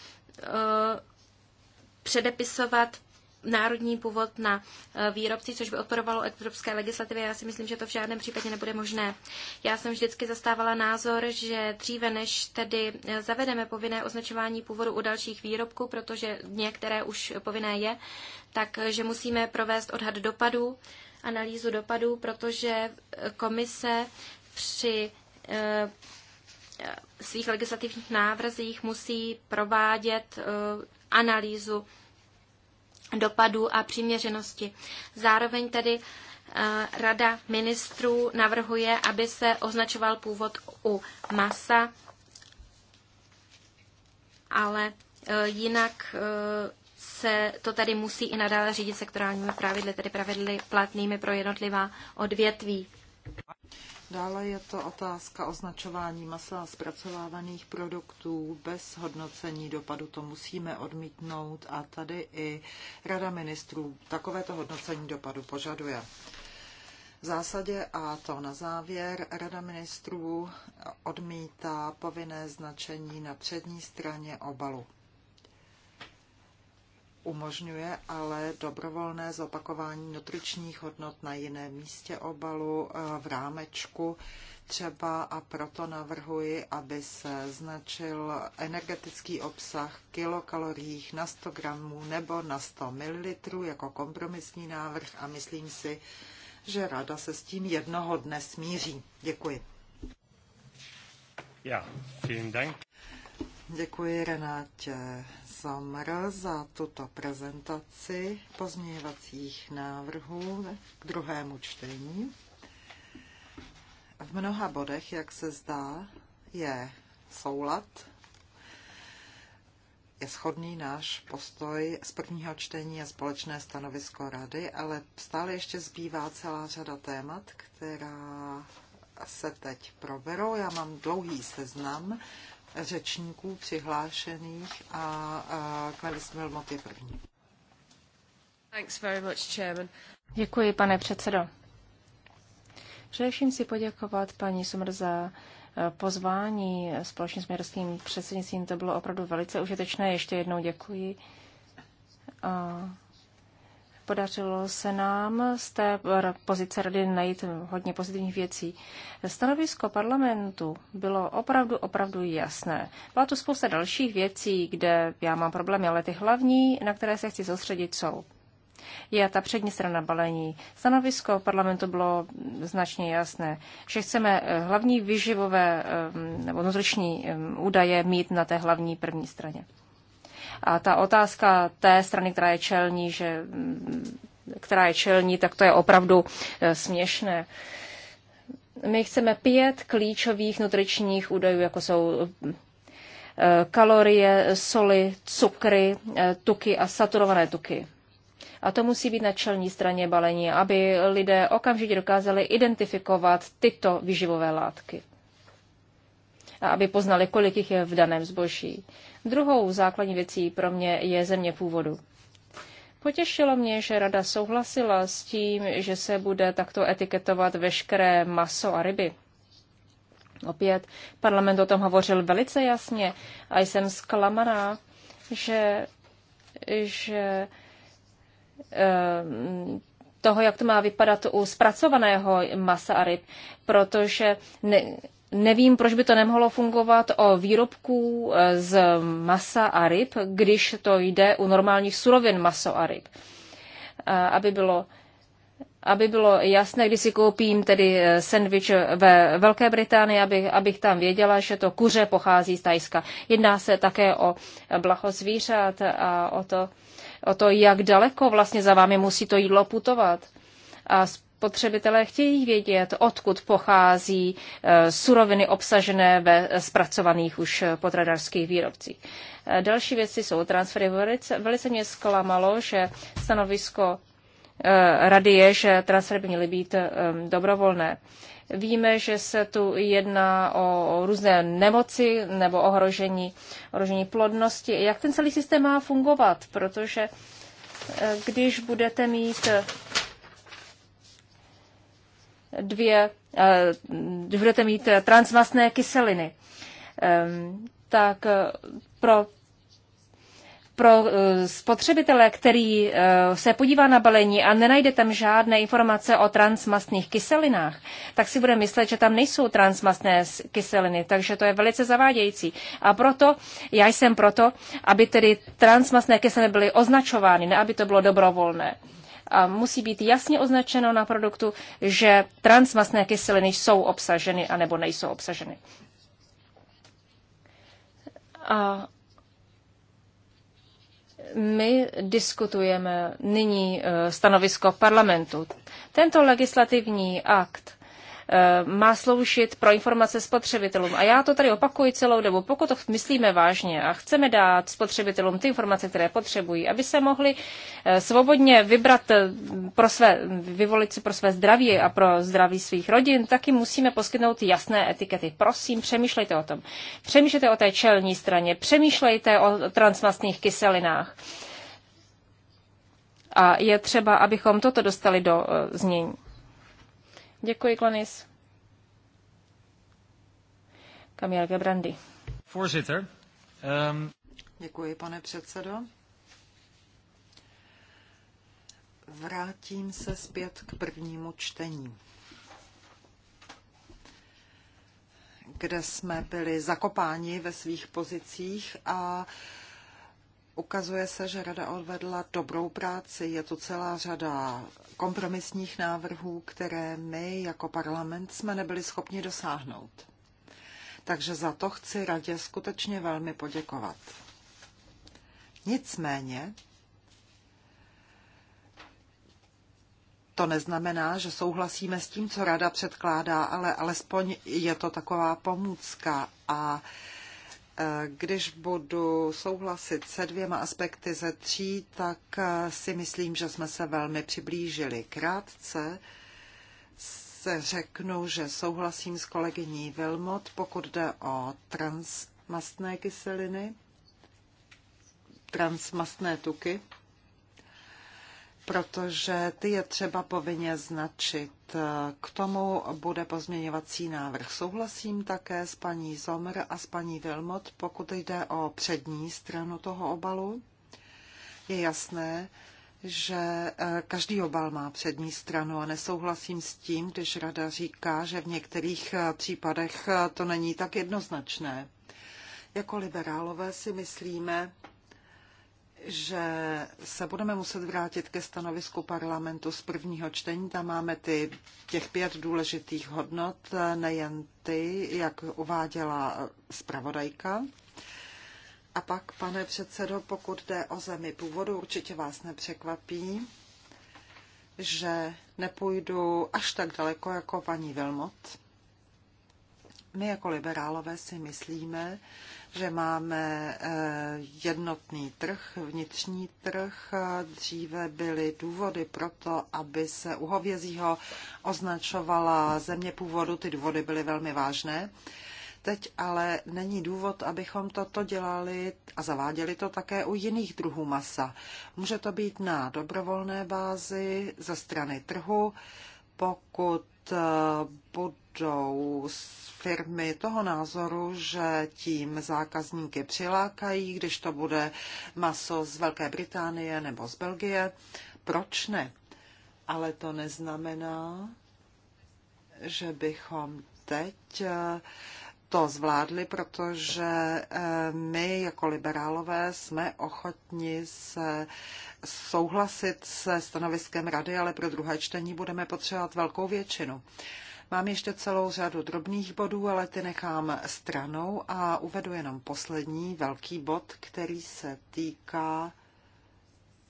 Speaker 1: předepisovat národní původ na eh, výrobci, což by odporovalo evropské legislativě. Já si myslím, že to v žádném případě nebude možné. Já jsem vždycky zastávala názor, že dříve než tedy eh, zavedeme povinné označování původu u dalších výrobků, protože některé už povinné je, takže eh, musíme provést odhad dopadů, analýzu dopadů, protože komise při svých legislativních návrzích musí provádět analýzu dopadů a přiměřenosti. Zároveň tedy eh, Rada ministrů navrhuje, aby se označoval původ u masa, ale eh, jinak eh, se to tady musí i nadále řídit sektorálními pravidly, tedy pravidly platnými pro jednotlivá odvětví.
Speaker 3: Dále je to otázka označování masa a zpracovávaných produktů bez hodnocení dopadu. To musíme odmítnout a tady i Rada ministrů takovéto hodnocení dopadu požaduje. V zásadě a to na závěr Rada ministrů odmítá povinné značení na přední straně obalu umožňuje ale dobrovolné zopakování nutričních hodnot na jiném místě obalu, eh, v rámečku třeba a proto navrhuji, aby se značil energetický obsah kilokaloriích na 100 gramů nebo na 100 ml jako kompromisní návrh a myslím si, že rada se s tím jednoho dne smíří. Děkuji. Ja, vielen Dank. Děkuji Renátě Samr za tuto prezentaci pozměňovacích návrhů k druhému čtení. V mnoha bodech, jak se zdá, je soulad, je schodný náš postoj z prvního čtení a společné stanovisko rady, ale stále ještě zbývá celá řada témat, která se teď proberou. Já mám dlouhý seznam řečníků přihlášených a, a Gladys Wilmot je první. Thanks very much, Chairman.
Speaker 2: Děkuji, pane předsedo. Především si poděkovat paní Sumr za e, pozvání společně s měrským předsednictvím. To bylo opravdu velice užitečné. Ještě jednou děkuji. A Podařilo se nám z té pozice rady najít hodně pozitivních věcí. Stanovisko parlamentu bylo opravdu, opravdu jasné. Byla tu spousta dalších věcí, kde já mám problémy, ale ty hlavní, na které se chci soustředit, jsou je ta přední strana balení. Stanovisko parlamentu bylo značně jasné, že chceme eh, hlavní vyživové eh, nebo nutriční eh, údaje mít na té hlavní první straně. A ta otázka té strany, která je čelní, že, která je čelní, tak to je opravdu e, směšné. My chceme pět klíčových nutričních údajů, jako jsou e, kalorie, soli, cukry, e, tuky a saturované tuky. A to musí být na čelní straně balení, aby lidé okamžitě dokázali identifikovat tyto vyživové látky. A aby poznali, kolik jich je v daném zboží. Druhou základní věcí pro mě je země původu. Potěšilo mě, že rada souhlasila s tím, že se bude takto etiketovat veškeré maso a ryby. Opět parlament o tom hovořil velice jasně a jsem zklamaná, že, že eh, toho, jak to má vypadat u zpracovaného masa a ryb, protože ne, Nevím, proč by to nemohlo fungovat o výrobků eh, z masa a ryb, když to jde u normálních surovin maso a ryb. Aby bylo, aby bylo jasné, když si koupím tedy eh, sendvič ve Velké Británii, abych, abych tam věděla, že to kuře pochází z Tajska. Jedná se také o blaho zvířat a o to, o to, jak daleko vlastně za vámi musí to jídlo putovat. A z spotřebitelé chtějí vědět, odkud pochází eh, suroviny obsažené ve zpracovaných už eh, potradarských výrobcích. Eh, další věci jsou transfery. Velice, velice mě zklamalo, že stanovisko rady je, že transfery by měly být dobrovolné. Víme, že se tu jedná o různé nemoci nebo ohrožení, ohrožení plodnosti. Jak ten celý systém má fungovat? Protože když budete mít dvě, eh, když budete mít eh, transmastné kyseliny, ehm, tak eh, pro pro spotřebitele, který se podívá na balení a nenajde tam žádné informace o transmastných kyselinách, tak si bude myslet, že tam nejsou transmastné kyseliny, takže to je velice zavádějící. A proto já jsem proto, aby tedy transmastné kyseliny byly označovány, ne aby to bylo dobrovolné a musí být jasně označeno na produktu, že transmasné kyseliny jsou obsaženy anebo nejsou obsaženy. A my diskutujeme nyní eh, stanovisko parlamentu. Tento legislativní akt Eh, má sloužit pro informace spotřebitelům. A já to tady opakuji celou dobu. Pokud to myslíme vážně a chceme dát spotřebitelům ty informace, které potřebují, aby se mohli eh, svobodně vybrat eh, pro své, vyvolit si pro své zdraví a pro zdraví svých rodin, taky musíme poskytnout jasné etikety. Prosím, přemýšlejte o tom. Přemýšlejte o té čelní straně, přemýšlejte o transmastných kyselinách. A je třeba, abychom toto dostali do znění. Děkuji, Klonis. Kamil Gebrandy.
Speaker 3: Voorzitter. Um... Děkuji, pane předsedo. Vrátím se zpět k prvnímu čtení, kde jsme byli zakopáni ve svých pozicích a uh, Ukazuje se, že rada odvedla dobrou práci. Je tu celá řada kompromisních návrhů, které my jako parlament jsme nebyli schopni dosáhnout. Takže za to chci radě skutečně velmi poděkovat. Nicméně to neznamená, že souhlasíme s tím, co rada předkládá, ale alespoň je to taková pomůcka a uh, když budu souhlasit se dvěma aspekty ze tří, tak eh, si myslím, že jsme se velmi přiblížili. Krátce se řeknu, že souhlasím s kolegyní Vilmot, pokud jde o transmastné kyseliny, transmastné tuky protože ty je třeba povinně značit. K tomu bude pozměňovací návrh. Souhlasím také s paní Zomr a s paní Vilmot, pokud jde o přední stranu toho obalu. Je jasné, že eh, každý obal má přední stranu a nesouhlasím s tím, když rada říká, že v některých eh, případech eh, to není tak jednoznačné. Jako liberálové si myslíme, že se budeme muset vrátit ke stanovisku parlamentu z prvního čtení. Tam máme ty, těch pět důležitých hodnot, nejen ty, jak uváděla zpravodajka. A pak, pane předsedo, pokud jde o zemi původu, určitě vás nepřekvapí, že nepůjdu až tak daleko jako paní Vilmot. My jako liberálové si myslíme, že máme eh, jednotný trh, vnitřní trh. Dříve byly důvody pro to, aby se u hovězího označovala země původu. Ty důvody byly velmi vážné. Teď ale není důvod, abychom toto dělali a zaváděli to také u jiných druhů masa. Může to být na dobrovolné bázi ze strany trhu, pokud budou firmy toho názoru, že tím zákazníky přilákají, když to bude maso z Velké Británie nebo z Belgie. Proč ne? Ale to neznamená, že bychom teď to zvládli, protože eh, my jako liberálové jsme ochotni se souhlasit se stanoviskem rady, ale pro druhé čtení budeme potřebovat velkou většinu. Mám ještě celou řadu drobných bodů, ale ty nechám stranou a uvedu jenom poslední velký bod, který se týká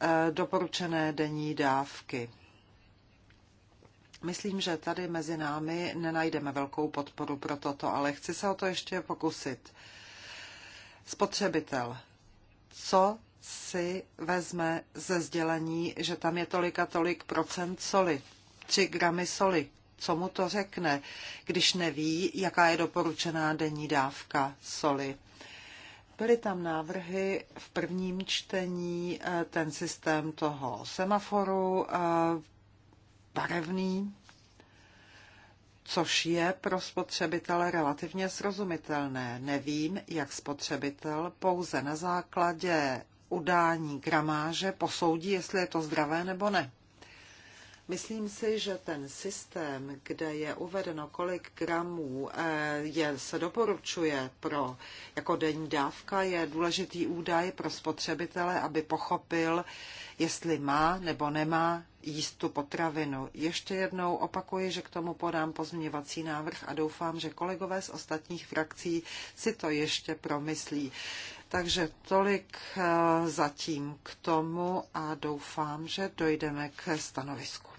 Speaker 3: eh, doporučené denní dávky. Myslím, že tady mezi námi nenajdeme velkou podporu pro toto, ale chci se o to ještě pokusit. Spotřebitel. Co si vezme ze sdělení, že tam je tolik a tolik procent soli? 3 gramy soli. Co mu to řekne, když neví, jaká je doporučená denní dávka soli? Byly tam návrhy v prvním čtení, eh, ten systém toho semaforu, eh, barevný, což je pro spotřebitele relativně srozumitelné. Nevím, jak spotřebitel pouze na základě udání gramáže posoudí, jestli je to zdravé nebo ne. Myslím si, že ten systém, kde je uvedeno, kolik gramů eh, je, se doporučuje pro jako denní dávka, je důležitý údaj pro spotřebitele, aby pochopil, jestli má nebo nemá jíst tu potravinu. Ještě jednou opakuji, že k tomu podám pozměňovací návrh a doufám, že kolegové z ostatních frakcí si to ještě promyslí. Takže tolik eh, zatím k tomu a doufám, že dojdeme k stanovisku.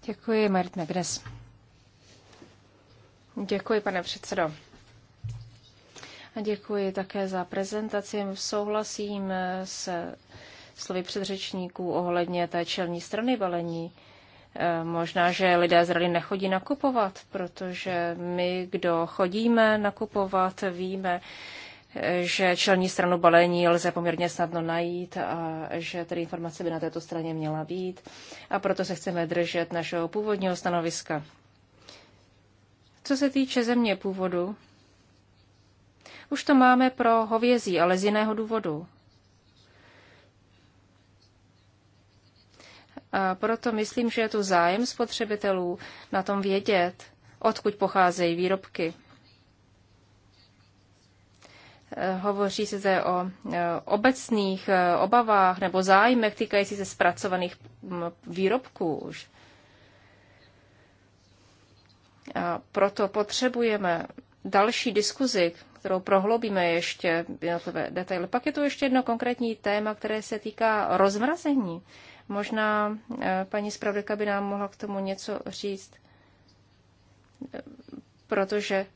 Speaker 3: Děkuji, Marit McGuinness. Děkuji,
Speaker 2: pane předsedo. A děkuji také za prezentaci. Souhlasím se slovy předřečníků ohledně té čelní strany balení. E, možná, že lidé z rady nechodí nakupovat, protože my, kdo chodíme nakupovat, víme, že čelní stranu balení lze poměrně snadno najít a že tedy informace by na této straně měla být. A proto se chceme držet našeho původního stanoviska. Co se týče země původu, už to máme pro hovězí, ale z jiného důvodu. A proto myslím, že je tu zájem spotřebitelů na tom vědět, odkud pocházejí výrobky. Hovoří se zde o e, obecných e, obavách nebo zájmech týkající se zpracovaných výrobků už. A proto potřebujeme další diskuzi, kterou prohloubíme ještě jednotlivé detaily. Pak je tu ještě jedno konkrétní téma, které se týká rozmrazení. Možná e, paní zpravodajka by nám mohla k tomu něco říct, protože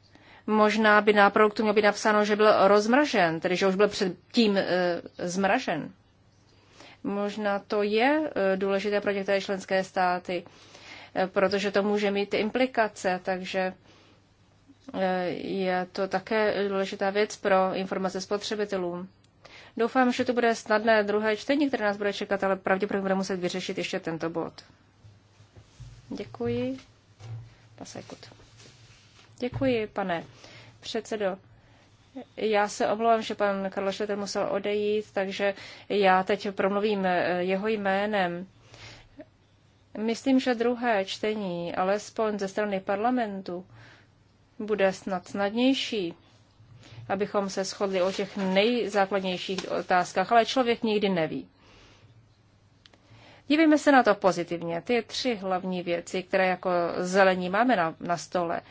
Speaker 2: možná by na produktu mělo být napsáno, že byl rozmražen, tedy že už byl předtím e, eh, zmražen. Možná to je e, důležité pro některé členské státy, e, protože to může mít implikace, takže e, je to také důležitá věc pro informace spotřebitelům. Doufám, že to bude snadné druhé čtení, které nás bude čekat, ale pravděpodobně bude muset vyřešit ještě tento bod. Děkuji. Pasekut. Děkuji, pane předsedo. Já se omlouvám, že pan Karlo Šleter musel odejít, takže já teď promluvím eh, jeho jménem. Myslím, že druhé čtení, alespoň ze strany parlamentu, bude snad snadnější, abychom se shodli o těch nejzákladnějších otázkách, ale člověk nikdy neví. Dívejme se na to pozitivně. Ty tři hlavní věci, které jako zelení máme na, na stole –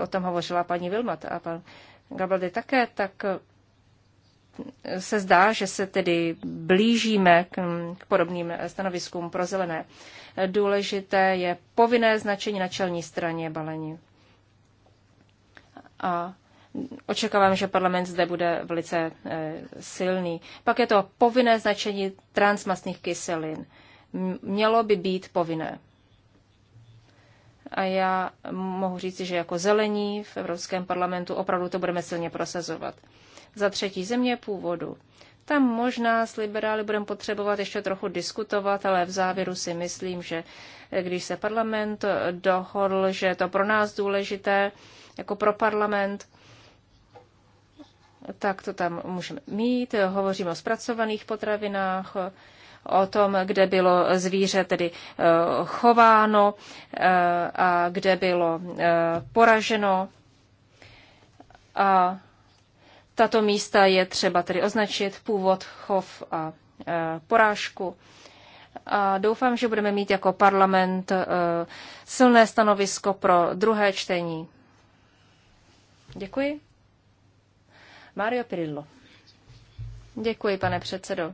Speaker 2: o tom hovořila paní Vilmat a pan Gabaldy také, tak se zdá, že se tedy blížíme k, k podobným stanoviskům pro zelené. Důležité je povinné značení na čelní straně balení. A očekávám, že parlament zde bude velice eh, silný. Pak je to povinné značení transmastných kyselin. Mělo by být povinné a já mohu říci, že jako zelení v Evropském parlamentu opravdu to budeme silně prosazovat. Za třetí země původu. Tam možná s liberály budeme potřebovat ještě trochu diskutovat, ale v závěru si myslím, že když se parlament dohodl, že je to pro nás důležité, jako pro parlament, tak to tam můžeme mít. Hovoříme o zpracovaných potravinách, o tom, kde bylo zvíře tedy eh, chováno eh, a kde bylo eh, poraženo. A tato místa je třeba tedy označit původ, chov a porážku. A doufám, že budeme mít jako parlament silné stanovisko pro druhé čtení. Děkuji. Mario Pirillo. Děkuji, pane předsedo.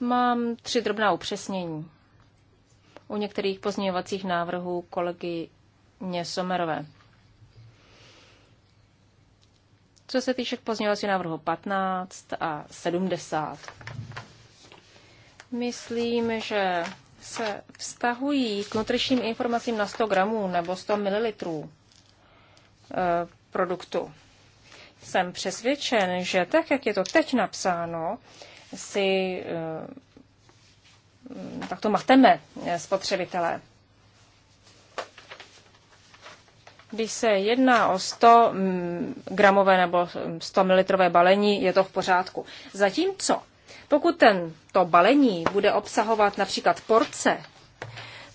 Speaker 2: Mám tři drobná upřesnění u některých pozměňovacích návrhů kolegy Somerové. Co se týče pozměňovacího návrhu 15 a 70. Myslím, že se vztahují k nutričním informacím na 100 gramů nebo 100 ml eh, produktu. Jsem přesvědčen, že tak, jak je to teď napsáno, si eh, takto mateme eh, spotřebitelé. Když se jedná o 100 mm, gramové nebo 100 ml balení, je to v pořádku. Zatímco, pokud ten, to balení bude obsahovat například porce,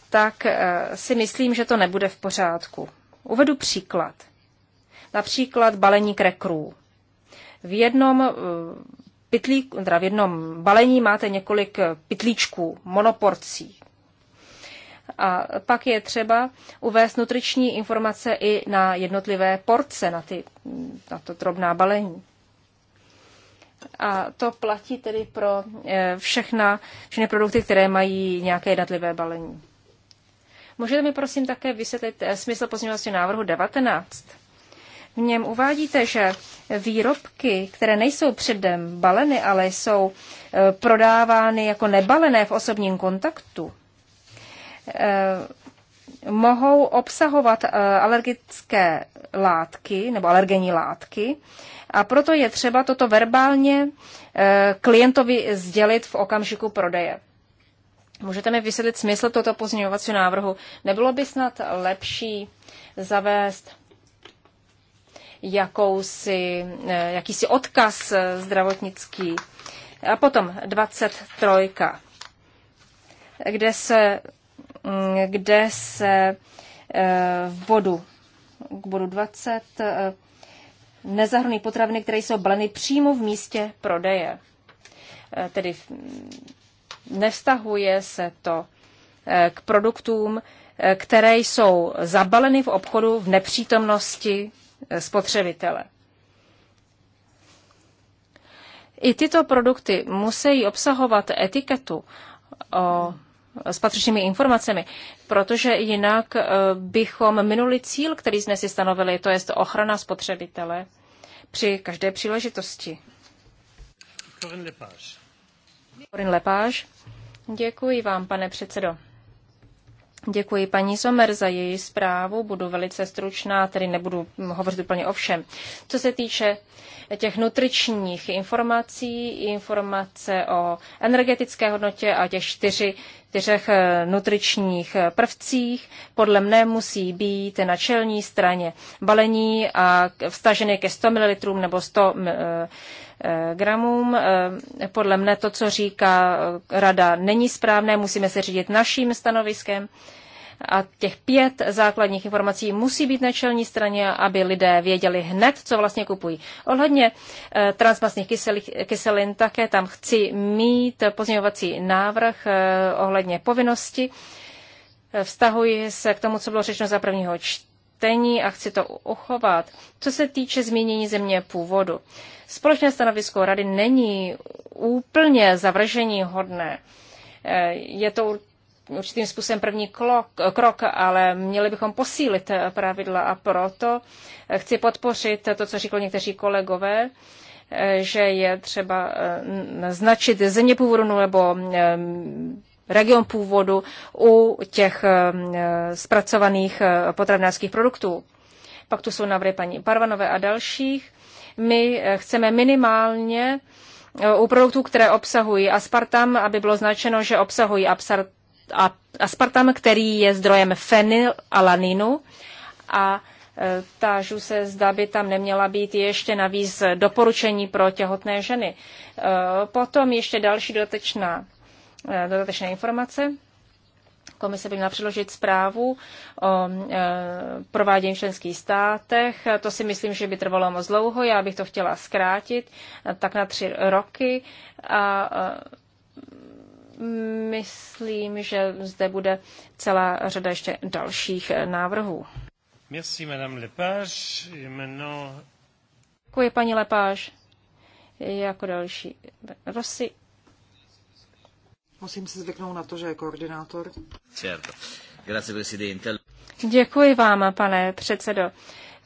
Speaker 2: tak eh, si myslím, že to nebude v pořádku. Uvedu příklad. Například balení krekrů. V jednom pytlík, teda v jednom balení máte několik pytlíčků, monoporcí. A pak je třeba uvést nutriční informace i na jednotlivé porce, na, ty, na to drobná balení. A to platí tedy pro eh, všechna, všechny produkty, které mají nějaké jednotlivé balení. Můžete mi prosím také vysvětlit eh, smysl pozměňovacího návrhu 19? V něm uvádíte, že výrobky, které nejsou předem baleny, ale jsou e, prodávány jako nebalené v osobním kontaktu, e, mohou obsahovat e, alergické látky nebo alergenní látky a proto je třeba toto verbálně klientovi sdělit v okamžiku prodeje. Můžete mi vysvětlit smysl tohoto pozměňovacího návrhu? Nebylo by snad lepší zavést jakousi, eh, jakýsi odkaz eh, zdravotnický. A potom 23, kde se, mm, kde se eh, v bodu, k bodu 20 nezahrnují potraviny, které jsou baleny přímo v místě prodeje. Tedy nevztahuje se to k produktům, které jsou zabaleny v obchodu v nepřítomnosti Eh, spotřebitele. I tyto produkty musí obsahovat etiketu o, s patřičnými informacemi, protože jinak eh, bychom minuli cíl, který jsme si stanovili, to je ochrana spotřebitele při každé příležitosti. Corinne Lepage. Děkuji vám, pane předsedo. Děkuji paní Somer za její zprávu, budu velice stručná, tedy nebudu hovořit úplně o všem. Co se týče těch nutričních informací, informace o energetické hodnotě a těch čtyři, čtyřech eh, nutričních prvcích, podle mne musí být na čelní straně balení a vstaženy ke 100 ml nebo 100 eh, eh, gramům. Podle mne to, co říká rada, není správné, musíme se řídit naším stanoviskem. A těch pět základních informací musí být na čelní straně, aby lidé věděli hned, co vlastně kupují. Ohledně eh, transmasných kyselin také tam chci mít pozměňovací návrh eh, ohledně povinnosti. Eh, vztahuji se k tomu, co bylo řečeno za prvního čtení a chci to uchovat. Co se týče změnění země původu, společné stanovisko rady není úplně zavržení hodné. Je to určitým způsobem první krok, krok, ale měli bychom posílit pravidla a proto chci podpořit to, co říkali někteří kolegové, že je třeba eh, značit země původu nebo eh, region původu u těch eh, zpracovaných potravinářských produktů. Pak tu jsou návrhy paní Parvanové a dalších. My chceme minimálně u produktů, které obsahují aspartam, aby bylo značeno, že obsahují a aspartam, který je zdrojem fenylalaninu a e, tážu se, zda by tam neměla být ještě navíc doporučení pro těhotné ženy. E, potom ještě další dodatečná, e, dodatečná informace. Komise by měla předložit zprávu o provádění v členských státech. To si myslím, že by trvalo moc dlouho. Já bych to chtěla zkrátit tak na tři roky. A myslím, že zde bude celá řada ještě dalších návrhů.
Speaker 1: Merci, Madame Lepage. Maintenant...
Speaker 2: Děkuji, paní Lepáš. Jako další. Rosy.
Speaker 3: Musím se zvyknout na to, že je koordinátor.
Speaker 1: Certo. Grazie, presidente.
Speaker 2: Děkuji vám, pane předsedo.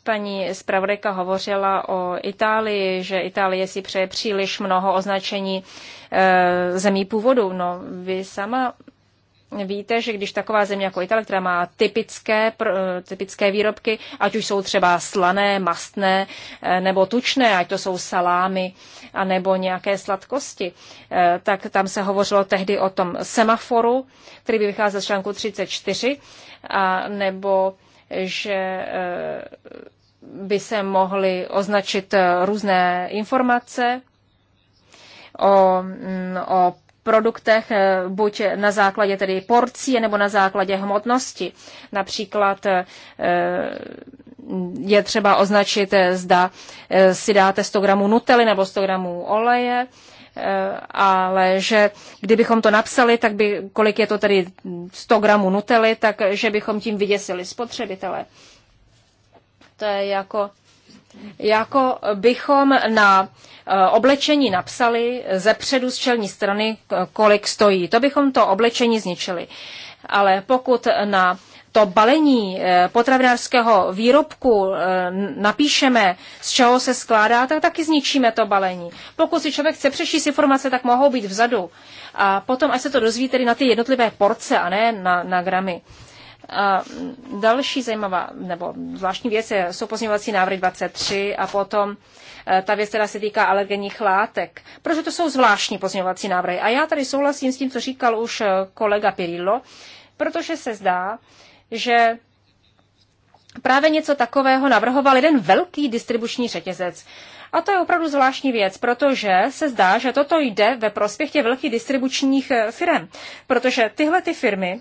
Speaker 2: Paní zpravodajka hovořila o Itálii, že Itálie si přeje příliš mnoho označení eh, zemí původu. No, vy sama víte, že když taková země jako Itálie, která má typické, typické výrobky, ať už jsou třeba slané, mastné eh, nebo tučné, ať to jsou salámy a nebo nějaké sladkosti, eh, tak tam se hovořilo tehdy o tom semaforu, který by vycházel z článku 34, a nebo že by se mohly označit eh, různé informace o, mm, o produktech, eh, buď na základě tedy porcí, nebo na základě hmotnosti. Například eh, je třeba označit, zda si dáte 100 gramů nutely nebo 100 gramů oleje, ale že kdybychom to napsali, tak by, kolik je to tedy 100 gramů nutely, takže bychom tím vyděsili spotřebitele. To je jako, jako bychom na eh, oblečení napsali ze předu z čelní strany, eh, kolik stojí. To bychom to oblečení zničili. Ale pokud na to balení eh, potravinářského výrobku napíšeme, z čeho se skládá, tak taky zničíme to balení. Pokud si člověk chce přečíst informace, tak mohou být vzadu. A potom, až se to dozví tedy na ty jednotlivé porce a ne na, na gramy další zajímavá nebo zvláštní věc je, jsou pozměňovací návrhy 23 a potom e, ta věc, která se týká alergenních látek. Protože to jsou zvláštní pozměňovací návrhy. A já tady souhlasím s tím, co říkal už e, kolega Pirillo, protože se zdá, že právě něco takového navrhoval jeden velký distribuční řetězec. A to je opravdu zvláštní věc, protože se zdá, že toto jde ve prospěch těch velkých distribučních e, firm, protože tyhle ty firmy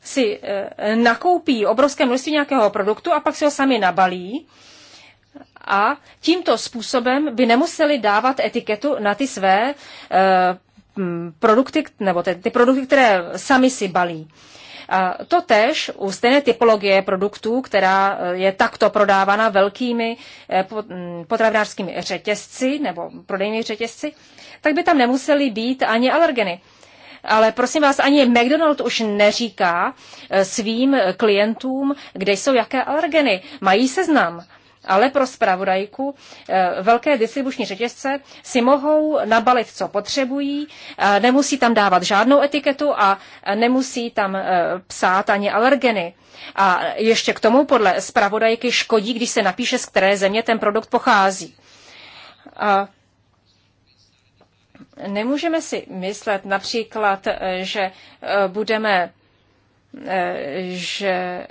Speaker 2: si eh, nakoupí obrovské množství nějakého produktu a pak si ho sami nabalí. A tímto způsobem by nemuseli dávat etiketu na ty své eh, produkty, nebo ty, ty produkty, které sami si balí. A to tež u stejné typologie produktů, která eh, je takto prodávána velkými potravinářskými řetězci nebo prodejními řetězci, tak by tam nemusely být ani alergeny ale prosím vás, ani McDonald už neříká eh, svým eh, klientům, kde jsou jaké alergeny. Mají seznam. Ale pro zpravodajku eh, velké distribuční řetězce si mohou nabalit, co potřebují, nemusí tam dávat žádnou etiketu a nemusí tam psát ani alergeny. A ještě k tomu podle zpravodajky škodí, když se napíše, z které země ten produkt pochází. A Nemůžeme si myslet například, eh, že eh, budeme eh, že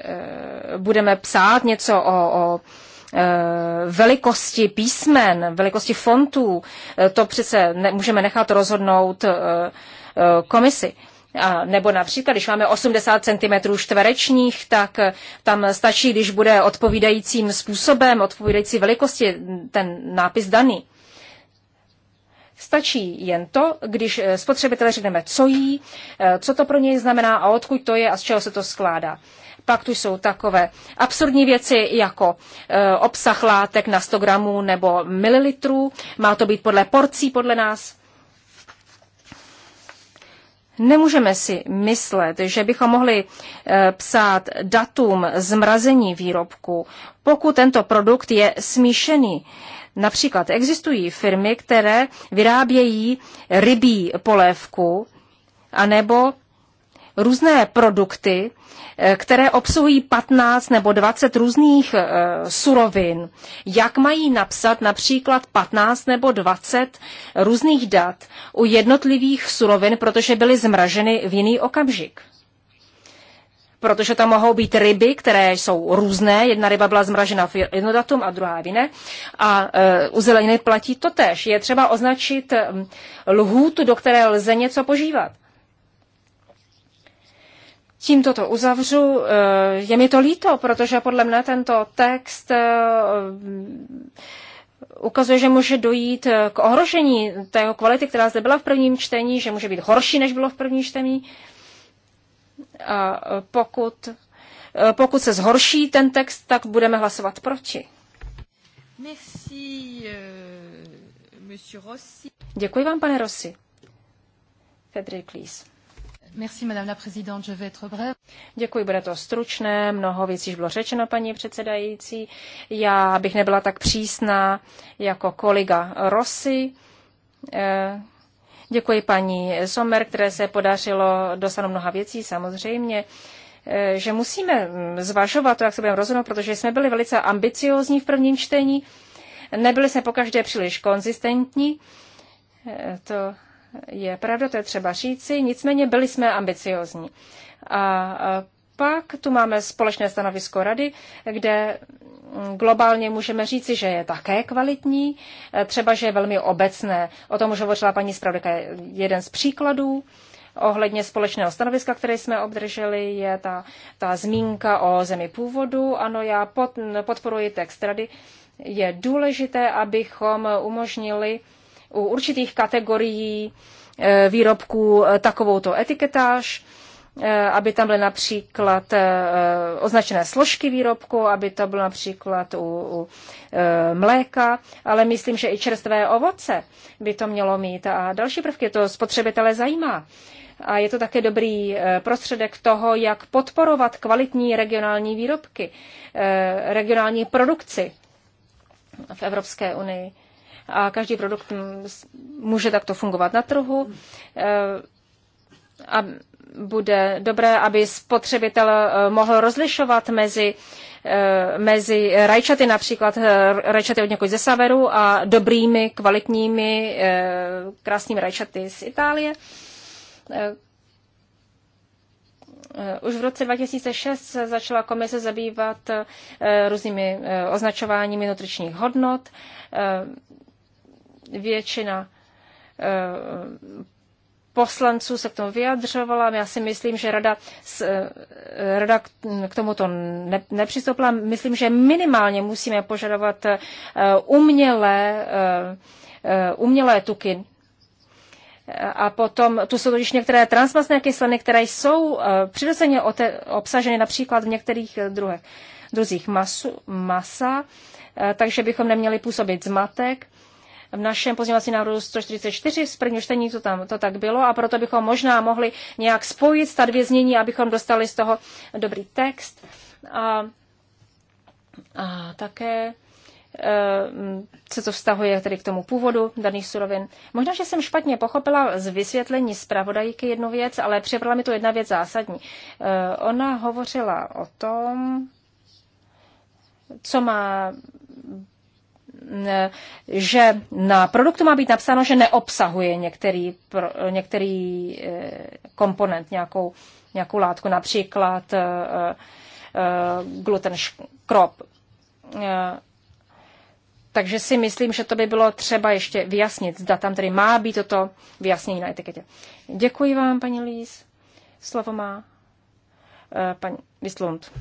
Speaker 2: budeme psát něco o, o velikosti písmen, velikosti fontů, to přece ne, můžeme nechat rozhodnout komisi. A nebo například, když máme 80 cm čtverečních, tak tam stačí, když bude odpovídajícím způsobem, odpovídající velikosti ten nápis daný. Stačí jen to, když eh, spotřebitele řekneme, co jí, eh, co to pro něj znamená a odkud to je a z čeho se to skládá. Pak tu jsou takové absurdní věci jako e, obsah látek na 100 gramů nebo mililitrů. Má to být podle porcí, podle nás. Nemůžeme si myslet, že bychom mohli psát datum zmrazení výrobku, pokud tento produkt je smíšený. Například existují firmy, které vyrábějí rybí polévku anebo různé produkty, eh, které obsahují 15 nebo 20 různých eh, surovin. Jak mají napsat například 15 nebo 20 různých dat u jednotlivých surovin, protože byly zmraženy v jiný okamžik? protože tam mohou být ryby, které jsou různé. Jedna ryba byla zmražena v jedno datum a druhá v jiné. A e, u zeleniny platí to tež. Je třeba označit lhůtu, do které lze něco požívat. Tím toto uzavřu. E, je mi to líto, protože podle mne tento text e, ukazuje, že může dojít e, k ohrožení té kvality, která zde byla v prvním čtení, že může být horší, než bylo v prvním čtení pokud, pokud se zhorší ten text, tak budeme hlasovat proti.
Speaker 3: Merci,
Speaker 1: uh, Rossi.
Speaker 2: Děkuji vám, pane Rossi. Frederick Lees. Merci, madame la présidente. Je vais être bref. Děkuji, bude to stručné. Mnoho věcí bylo řečeno, paní předsedající. Já bych nebyla tak přísná jako kolega Rossi. Eh, Děkuji paní Somer, které se podařilo dosáhnout mnoha věcí samozřejmě eh, že musíme mm, zvažovat to, jak se budeme rozhodnout, protože jsme byli velice ambiciozní v prvním čtení, nebyli jsme pokaždé příliš konzistentní, eh, to je pravda, to je třeba říci, nicméně byli jsme ambiciozní. A pak tu máme společné stanovisko rady, kde globálně můžeme říci, že je také kvalitní, eh, třeba, že je velmi obecné. O tom už hovořila paní zpravodajka. Jeden z příkladů ohledně společného stanoviska, které jsme obdrželi, je ta, ta zmínka o zemi původu. Ano, já pod, podporuji text rady. Je důležité, abychom umožnili u určitých kategorií eh, výrobků eh, takovouto etiketáž Eh, aby tam byly například eh, označené složky výrobku, aby to bylo například u, u eh, mléka, ale myslím, že i čerstvé ovoce by to mělo mít a další prvky to spotřebitele zajímá. A je to také dobrý prostředek toho, jak podporovat kvalitní regionální výrobky, regionální produkci v Evropské unii. A každý produkt mm, může takto fungovat na trhu a bude dobré, aby spotřebitel eh, mohl rozlišovat mezi, eh, mezi rajčaty, například eh, rajčaty od někoho ze Saveru a dobrými, kvalitními, krásnými rajčaty z Itálie. Už v roce 2006 začala komise zabývat různými označováními nutričních hodnot. Většina poslanců se k tomu vyjadřovala. Já si myslím, že rada, eh, rada k tomuto ne, nepřistoupila. Myslím, že minimálně musíme požadovat eh, umělé, eh, umělé tuky. A potom tu jsou totiž některé transmasné kyseliny, které jsou přirozeně obsaženy například v některých druhech, druzích masu, masa, takže bychom neměli působit zmatek v našem pozměňovacím návrhu 144 z prvního čtení to tam to tak bylo a proto bychom možná mohli nějak spojit ta dvě znění, abychom dostali z toho dobrý text. A, a také e, co to vztahuje tedy k tomu původu daných surovin. Možná, že jsem špatně pochopila z vysvětlení zpravodajky jednu věc, ale přebrala mi tu jedna věc zásadní. E, ona hovořila o tom, co má Eh, že na produktu má být napsáno, že neobsahuje některý, některý eh, komponent, nějakou, nějakou látku, například eh, gluten škrob. Takže si myslím, že to by bylo třeba ještě vyjasnit, zda tam tedy má být toto vyjasnění na etiketě. Děkuji vám, paní Lís. Slovo má paní Vyslund.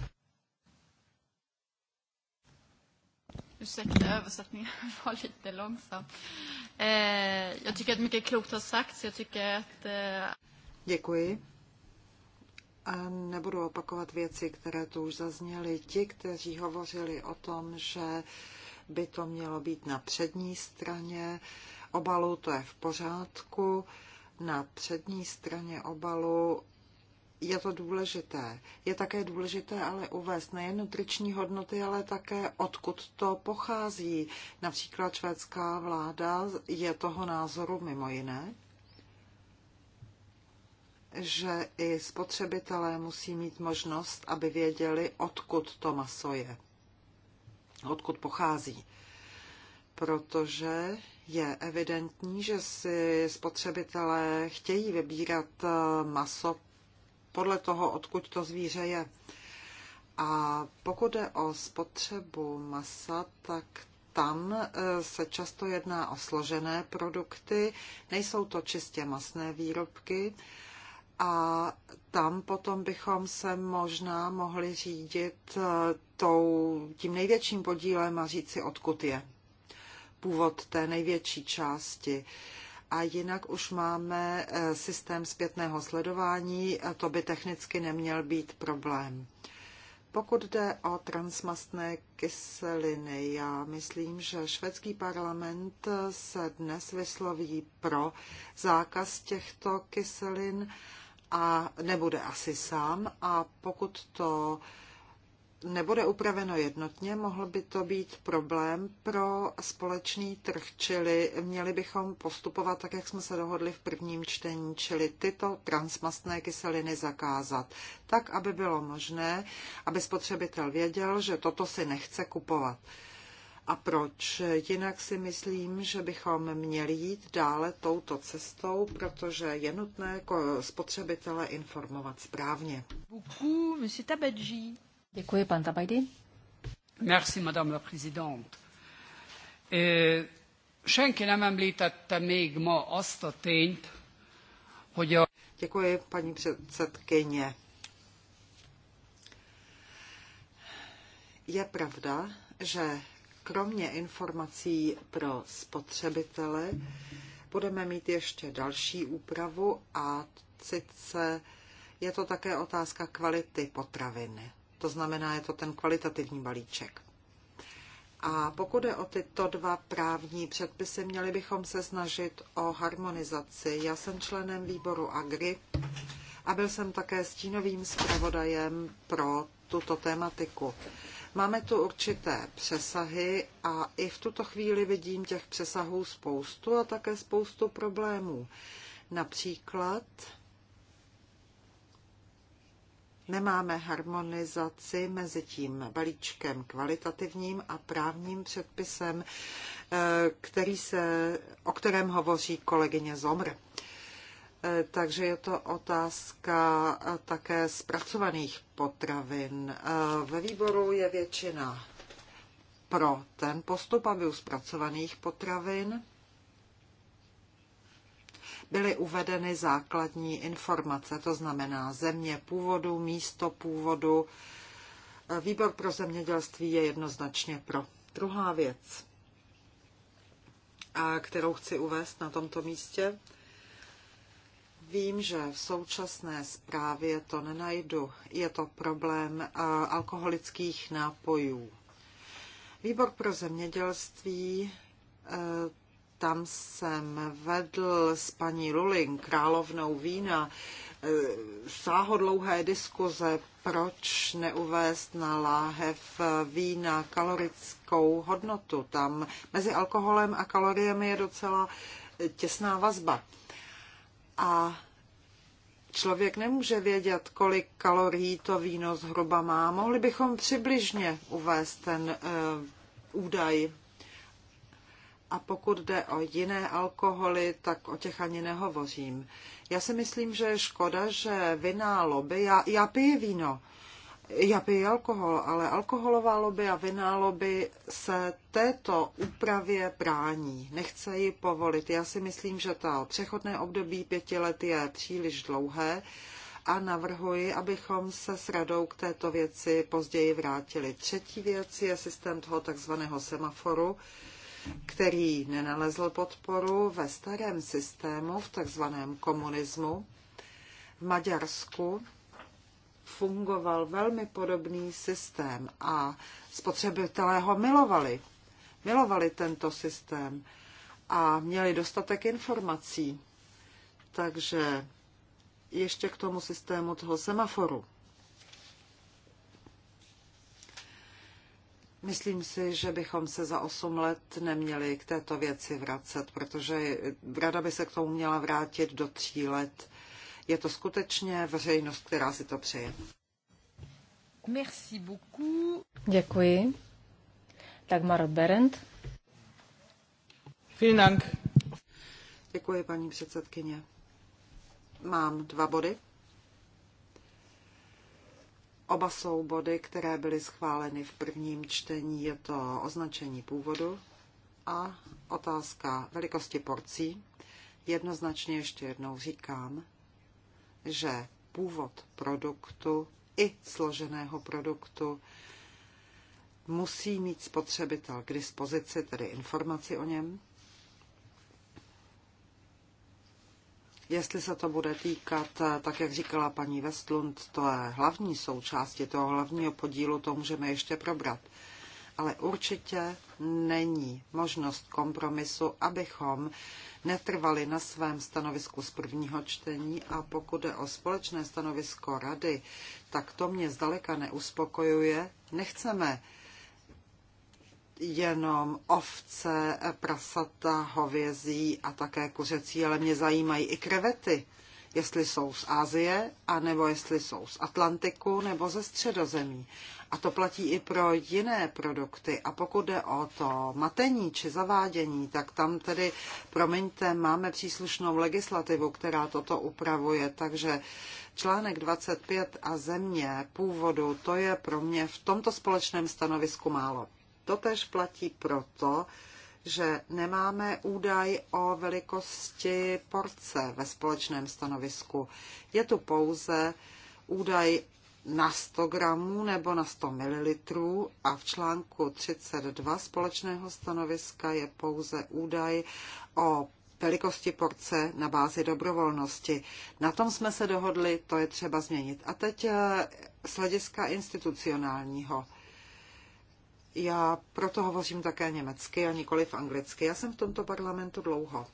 Speaker 2: Ursäkta översättningen var lite långsam. Eh, jag tycker att mycket klokt har sagts. Jag tycker att... Eh...
Speaker 3: Děkuji. A nebudu opakovat věci, které tu už zazněly. Ti, kteří hovořili o tom, že by to mělo být na přední straně obalu, to je v pořádku. Na přední straně obalu je to důležité. Je také důležité ale uvést nejen nutriční hodnoty, ale také odkud to pochází. Například švédská vláda je toho názoru mimo jiné, že i spotřebitelé musí mít možnost, aby věděli, odkud to maso je, odkud pochází. Protože je evidentní, že si spotřebitelé chtějí vybírat maso podle toho, odkud to zvíře je. A pokud jde o spotřebu masa, tak tam e, se často jedná o složené produkty, nejsou to čistě masné výrobky a tam potom bychom se možná mohli řídit e, tou, tím největším podílem a říci, odkud je původ té největší části. A jinak už máme eh, systém zpětného sledování, to by technicky neměl být problém. Pokud jde o transmastné kyseliny, já myslím, že švédský parlament se dnes vysloví pro zákaz těchto kyselin a nebude asi sám. A pokud to uh, nebude upraveno jednotně, mohl by to být problém pro společný trh, čili měli bychom postupovat tak, jak jsme se dohodli v prvním čtení, čili tyto transmastné kyseliny zakázat, tak, aby bylo možné, aby spotřebitel věděl, že toto si nechce kupovat. A proč? Jinak si myslím, že bychom měli jít dále touto cestou, protože je nutné spotřebitele informovat správně.
Speaker 2: Buku, Děkuji, pan Tabajdy.
Speaker 3: Merci, madame la présidente. Euh, senki nem említette még ma azt a tényt, hogy a... Děkuji, paní předsedkyně. Je pravda, že kromě informací pro spotřebitele budeme mít ještě další úpravu a sice je to také otázka kvality potraviny. To znamená, je to ten kvalitativní balíček. A pokud je o tyto dva právní předpisy, měli bychom se snažit o harmonizaci. Já jsem členem výboru AGRI a byl jsem také stínovým zpravodajem pro tuto tématiku. Máme tu určité přesahy a i v tuto chvíli vidím těch přesahů spoustu a také spoustu problémů. Například nemáme harmonizaci mezi tím balíčkem kvalitativním a právním předpisem, eh, který se, o kterém hovoří kolegyně Zomr. Eh, takže je to otázka eh, také zpracovaných potravin. Ve výboru je většina pro ten postup, aby u zpracovaných potravin byly uvedeny základní informace, to znamená země původu, místo původu. Výbor pro zemědělství je jednoznačně pro. Druhá věc, kterou chci uvést na tomto místě, Vím, že v současné zprávě to nenajdu. Je to problém eh, alkoholických nápojů. Výbor pro zemědělství eh, tam jsem vedl s paní Ruling, královnou vína, e, sáhodlouhé diskuze, proč neuvést na láhev vína kalorickou hodnotu. Tam mezi alkoholem a kaloriemi je docela těsná vazba. A člověk nemůže vědět, kolik kalorií to víno zhruba má. Mohli bychom přibližně uvést ten e, údaj a pokud jde o jiné alkoholy, tak o těch ani nehovořím. Já si myslím, že je škoda, že vinná lobby, já, já piju víno, já piju alkohol, ale alkoholová lobby a vinná lobby se této úpravě brání. Nechce ji povolit. Já si myslím, že ta přechodné období pěti let je příliš dlouhé a navrhuji, abychom se s radou k této věci později vrátili. Třetí věc je systém toho takzvaného semaforu který nenalezl podporu ve starém systému, v takzvaném komunismu. V Maďarsku fungoval velmi podobný systém a spotřebitelé ho milovali. Milovali tento systém a měli dostatek informací. Takže ještě k tomu systému toho semaforu. Myslím si, že bychom se za 8 let neměli k této věci vracet, protože rada by se k tomu měla vrátit do tří let. Je to skutečně veřejnost, která si to přeje. Merci beaucoup.
Speaker 2: Děkuji. Dagmar Berend.
Speaker 3: Vielen Dank. Děkuji, paní předsedkyně. Mám dva body. Oba jsou body, které byly schváleny v prvním čtení. Je to označení původu a otázka velikosti porcí. Jednoznačně ještě jednou říkám, že původ produktu i složeného produktu musí mít spotřebitel k dispozici, tedy informaci o něm, Jestli se to bude týkat, tak jak říkala paní Westlund, to je hlavní součásti toho hlavního podílu, to můžeme ještě probrat. Ale určitě není možnost kompromisu, abychom netrvali na svém stanovisku z prvního čtení a pokud je o společné stanovisko rady, tak to mě zdaleka neuspokojuje. Nechceme jenom ovce, prasata, hovězí a také kuřecí, ale mě zajímají i krevety, jestli jsou z Asie, anebo jestli jsou z Atlantiku nebo ze středozemí. A to platí i pro jiné produkty. A pokud jde o to matení či zavádění, tak tam tedy, promiňte, máme příslušnou legislativu, která toto upravuje. Takže článek 25 a země původu, to je pro mě v tomto společném stanovisku málo. Totež platí proto, že nemáme údaj o velikosti porce ve společném stanovisku. Je tu pouze údaj na 100 gramů nebo na 100 ml a v článku 32 společného stanoviska je pouze údaj o velikosti porce na bázi dobrovolnosti. Na tom jsme se dohodli, to je třeba změnit. A teď eh, z hlediska institucionálního. Já proto hovořím také německy a nikoli v anglicky. Já jsem v tomto parlamentu dlouho.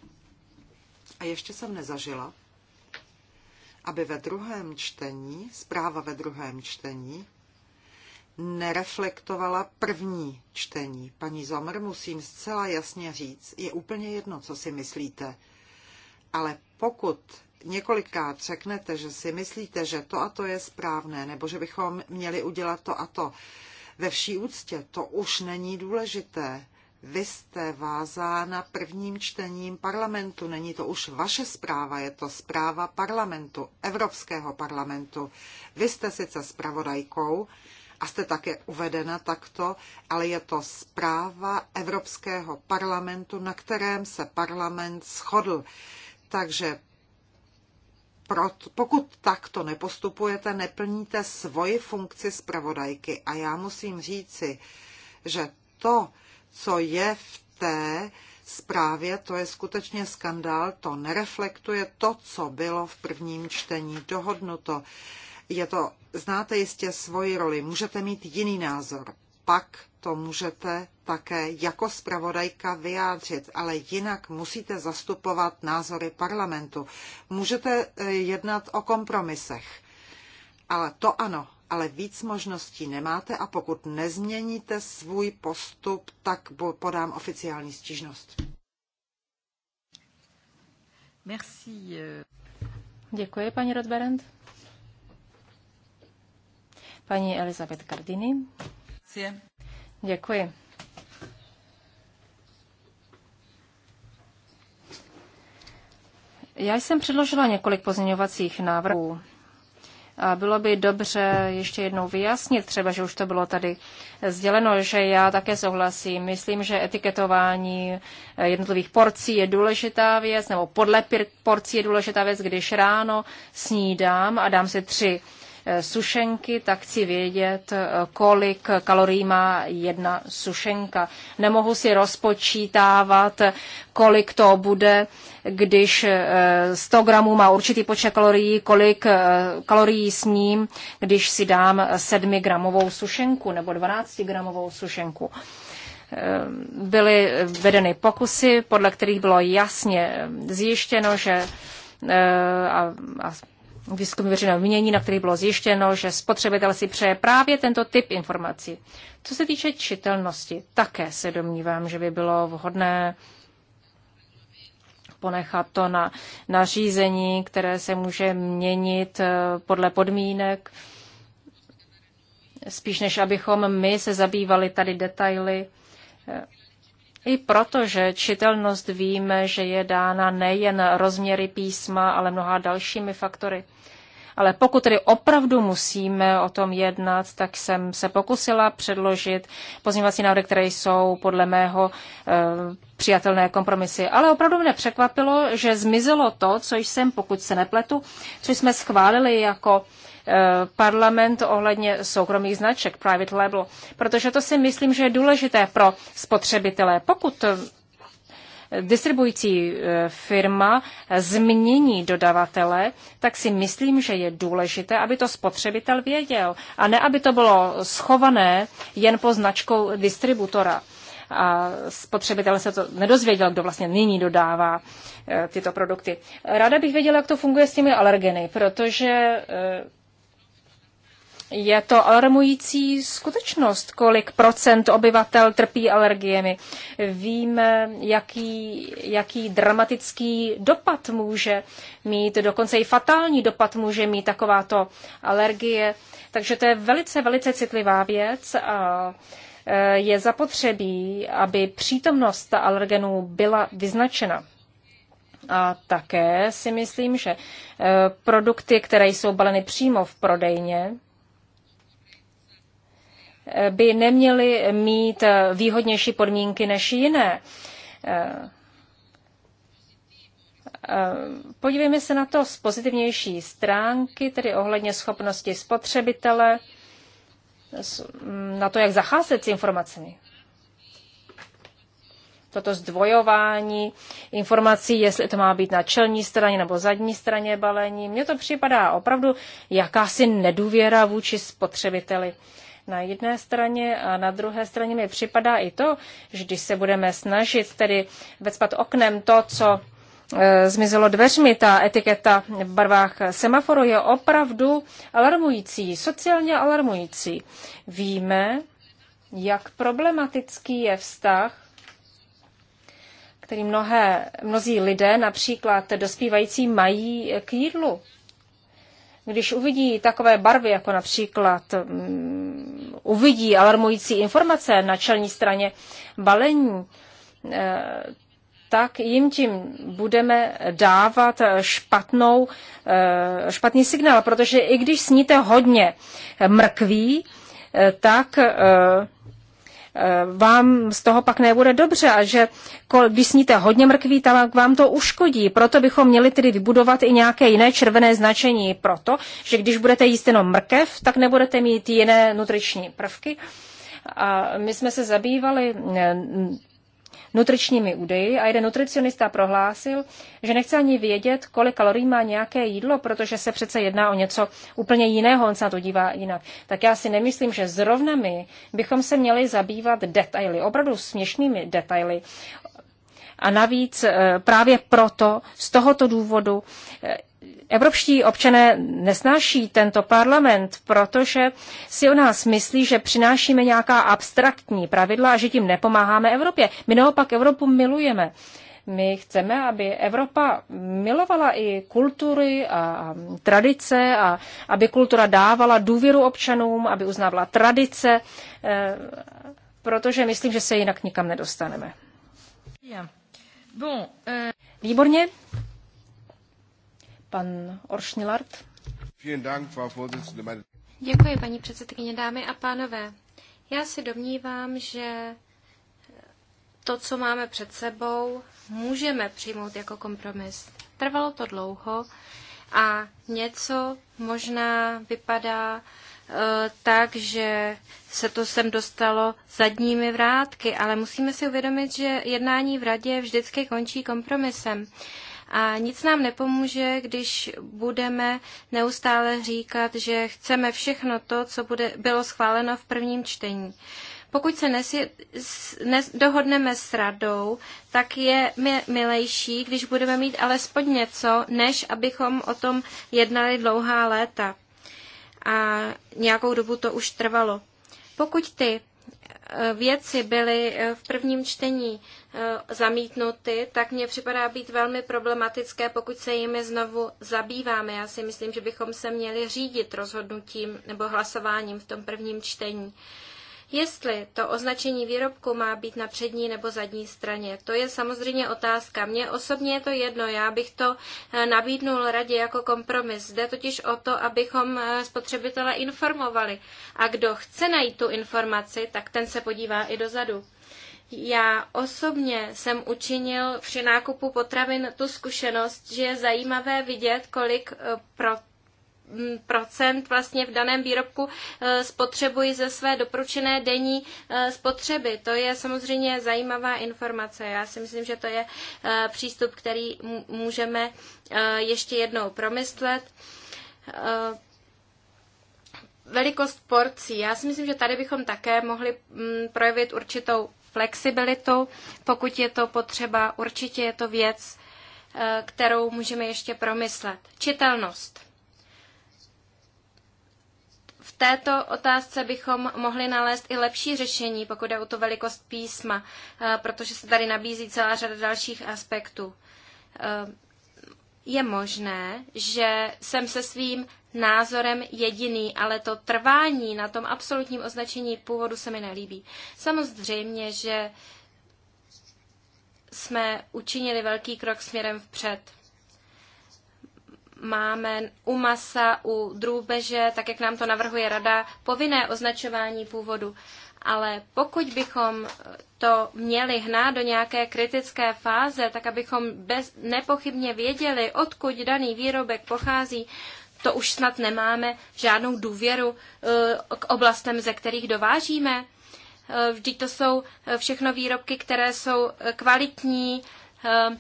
Speaker 3: A ještě jsem nezažila, aby ve druhém čtení, zpráva ve druhém čtení, nereflektovala první čtení. Paní Zomr, musím zcela jasně říct, je úplně jedno, co si myslíte. Ale pokud několikrát řeknete, že si myslíte, že to a to je správné, nebo že bychom měli udělat to a to, ve vší úctě to už není důležité. Vy jste vázána prvním čtením parlamentu. Není to už vaše zpráva, je to zpráva parlamentu, Evropského parlamentu. Vy jste sice zpravodajkou a jste také uvedena takto, ale je to zpráva Evropského parlamentu, na kterém se parlament shodl. Takže pokud takto nepostupujete, neplníte svoji funkci zpravodajky. A já musím říci, že to, co je v té zprávě, to je skutečně skandál, to nereflektuje to, co bylo v prvním čtení dohodnuto. Je to, znáte jistě svoji roli, můžete mít jiný názor, pak to můžete také jako zpravodajka vyjádřit, ale jinak musíte zastupovat názory parlamentu. Můžete e, jednat o kompromisech. Ale to ano, ale víc možností nemáte a pokud nezměníte svůj postup, tak podám oficiální stížnost.
Speaker 2: Merci. E. Děkuji, paní Rodberend. Paní Elizabeth Cardini. Grazie. Děkuji. Já jsem předložila několik pozměňovacích návrhů. A bylo by dobře ještě jednou vyjasnit, třeba, že už to bylo tady sděleno, že já také souhlasím. Myslím, že etiketování jednotlivých porcí je důležitá věc, nebo podle porcí je důležitá věc, když ráno snídám a dám si tři Eh, sušenky, tak chci vědět, eh, kolik kalorií má jedna sušenka. Nemohu si rozpočítávat, kolik to bude, když 100 eh, gramů má určitý počet kalorií, kolik kalorií sním, když si dám 7 gramovou sušenku nebo 12 gramovou sušenku byly vedeny pokusy, podle kterých bylo jasně zjištěno, že a, a výzkum veřejného mínění, na který bylo zjištěno, že spotřebitel si přeje právě tento typ informací. Co se týče čitelnosti, také se domnívám, že by bylo vhodné ponechat to na nařízení, které se může měnit eh, podle podmínek, spíš než abychom my se zabývali tady detaily eh, i protože čitelnost víme, že je dána nejen rozměry písma, ale mnoha dalšími faktory. Ale pokud tedy opravdu musíme o tom jednat, tak jsem se pokusila předložit pozměňovací návrhy, které jsou podle mého e, přijatelné kompromisy. Ale opravdu mě překvapilo, že zmizelo to, co jsem, pokud se nepletu, co jsme schválili jako Eh, parlament ohledně soukromých značek, private label, protože to si myslím, že je důležité pro spotřebitele. Pokud eh, distribující eh, firma změní dodavatele, tak si myslím, že je důležité, aby to spotřebitel věděl a ne, aby to bylo schované jen po značkou distributora. A spotřebitel se to nedozvěděl, kdo vlastně nyní dodává tyto produkty. Ráda bych věděla, jak to funguje s těmi alergeny, protože je to alarmující skutečnost, kolik procent obyvatel trpí alergiemi. Víme, jaký, jaký dramatický dopad může mít, dokonce i fatální dopad může mít takováto alergie. Takže to je velice, velice citlivá věc a e, je zapotřebí, aby přítomnost alergenů byla vyznačena. A také si myslím, že e, produkty, které jsou baleny přímo v prodejně, by neměly mít výhodnější podmínky než jiné. Podívejme se na to z pozitivnější stránky, tedy ohledně schopnosti spotřebitele, na to, jak zacházet s informacemi. Toto zdvojování informací, jestli to má být na čelní straně nebo zadní straně balení, mně to připadá opravdu jakási nedůvěra vůči spotřebiteli na jedné straně a na druhé straně mi připadá i to, že když se budeme snažit tedy vecpat oknem to, co e, zmizelo dveřmi, ta etiketa v barvách semaforu je opravdu alarmující, sociálně alarmující. Víme, jak problematický je vztah, který mnohé, mnozí lidé, například dospívající, mají k jídlu. Když uvidí takové barvy, jako například mm, uvidí alarmující informace na čelní straně balení, eh, tak jim tím budeme dávat špatnou, eh, špatný signál, protože i když sníte hodně mrkví, eh, tak Eh, vám z toho pak nebude dobře a že když sníte hodně mrkví, tak vám to uškodí. Proto bychom měli tedy vybudovat i nějaké jiné červené značení proto, že když budete jíst jenom mrkev, tak nebudete mít jiné nutriční prvky. A my jsme se zabývali eh, nutričními údaji a jeden nutricionista prohlásil, že nechce ani vědět, kolik kalorií má nějaké jídlo, protože se přece jedná o něco úplně jiného, on se na to dívá jinak. Tak já si nemyslím, že zrovna my bychom se měli zabývat detaily, opravdu směšnými detaily. A navíc eh, právě proto, z tohoto důvodu, eh, Evropští občané nesnáší tento parlament, protože si o nás myslí, že přinášíme nějaká abstraktní pravidla a že tím nepomáháme Evropě. My naopak Evropu milujeme. My chceme, aby Evropa milovala i kultury a tradice a aby kultura dávala důvěru občanům, aby uznávala tradice, eh, protože myslím, že se jinak nikam nedostaneme. Eh, Výborně. Pan Oršnilard. Děkuji, paní předsedkyně, dámy a pánové.
Speaker 1: Já si domnívám, že to, co máme před sebou, můžeme přijmout jako kompromis. Trvalo to dlouho a něco možná vypadá eh, tak, že se to sem dostalo zadními vrátky, ale musíme si uvědomit, že jednání v radě vždycky končí kompromisem. A nic nám nepomůže, když budeme neustále říkat, že chceme všechno to, co bude, bylo schváleno v prvním čtení. Pokud se nesi, nes, dohodneme s radou, tak je mi, milejší, když budeme mít alespoň něco, než abychom o tom jednali dlouhá léta. A nějakou dobu to už trvalo. Pokud ty věci byly eh, v prvním čtení eh, zamítnuty, tak mně připadá být velmi problematické, pokud se jimi znovu zabýváme. Já si myslím, že bychom se měli řídit rozhodnutím nebo hlasováním v tom prvním čtení. Jestli to označení výrobku má být na přední nebo zadní straně, to je samozřejmě otázka. Mně osobně je to jedno, já bych to eh, nabídnul radě jako kompromis. Jde totiž o to, abychom eh, spotřebitele informovali. A kdo chce najít tu informaci, tak ten se podívá i dozadu. Já osobně jsem učinil při nákupu potravin tu zkušenost, že je zajímavé vidět, kolik eh, pro procent vlastně v daném výrobku eh, spotřebuji ze své doporučené denní eh, spotřeby. To je samozřejmě zajímavá informace. Já si myslím, že to je eh, přístup, který můžeme ještě jednou promyslet velikost porcí. Já si myslím, že tady bychom také mohli mm, projevit určitou flexibilitu, pokud je to potřeba. Určitě je to věc, kterou můžeme ještě promyslet. Čitelnost této otázce bychom mohli nalézt i lepší řešení, pokud je o tu velikost písma, eh, protože se tady nabízí celá řada dalších aspektů. Eh, je možné, že jsem se svým názorem jediný, ale to trvání na tom absolutním označení původu se mi nelíbí. Samozřejmě, že jsme učinili velký krok směrem vpřed máme u masa, u drůbeže, tak jak nám to navrhuje rada, povinné označování původu. Ale pokud bychom to měli hnát do nějaké kritické fáze, tak abychom bez, nepochybně věděli, odkud daný výrobek pochází, to už snad nemáme žádnou důvěru e, k oblastem, ze kterých dovážíme. E, vždyť to jsou všechno výrobky, které jsou kvalitní, e,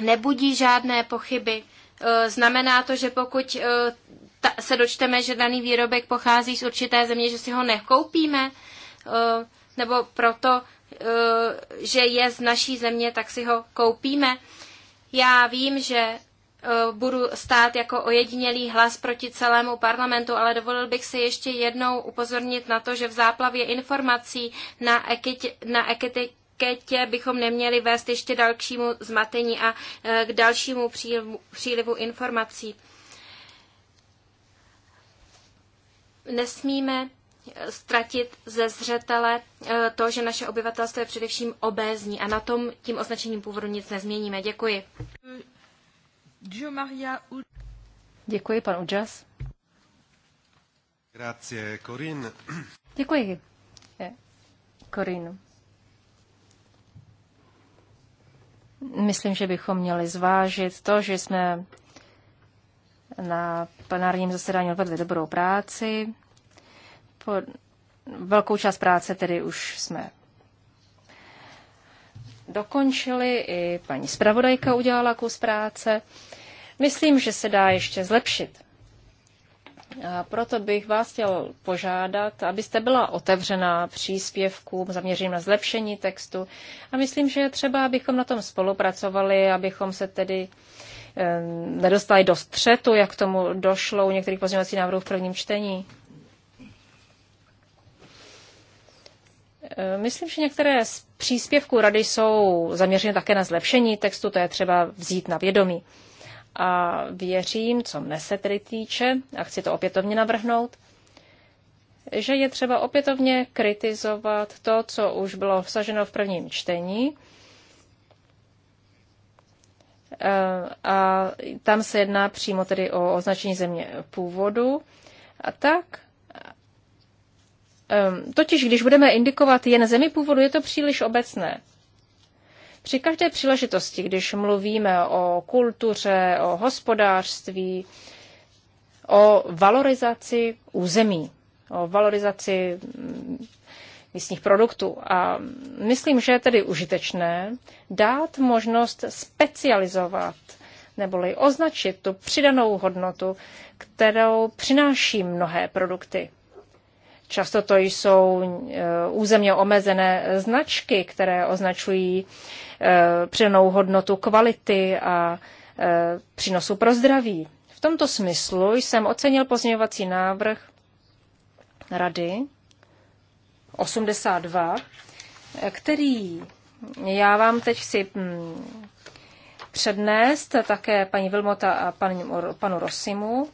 Speaker 1: nebudí žádné pochyby. Eh, znamená to, že pokud eh, se dočteme, že daný výrobek pochází z určité země, že si ho nekoupíme, eh, nebo proto, že je z naší země, tak si ho koupíme. Já vím, že budu stát jako ojedinělý hlas proti celému parlamentu, ale dovolil bych si ještě jednou upozornit na to, že v záplavě informací na, eketě, na eketě, etiketě bychom neměli vést ještě dalšímu zmatení a e, k dalšímu přílivu, informací. Nesmíme e, ztratit ze zřetele e, to, že naše obyvatelstvo je především obézní a na tom tím označením původu nic nezměníme. Děkuji.
Speaker 2: Děkuji, pan Udžas.
Speaker 3: Grazie, Corin.
Speaker 2: Děkuji. Corin. Myslím, že bychom měli zvážit to, že jsme na plenárním zasedání odvedli dobrou práci. Po velkou část práce tedy už jsme dokončili, i paní zpravodajka udělala kus práce. Myslím, že se dá ještě zlepšit. A proto bych vás chtěl požádat, abyste byla otevřená příspěvkům zaměřeným na zlepšení textu. A myslím, že třeba, abychom na tom spolupracovali, abychom se tedy eh, nedostali do střetu, jak tomu došlo u některých pozměňovacích návrhů v prvním čtení. Eh, myslím, že některé z příspěvků rady jsou zaměřeny také na zlepšení textu, to je třeba vzít na vědomí a věřím, co mne se tedy týče, a chci to opětovně navrhnout, že je třeba opětovně kritizovat to, co už bylo obsaženo v prvním čtení. Eh, a tam se jedná přímo tedy o označení země původu. A tak, ehm, totiž když budeme indikovat jen zemi původu, je to příliš obecné. Při každé příležitosti, když mluvíme o kultuře, o hospodářství, o valorizaci území, o valorizaci mm, místních produktů. A myslím, že je tedy užitečné dát možnost specializovat neboli označit tu přidanou hodnotu, kterou přináší mnohé produkty. Často to jsou eh, územně omezené značky, které označují eh, přenou hodnotu kvality a eh, přínosu pro zdraví. V tomto smyslu jsem ocenil pozměňovací návrh Rady 82, který já vám teď chci hm, přednést také paní Vilmota a panu Rosimu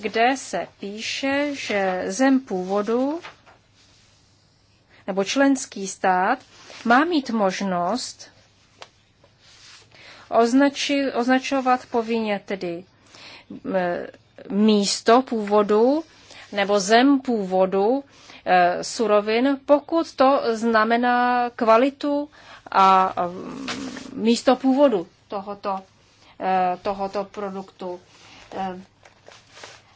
Speaker 2: kde se píše, že zem původu nebo členský stát má mít možnost označi, označovat povinně tedy místo původu nebo zem původu e, surovin, pokud to znamená kvalitu a místo původu tohoto, e, tohoto produktu. E,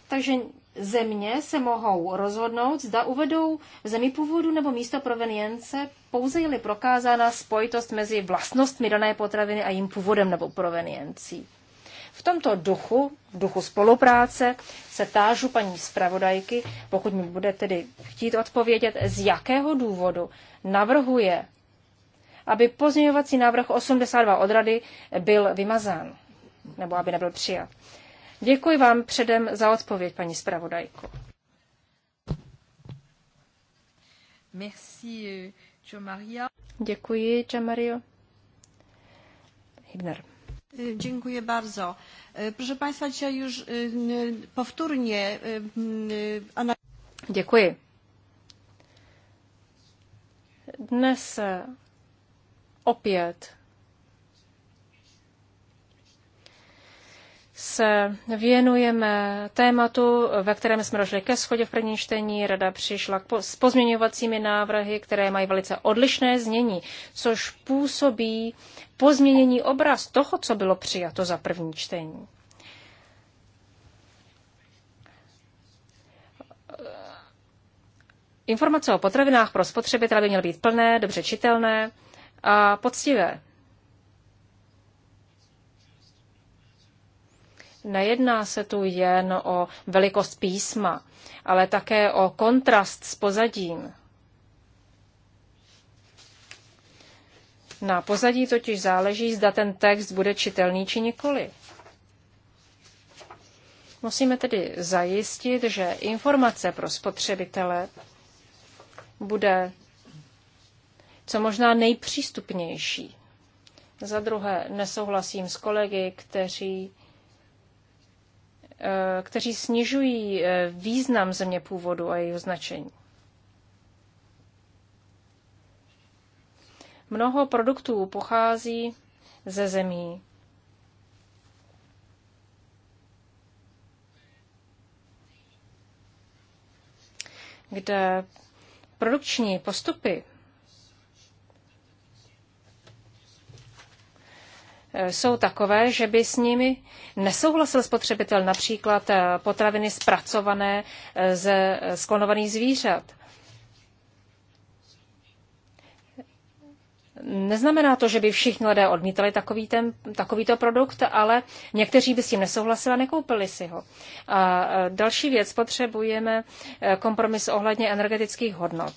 Speaker 2: takže země se mohou rozhodnout, zda uvedou zemi původu nebo místo provenience, pouze je-li prokázána spojitost mezi vlastnostmi dané potraviny a jím původem nebo proveniencí. V tomto duchu, v duchu spolupráce, se tážu paní zpravodajky, pokud mi bude tedy chtít odpovědět, z jakého důvodu navrhuje, aby pozměňovací návrh 82 od rady byl vymazán, nebo aby nebyl přijat. Děkuji vám předem za odpověď, paní zpravodajko. Merci, eh, Jo Maria. Děkuji, Jo Mario. Hibner.
Speaker 3: Eh, dziękuję bardzo. Eh, proszę Państwa, dzisiaj już powtórnie Děkuji.
Speaker 2: Dnes opět se věnujeme tématu, ve kterém jsme došli ke schodě v prvním čtení. Rada přišla s pozměňovacími návrhy, které mají velice odlišné znění, což působí pozměnění obraz toho, co bylo přijato za první čtení. Informace o potravinách pro spotřebitele by měly být plné, dobře čitelné a poctivé. Nejedná se tu jen o velikost písma, ale také o kontrast s pozadím. Na pozadí totiž záleží, zda ten text bude čitelný či nikoli. Musíme tedy zajistit, že informace pro spotřebitele bude co možná nejpřístupnější. Za druhé, nesouhlasím s kolegy, kteří Eh, kteří snižují eh, význam země původu a jejího značení. Mnoho produktů pochází ze zemí, kde produkční postupy jsou takové, že by s nimi nesouhlasil spotřebitel, například eh, potraviny zpracované eh, ze eh, sklonovaných zvířat. Neznamená to, že by všichni lidé odmítali takový ten, takovýto produkt, ale někteří by s tím nesouhlasili a nekoupili si ho. A další věc, potřebujeme kompromis ohledně energetických hodnot.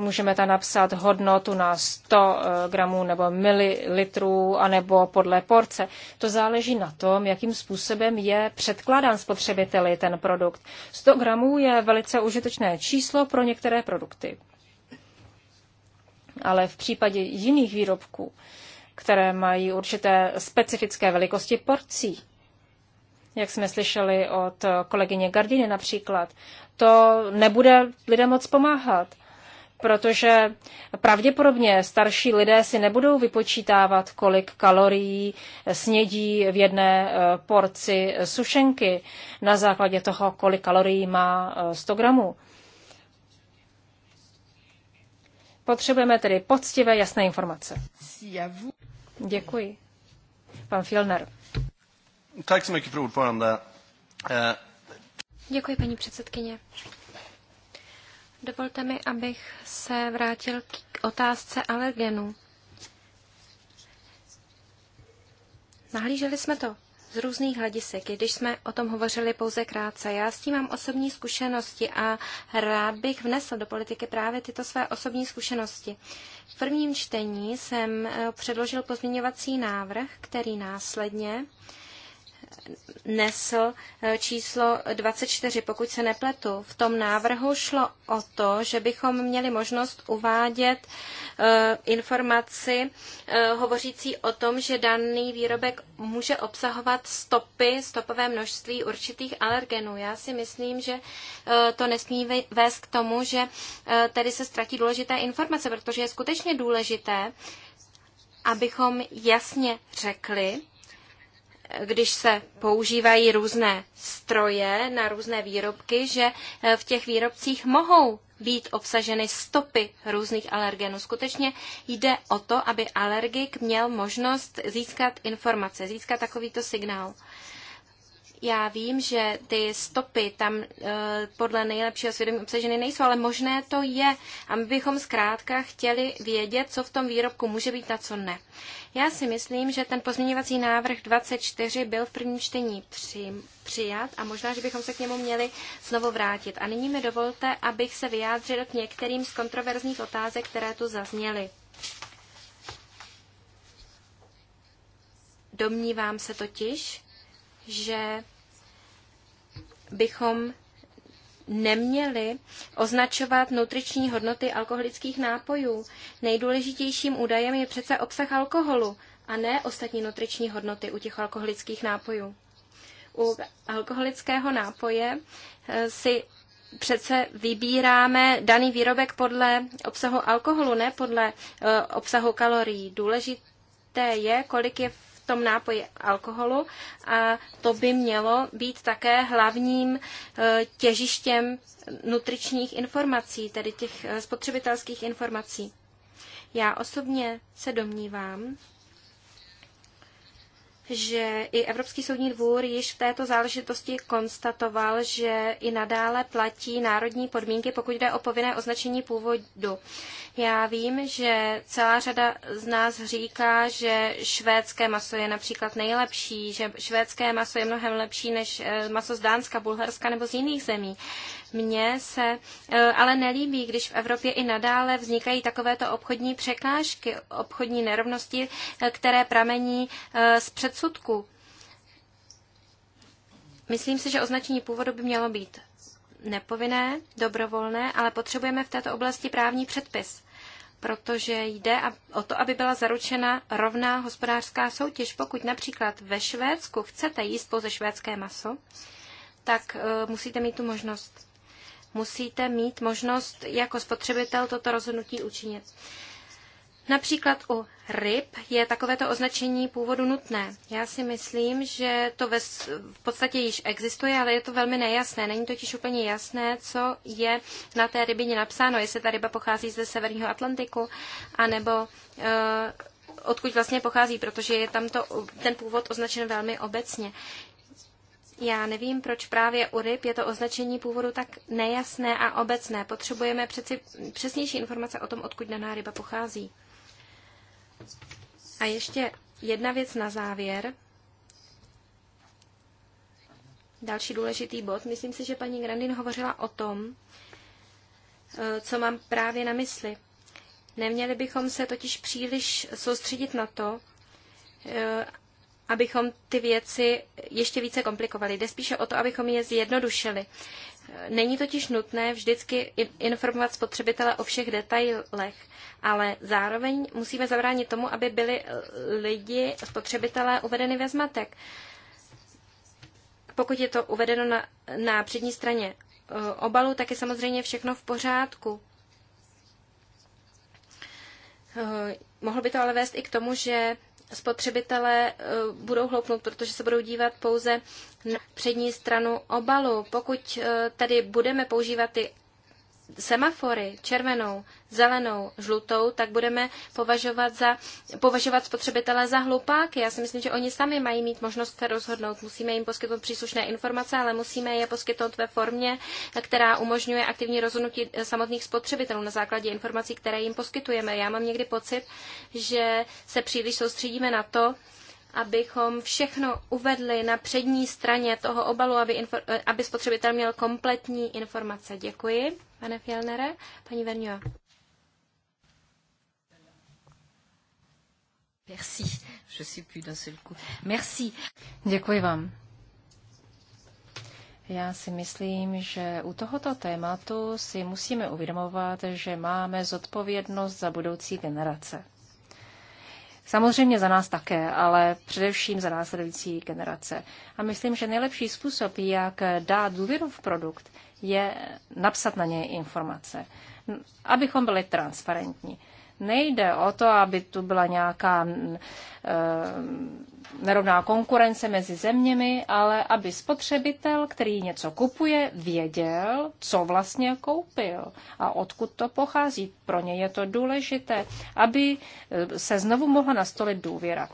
Speaker 2: Můžeme tam napsat hodnotu na 100 eh, gramů nebo mililitrů, anebo podle porce. To záleží na tom, jakým způsobem je předkládán spotřebiteli ten produkt. 100 gramů je velice užitečné číslo pro některé produkty. Ale v případě jiných výrobků, které mají určité specifické velikosti porcí, jak jsme slyšeli od kolegyně Gardiny například, to nebude lidem moc pomáhat protože pravděpodobně starší lidé si nebudou vypočítávat, kolik kalorií snědí v jedné eh, porci sušenky na základě toho, kolik kalorií má 100 eh, gramů. Potřebujeme tedy poctivé, jasné informace. Děkuji. Pan Filner. Eh, Děkuji, paní předsedkyně.
Speaker 1: Dovolte mi, abych se vrátil k otázce alergenů. Nahlíželi jsme to z různých hledisek, když jsme o tom hovořili pouze krátce. Já s tím mám osobní zkušenosti a rád bych vnesl do politiky právě tyto své osobní zkušenosti. V prvním čtení jsem eh, předložil pozměňovací návrh, který následně uh, nesl eh, číslo 24, pokud se nepletu. V tom návrhu šlo o to, že bychom měli možnost uvádět eh, informaci eh, hovořící o tom, že daný výrobek může obsahovat stopy, stopové množství určitých alergenů. Já si myslím, že to nesmí vést k tomu, že tady se ztratí důležité informace, protože je skutečně důležité, abychom jasně řekli, když se používají různé stroje na různé výrobky, že eh, v těch výrobcích mohou být obsaženy stopy různých alergenů. Skutečně jde o to, aby alergik měl možnost získat informace, získat takovýto signál. Já vím, že ty stopy tam eh, podle nejlepšího svědomí obsaženy nejsou, ale možné to je. A my bychom zkrátka chtěli vědět, co v tom výrobku může být a co ne. Já si myslím, že ten pozměňovací návrh 24 byl v prvním čtení při, přijat a možná, že bychom se k němu měli znovu vrátit. A nyní mi dovolte, abych se vyjádřil k některým z kontroverzních otázek, které tu zazněly. Domnívám se totiž, že bychom neměli označovat nutriční hodnoty alkoholických nápojů. Nejdůležitějším údajem je přece obsah alkoholu a ne ostatní nutriční hodnoty u těch alkoholických nápojů. U alkoholického nápoje eh, si přece vybíráme daný výrobek podle obsahu alkoholu, ne podle eh, obsahu kalorií. Důležité je, kolik je v tom nápoji alkoholu a to by mělo být také hlavním e, těžištěm nutričních informací, tedy těch e, spotřebitelských informací. Já osobně se domnívám, že i Evropský soudní dvůr již v této záležitosti konstatoval, že i nadále platí národní podmínky, pokud jde o povinné označení původu. Já vím, že celá řada z nás říká, že švédské maso je například nejlepší, že švédské maso je mnohem lepší než eh, maso z Dánska, Bulharska nebo z jiných zemí. Mně se e, ale nelíbí, když v Evropě i nadále vznikají takovéto obchodní překážky, obchodní nerovnosti, e, které pramení e, z předsudku. Myslím si, že označení původu by mělo být nepovinné, dobrovolné, ale potřebujeme v této oblasti právní předpis, protože jde o to, aby byla zaručena rovná hospodářská soutěž. Pokud například ve Švédsku chcete jíst pouze švédské maso, tak musíte mít tu možnost musíte mít možnost jako spotřebitel toto rozhodnutí učinit. Například u ryb je takovéto označení původu nutné. Já si myslím, že to ve, v podstatě již existuje, ale je to velmi nejasné. Není totiž úplně jasné, co je na té rybině napsáno, jestli ta ryba pochází ze Severního Atlantiku, anebo e, odkud vlastně pochází, protože je tam to, ten původ označen velmi obecně. Já nevím, proč právě u ryb je to označení původu tak nejasné a obecné. Potřebujeme přeci přesnější informace o tom, odkud daná ryba pochází. A ještě jedna věc na závěr. Další důležitý bod. Myslím si, že paní Grandin hovořila o tom, eh, co mám právě na mysli. Neměli bychom se totiž příliš soustředit na to, eh, abychom ty věci ještě více komplikovali. Jde spíše o to, abychom je zjednodušili. Není totiž nutné vždycky informovat spotřebitele o všech detailech, ale zároveň musíme zabránit tomu, aby byli lidi, spotřebitelé uvedeny ve zmatek. Pokud je to uvedeno na, na přední straně e, obalu, tak je samozřejmě všechno v pořádku. E, mohlo by to ale vést i k tomu, že spotřebitelé eh, budou hloupnout, protože se budou dívat pouze na přední stranu obalu. Pokud eh, tedy budeme používat ty semafory, červenou, zelenou, žlutou, tak budeme považovat, za, považovat spotřebitele za hlupáky. Já si myslím, že oni sami mají mít možnost se rozhodnout. Musíme jim poskytnout příslušné informace, ale musíme je poskytnout ve formě, která umožňuje aktivní rozhodnutí samotných spotřebitelů na základě informací, které jim poskytujeme. Já mám někdy pocit, že se příliš soustředíme na to, abychom všechno uvedli na přední straně toho obalu, aby, aby spotřebitel měl kompletní informace. Děkuji pane Fjellnere. Paní Verňová. Merci. Je plus d'un seul coup.
Speaker 2: Merci. Děkuji vám. Já si myslím, že u tohoto tématu si musíme uvědomovat, že máme zodpovědnost za budoucí generace. Samozřejmě za nás také, ale především za následující generace. A myslím, že nejlepší způsob, jak dát důvěru v produkt, je napsat na něj informace, abychom byli transparentní. Nejde o to, aby tu byla nějaká e, nerovná konkurence mezi zeměmi, ale aby spotřebitel, který něco kupuje, věděl, co vlastně koupil a odkud to pochází. Pro ně je to důležité, aby eh, se znovu mohla nastolit důvěra.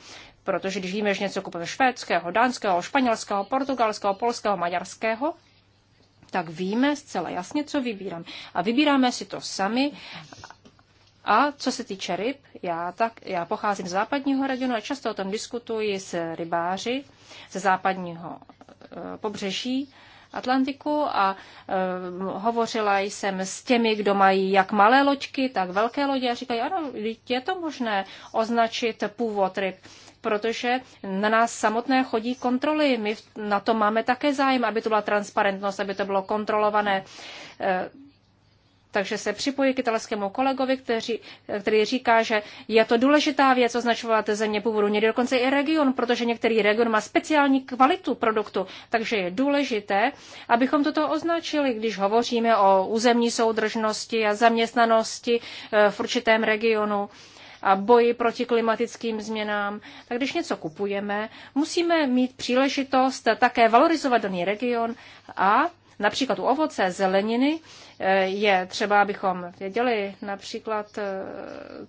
Speaker 2: Protože když víme, že něco kupujeme švédského, dánského, španělského, portugalského, polského, maďarského, tak víme zcela jasně, co vybírám. A vybíráme si to sami. A co se týče ryb, já, tak, já pocházím z západního regionu a často o tom diskutuji s rybáři ze západního eh, pobřeží Atlantiku a e, hovořila jsem s těmi, kdo mají jak malé loďky, tak velké lodě a říkají, ano, je to možné označit původ ryb protože na nás samotné chodí kontroly. My na to máme také zájem, aby to byla transparentnost, aby to bylo kontrolované. Eh, takže se připojí k italskému kolegovi, který, eh, který říká, že je to důležitá věc označovat země původu, někdy dokonce i region, protože některý region má speciální kvalitu produktu, takže je důležité, abychom toto označili, když hovoříme o územní soudržnosti a zaměstnanosti eh, v určitém regionu a boji proti klimatickým změnám. Tak když něco kupujeme, musíme mít příležitost také valorizovat daný region a Například u ovoce, zeleniny eh, je třeba, abychom věděli například, eh,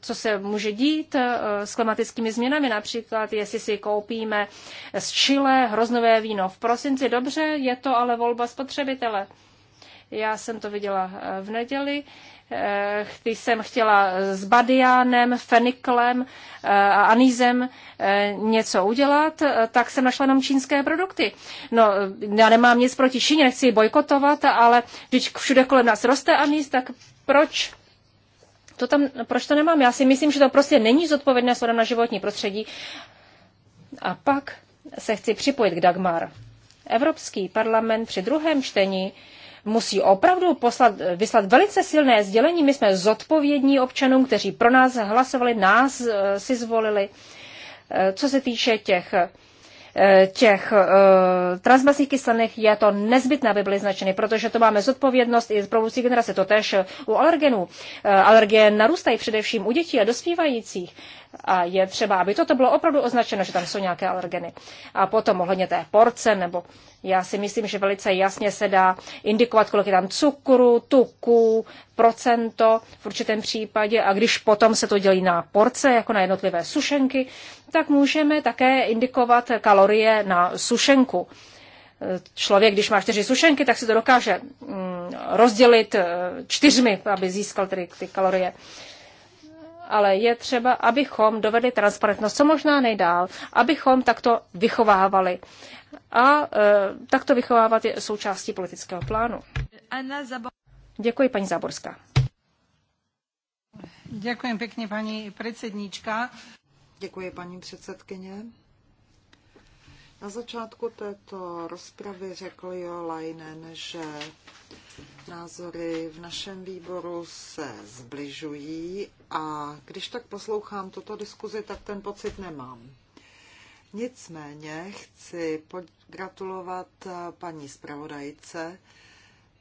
Speaker 2: co se může dít eh, s klimatickými změnami. Například, jestli si koupíme z Chile hroznové víno v prosinci, dobře, je to ale volba spotřebitele. Já jsem to viděla v neděli. Eh, jsem chtěla s badiánem, feniklem eh, a anízem eh, něco udělat, tak jsem našla jenom čínské produkty. No, já nemám nic proti Číně, nechci ji bojkotovat, ale když všude kolem nás roste aníz, tak proč to tam, proč to nemám? Já si myslím, že to prostě není zodpovědné shodem na životní prostředí. A pak se chci připojit k Dagmar. Evropský parlament při druhém čtení musí opravdu poslat, vyslat velice silné sdělení. My jsme zodpovědní občanům, kteří pro nás hlasovali, nás eh, si zvolili. Eh, co se týče těch eh, těch uh, kyselin je to nezbytné, aby byly značeny, protože to máme zodpovědnost i z budoucí generace, to tež u alergenů. alergie narůstají především u dětí a dospívajících a je třeba, aby toto bylo opravdu označeno, že tam jsou nějaké alergeny. A potom ohledně té porce, nebo já si myslím, že velice jasně se dá indikovat, kolik je tam cukru, tuku, procento v určitém případě. A když potom se to dělí na porce, jako na jednotlivé sušenky, tak můžeme také indikovat kalorie na sušenku. Člověk, když má čtyři sušenky, tak si to dokáže mm, rozdělit eh, čtyřmi, aby získal tedy ty kalorie ale je třeba, abychom dovedli transparentnost co možná nejdál, abychom takto vychovávali. A e, takto vychovávat je součástí politického plánu. Děkuji, paní Záborská.
Speaker 3: Děkuji pěkně, paní předsednička. Děkuji, paní předsedkyně. Na začátku této rozpravy řekl Jo Leinen, že názory v našem výboru se zbližují a když tak poslouchám tuto diskuzi, tak ten pocit nemám. Nicméně chci gratulovat paní zpravodajce,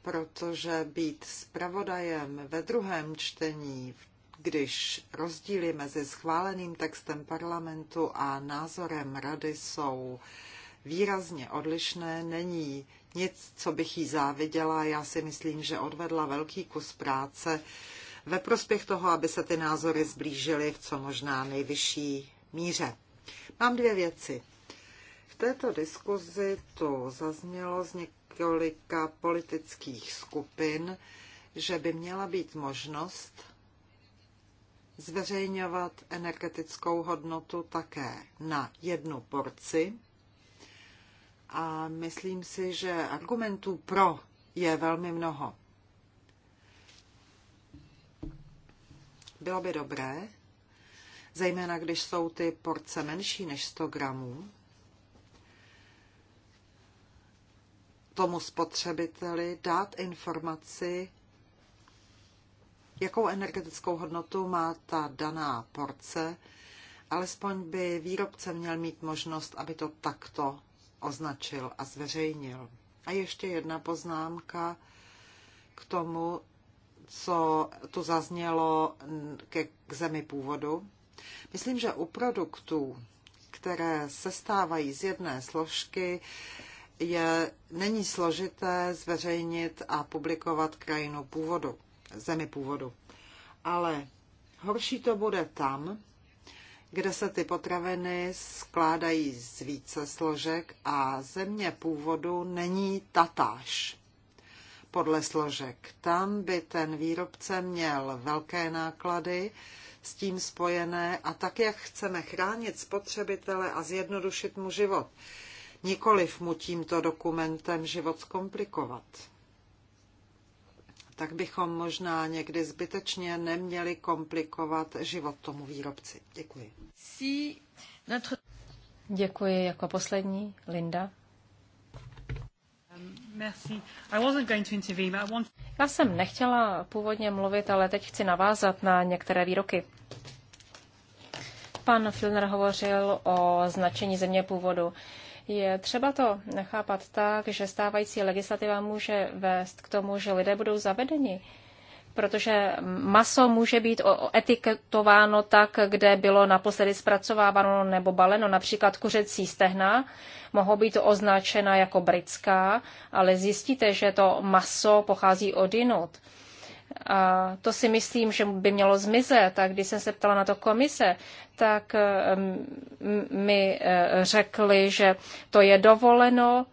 Speaker 3: protože být zpravodajem ve druhém čtení, když rozdíly mezi schváleným textem parlamentu a názorem rady jsou výrazně odlišné, není nic, co bych jí záviděla. Já si myslím, že odvedla velký kus práce ve prospěch toho, aby se ty názory zblížily v co možná nejvyšší míře. Mám dvě věci. V této diskuzi to zaznělo z několika politických skupin, že by měla být možnost zveřejňovat energetickou hodnotu také na jednu porci, a myslím si, že argumentů pro je velmi mnoho. Bylo by dobré, zejména když jsou ty porce menší než 100 gramů, tomu spotřebiteli dát informaci, jakou energetickou hodnotu má ta daná porce, alespoň by výrobce měl mít možnost, aby to takto označil a zveřejnil. A ještě jedna poznámka k tomu, co tu zaznělo ke, k zemi původu. Myslím, že u produktů, které sestávají z jedné složky, je, není složité zveřejnit a publikovat krajinu původu, zemi původu. Ale horší to bude tam, kde se ty potraviny skládají z více složek a země původu není tatáž podle složek. Tam by ten výrobce měl velké náklady s tím spojené a tak, jak chceme chránit spotřebitele a zjednodušit mu život, nikoliv mu tímto dokumentem život zkomplikovat tak bychom možná někdy zbytečně neměli komplikovat život tomu výrobci. Děkuji.
Speaker 2: Děkuji jako poslední. Linda. Um, Já jsem nechtěla původně mluvit, ale teď chci navázat na některé výroky. Pan Filner hovořil o značení země původu. Je třeba to nechápat tak, že stávající legislativa může vést k tomu, že lidé budou zavedeni, protože maso může být etiketováno tak, kde bylo naposledy zpracováváno nebo baleno, například kuřecí stehna, mohou být označena jako britská, ale zjistíte, že to maso pochází od jinut. A to si myslím, že by mělo zmizet. A když jsem se ptala na to komise, tak mi eh, řekli, že to je dovoleno.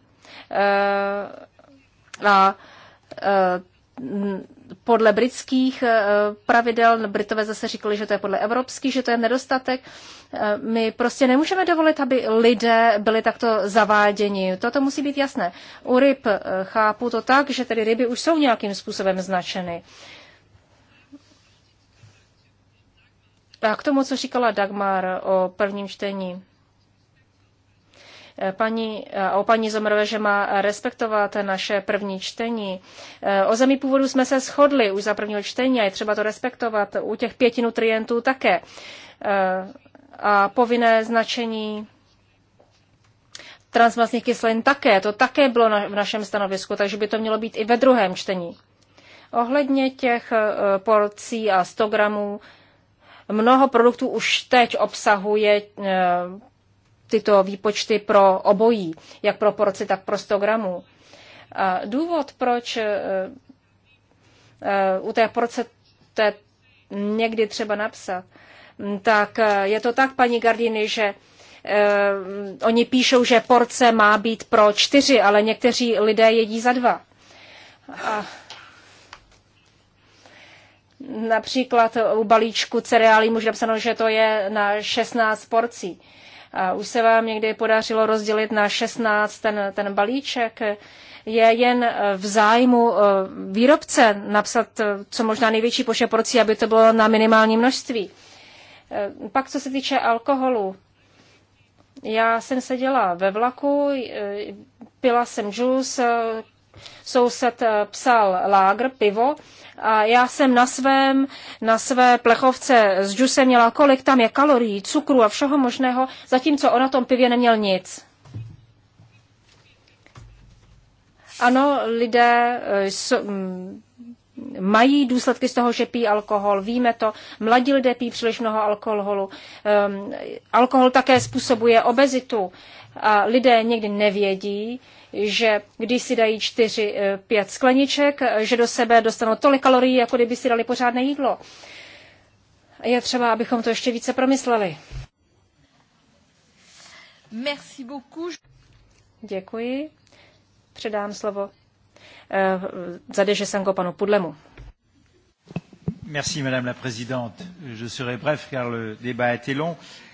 Speaker 2: Eh, a eh, podle britských e, pravidel, Britové zase říkali, že to je podle evropských, že to je nedostatek. E, my prostě nemůžeme dovolit, aby lidé byli takto zaváděni. Toto musí být jasné. U ryb e, chápu to tak, že tedy ryby už jsou nějakým způsobem značeny. A k tomu, co říkala Dagmar o prvním čtení paní, eh, o paní Zomrové, že má respektovat naše první čtení. Eh, o zemi původu jsme se shodli už za prvního čtení a je třeba to respektovat u těch pěti nutrientů také. Eh, a povinné značení transmastných kyselin také, to také bylo na, v našem stanovisku, takže by to mělo být i ve druhém čtení. Ohledně těch porcí a 100 gramů, mnoho produktů už teď obsahuje tyto výpočty pro obojí, jak pro porci, tak pro 100 gramů. A důvod, proč e, e, u té porce to je někdy třeba napsat, tak e, je to tak, paní Gardiny, že oni píšou, že porce má být pro čtyři, ale někteří lidé jedí za dva. A například u balíčku cereálí může napsáno, že to je na 16 porcí už se vám někdy podařilo rozdělit na 16 ten, ten balíček, je jen v zájmu eh, výrobce napsat eh, co možná největší počet porcí, aby to bylo na minimální množství. Eh, pak co se týče alkoholu, já jsem seděla ve vlaku, pila jsem džus, soused psal lágr, pivo a já jsem na svém, na své plechovce s džusem měla, kolik tam je kalorií, cukru a všeho možného, zatímco ona tom pivě neměl nic. Ano, lidé jsou, eh, mají důsledky z toho, že pí alkohol. Víme to, mladí lidé pí příliš mnoho alkoholu. Um, alkohol také způsobuje obezitu. A lidé někdy nevědí, že když si dají čtyři, eh, pět skleniček, eh, že do sebe dostanou tolik kalorií, jako kdyby si dali pořádné jídlo. Je třeba, abychom to ještě více promysleli. Merci beaucoup. Děkuji. Předám slovo eh, zadeže Sanko panu Pudlemu.
Speaker 3: Merci, madame la présidente. Je serai bref, car le débat a été long. Eh,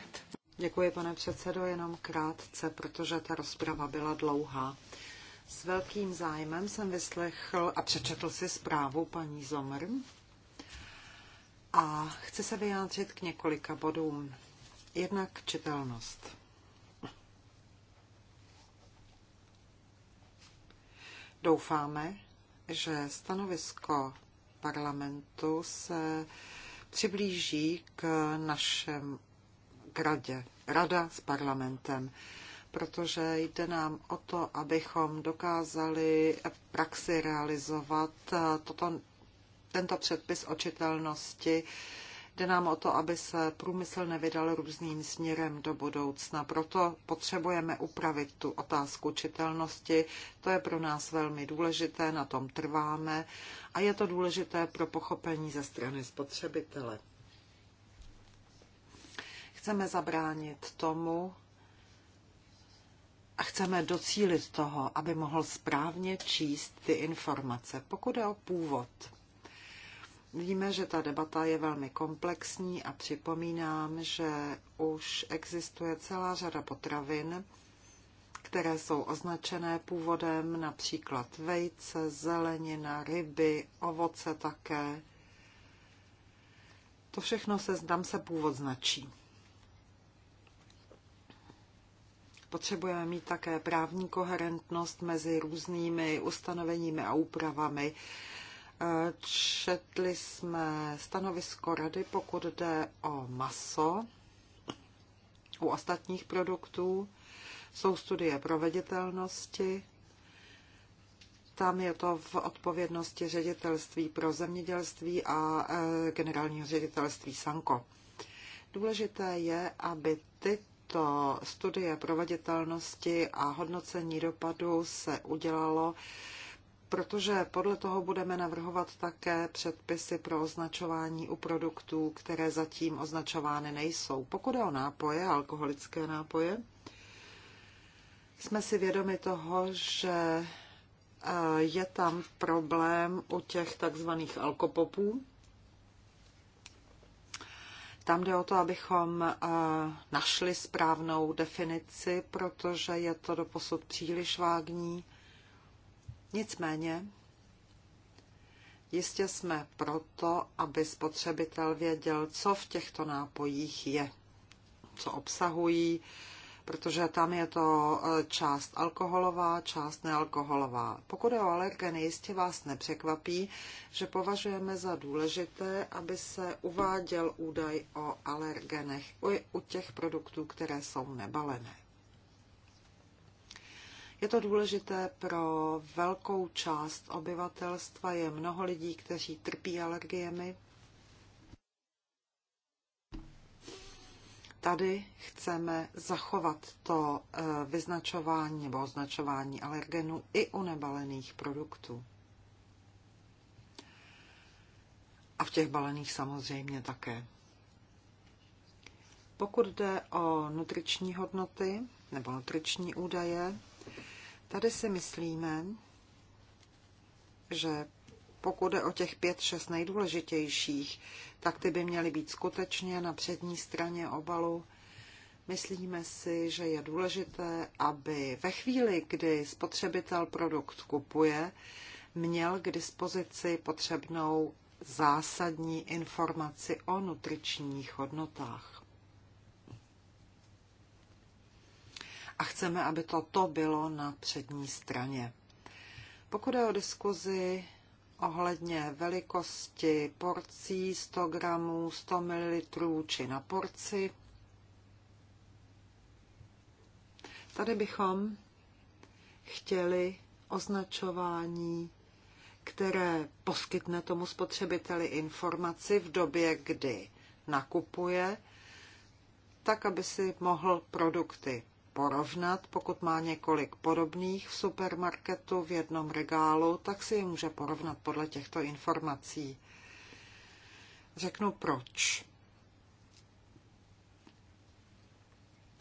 Speaker 3: Děkuji, pane předsedo, jenom krátce, protože ta rozprava byla dlouhá. S velkým zájmem jsem vyslechl a přečetl si zprávu paní Zomr a chci se vyjádřit k několika bodům. Jednak čitelnost. Doufáme, že stanovisko parlamentu se přiblíží k našem, k radě. Rada s parlamentem protože jde nám o to, abychom dokázali v praxi realizovat toto, tento předpis o čitelnosti. Jde nám o to, aby se průmysl nevydal různým směrem do budoucna. Proto potřebujeme upravit tu otázku čitelnosti. To je pro nás velmi důležité, na tom trváme a je to důležité pro pochopení ze strany spotřebitele. Chceme zabránit tomu a chceme docílit toho, aby mohl správně číst ty informace, pokud je o původ. Víme, že ta debata je velmi komplexní a připomínám, že už existuje celá řada potravin, které jsou označené původem, například vejce, zelenina, ryby, ovoce také. To všechno se tam se původ značí. Potřebujeme mít také právní koherentnost mezi různými ustanoveními a úpravami. Četli jsme stanovisko rady, pokud jde o maso u ostatních produktů. Jsou studie proveditelnosti, tam je to v odpovědnosti ředitelství pro zemědělství a e, generálního ředitelství Sanko. Důležité je, aby tyto to studie proveditelnosti a hodnocení dopadu se udělalo, protože podle toho budeme navrhovat také předpisy pro označování u produktů, které zatím označovány nejsou. Pokud je o nápoje, alkoholické nápoje, jsme si vědomi toho, že eh, je tam problém u těch takzvaných alkopopů, tam jde o to, abychom eh, našli správnou definici, protože je to doposud příliš vágní. Nicméně, jistě jsme proto, aby spotřebitel věděl, co v těchto nápojích je, co obsahují, protože tam je to e, část alkoholová, část nealkoholová. Pokud je o alergeny, jistě vás nepřekvapí, že považujeme za důležité, aby se uváděl údaj o alergenech u těch produktů, které jsou nebalené. Je to důležité pro velkou část obyvatelstva, je mnoho lidí, kteří trpí alergiemi, Tady chceme zachovat to eh, vyznačování nebo označování alergenů i u nebalených produktů. A v těch balených samozřejmě také. Pokud jde o nutriční hodnoty nebo nutriční údaje, tady si myslíme, že pokud je o těch pět, šest nejdůležitějších, tak ty by měly být skutečně na přední straně obalu. Myslíme si, že je důležité, aby ve chvíli, kdy spotřebitel produkt kupuje, měl k dispozici potřebnou zásadní informaci o nutričních hodnotách. A chceme, aby toto bylo na přední straně. Pokud je o diskuzi ohledně velikosti porcí 100 gramů, 100 ml či na porci. Tady bychom chtěli označování, které poskytne tomu spotřebiteli informaci v době, kdy nakupuje, tak aby si mohl produkty porovnat. Pokud má několik podobných v supermarketu v jednom regálu, tak si je může porovnat podle těchto informací. Řeknu proč.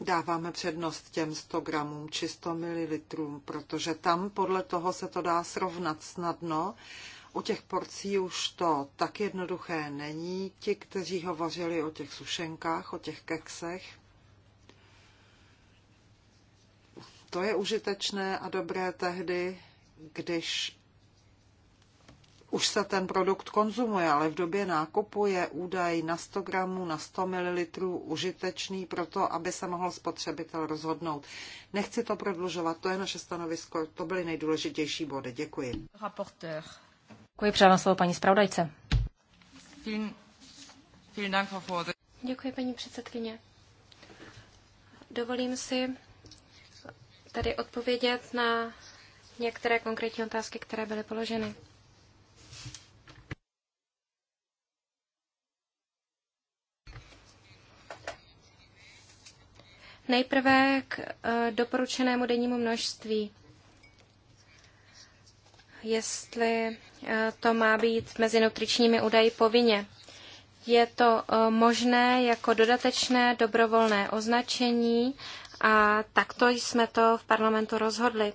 Speaker 3: Dáváme přednost těm 100 gramům či 100 ml, protože tam podle toho se to dá srovnat snadno. U těch porcí už to tak jednoduché není. Ti, kteří hovořili o těch sušenkách, o těch keksech, To je užitečné a dobré tehdy, když už se ten produkt konzumuje, ale v době nákupu je údaj na 100 gramů, na 100 ml užitečný pro to, aby se mohl spotřebitel rozhodnout. Nechci to prodlužovat, to je naše stanovisko, to byly nejdůležitější body. Děkuji.
Speaker 2: Rapporteur. Děkuji, předám slovo paní zpravodajce.
Speaker 1: Děkuji, paní předsedkyně. Dovolím si tedy odpovědět na některé konkrétní otázky, které byly položeny. Nejprve k e, doporučenému dennímu množství. Jestli e, to má být mezi nutričními údaji povinně. Je to e, možné jako dodatečné dobrovolné označení a takto jsme to v parlamentu rozhodli.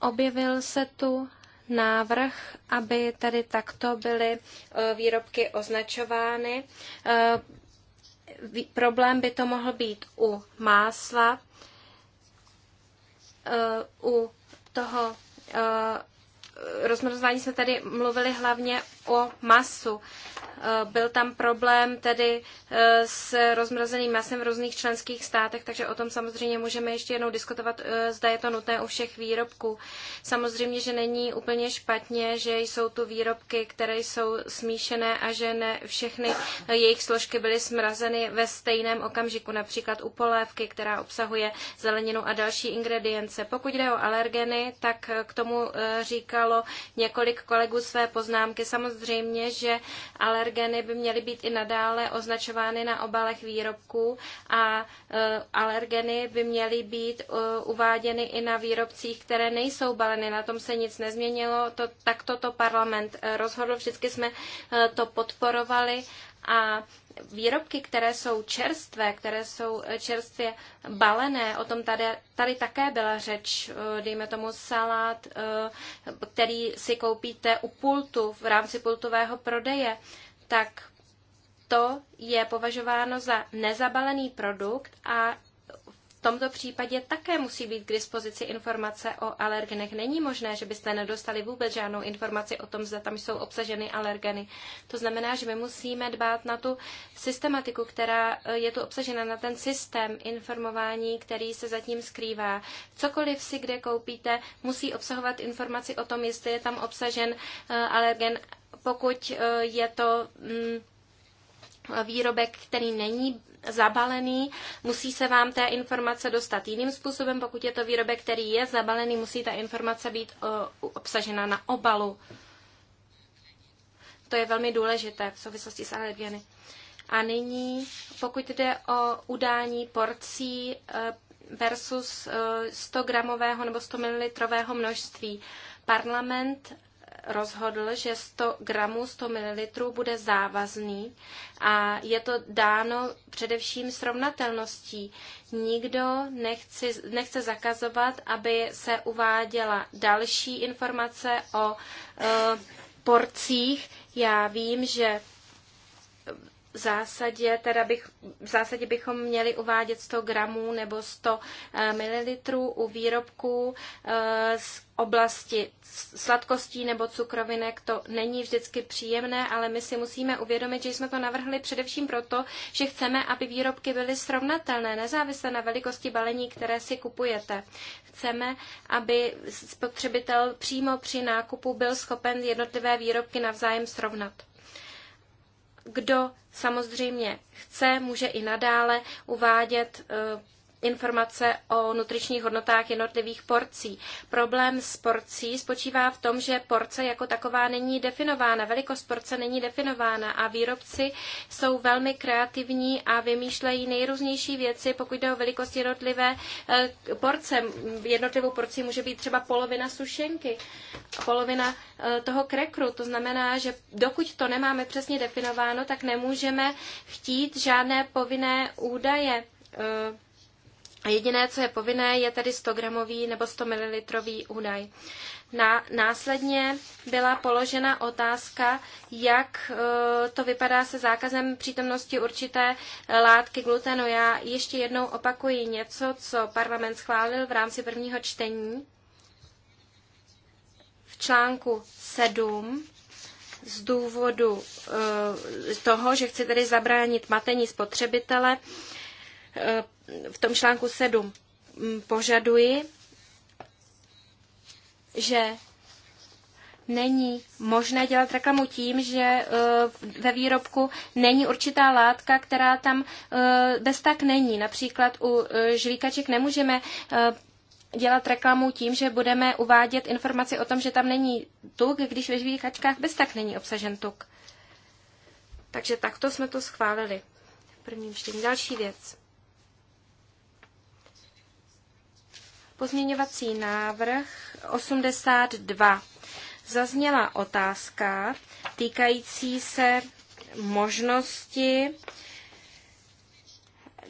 Speaker 1: Objevil se tu návrh, aby tady takto byly e, výrobky označovány. E, problém by to mohl být u másla, e, u toho rozmrzování jsme tady mluvili hlavně o masu. Eh, byl tam problém tedy eh, s rozmrazeným masem v různých členských státech, takže o tom samozřejmě můžeme ještě jednou diskutovat, eh, zda je to nutné u všech výrobků. Samozřejmě, že není úplně špatně, že jsou tu výrobky, které jsou smíšené a že ne všechny jejich složky byly smrazeny ve stejném okamžiku, například u polévky, která obsahuje zeleninu a další ingredience. Pokud jde o alergeny, tak k tomu říkalo několik kolegů své poznámky. Samozřejmě samozřejmě, že alergeny by měly být i nadále označovány na obalech výrobků a e, alergeny by měly být e, uváděny i na výrobcích, které nejsou baleny. Na tom se nic nezměnilo, to, tak toto parlament e, rozhodl, vždycky jsme to podporovali a výrobky, které jsou čerstvé, které jsou čerstvě balené, o tom tady, tady také byla řeč, eh, dejme tomu salát, eh, který si koupíte u pultu v rámci pultového prodeje, tak to je považováno za nezabalený produkt a tomto případě také musí být k dispozici informace o alergenech. Není možné, že byste nedostali vůbec žádnou informaci o tom, zda tam jsou obsaženy alergeny. To znamená, že my musíme dbát na tu systematiku, která eh, je tu obsažena, na ten systém informování, který se zatím skrývá. Cokoliv si kde koupíte, musí obsahovat informaci o tom, jestli je tam obsažen eh, alergen, pokud eh, je to mm, výrobek, který není zabalený, musí se vám té informace dostat jiným způsobem. Pokud je to výrobek, který je zabalený, musí ta informace být obsažena na obalu. To je velmi důležité v souvislosti s alergeny. A nyní, pokud jde o udání porcí e, versus 100 e, gramového nebo 100 mililitrového množství, parlament rozhodl, že 100 gramů 100 ml bude závazný a je to dáno především srovnatelností. Nikdo nechci, nechce zakazovat, aby se uváděla další informace o e, porcích. Já vím, že zásadě, teda bych, v zásadě bychom měli uvádět 100 gramů nebo 100 eh, mililitrů u výrobků eh, z oblasti sladkostí nebo cukrovinek. To není vždycky příjemné, ale my si musíme uvědomit, že jsme to navrhli především proto, že chceme, aby výrobky byly srovnatelné, nezávisle na velikosti balení, které si kupujete. Chceme, aby spotřebitel přímo při nákupu byl schopen jednotlivé výrobky navzájem srovnat. Kdo samozřejmě chce, může i nadále uvádět eh, informace o nutričních hodnotách jednotlivých porcí. Problém s porcí spočívá v tom, že porce jako taková není definována, velikost porce není definována a výrobci jsou velmi kreativní a vymýšlejí nejrůznější věci, pokud jde o velikost jednotlivé eh, porce. Jednotlivou porcí může být třeba polovina sušenky, polovina eh, toho krekru. To znamená, že dokud to nemáme přesně definováno, tak nemůžeme chtít žádné povinné údaje. Eh, Jediné, co je povinné, je tedy 100 gramový nebo 100 mililitrový údaj. Na, následně byla položena otázka, jak e, to vypadá se zákazem přítomnosti určité eh, látky glutenu. Já ještě jednou opakuji něco, co parlament schválil v rámci prvního čtení v článku 7 z důvodu e, toho, že chci tedy zabránit matení spotřebitele v tom článku 7 mm, požaduji, že není možné dělat reklamu tím, že e, ve výrobku není určitá látka, která tam e, bez tak není. Například u e, žvíkaček nemůžeme dělat reklamu tím, že budeme uvádět informaci o tom, že tam není tuk, když ve žvíkačkách bez tak není obsažen tuk. Takže takto jsme to schválili v prvním čtení. Další věc. Pozměňovací návrh 82. Zazněla otázka týkající se možnosti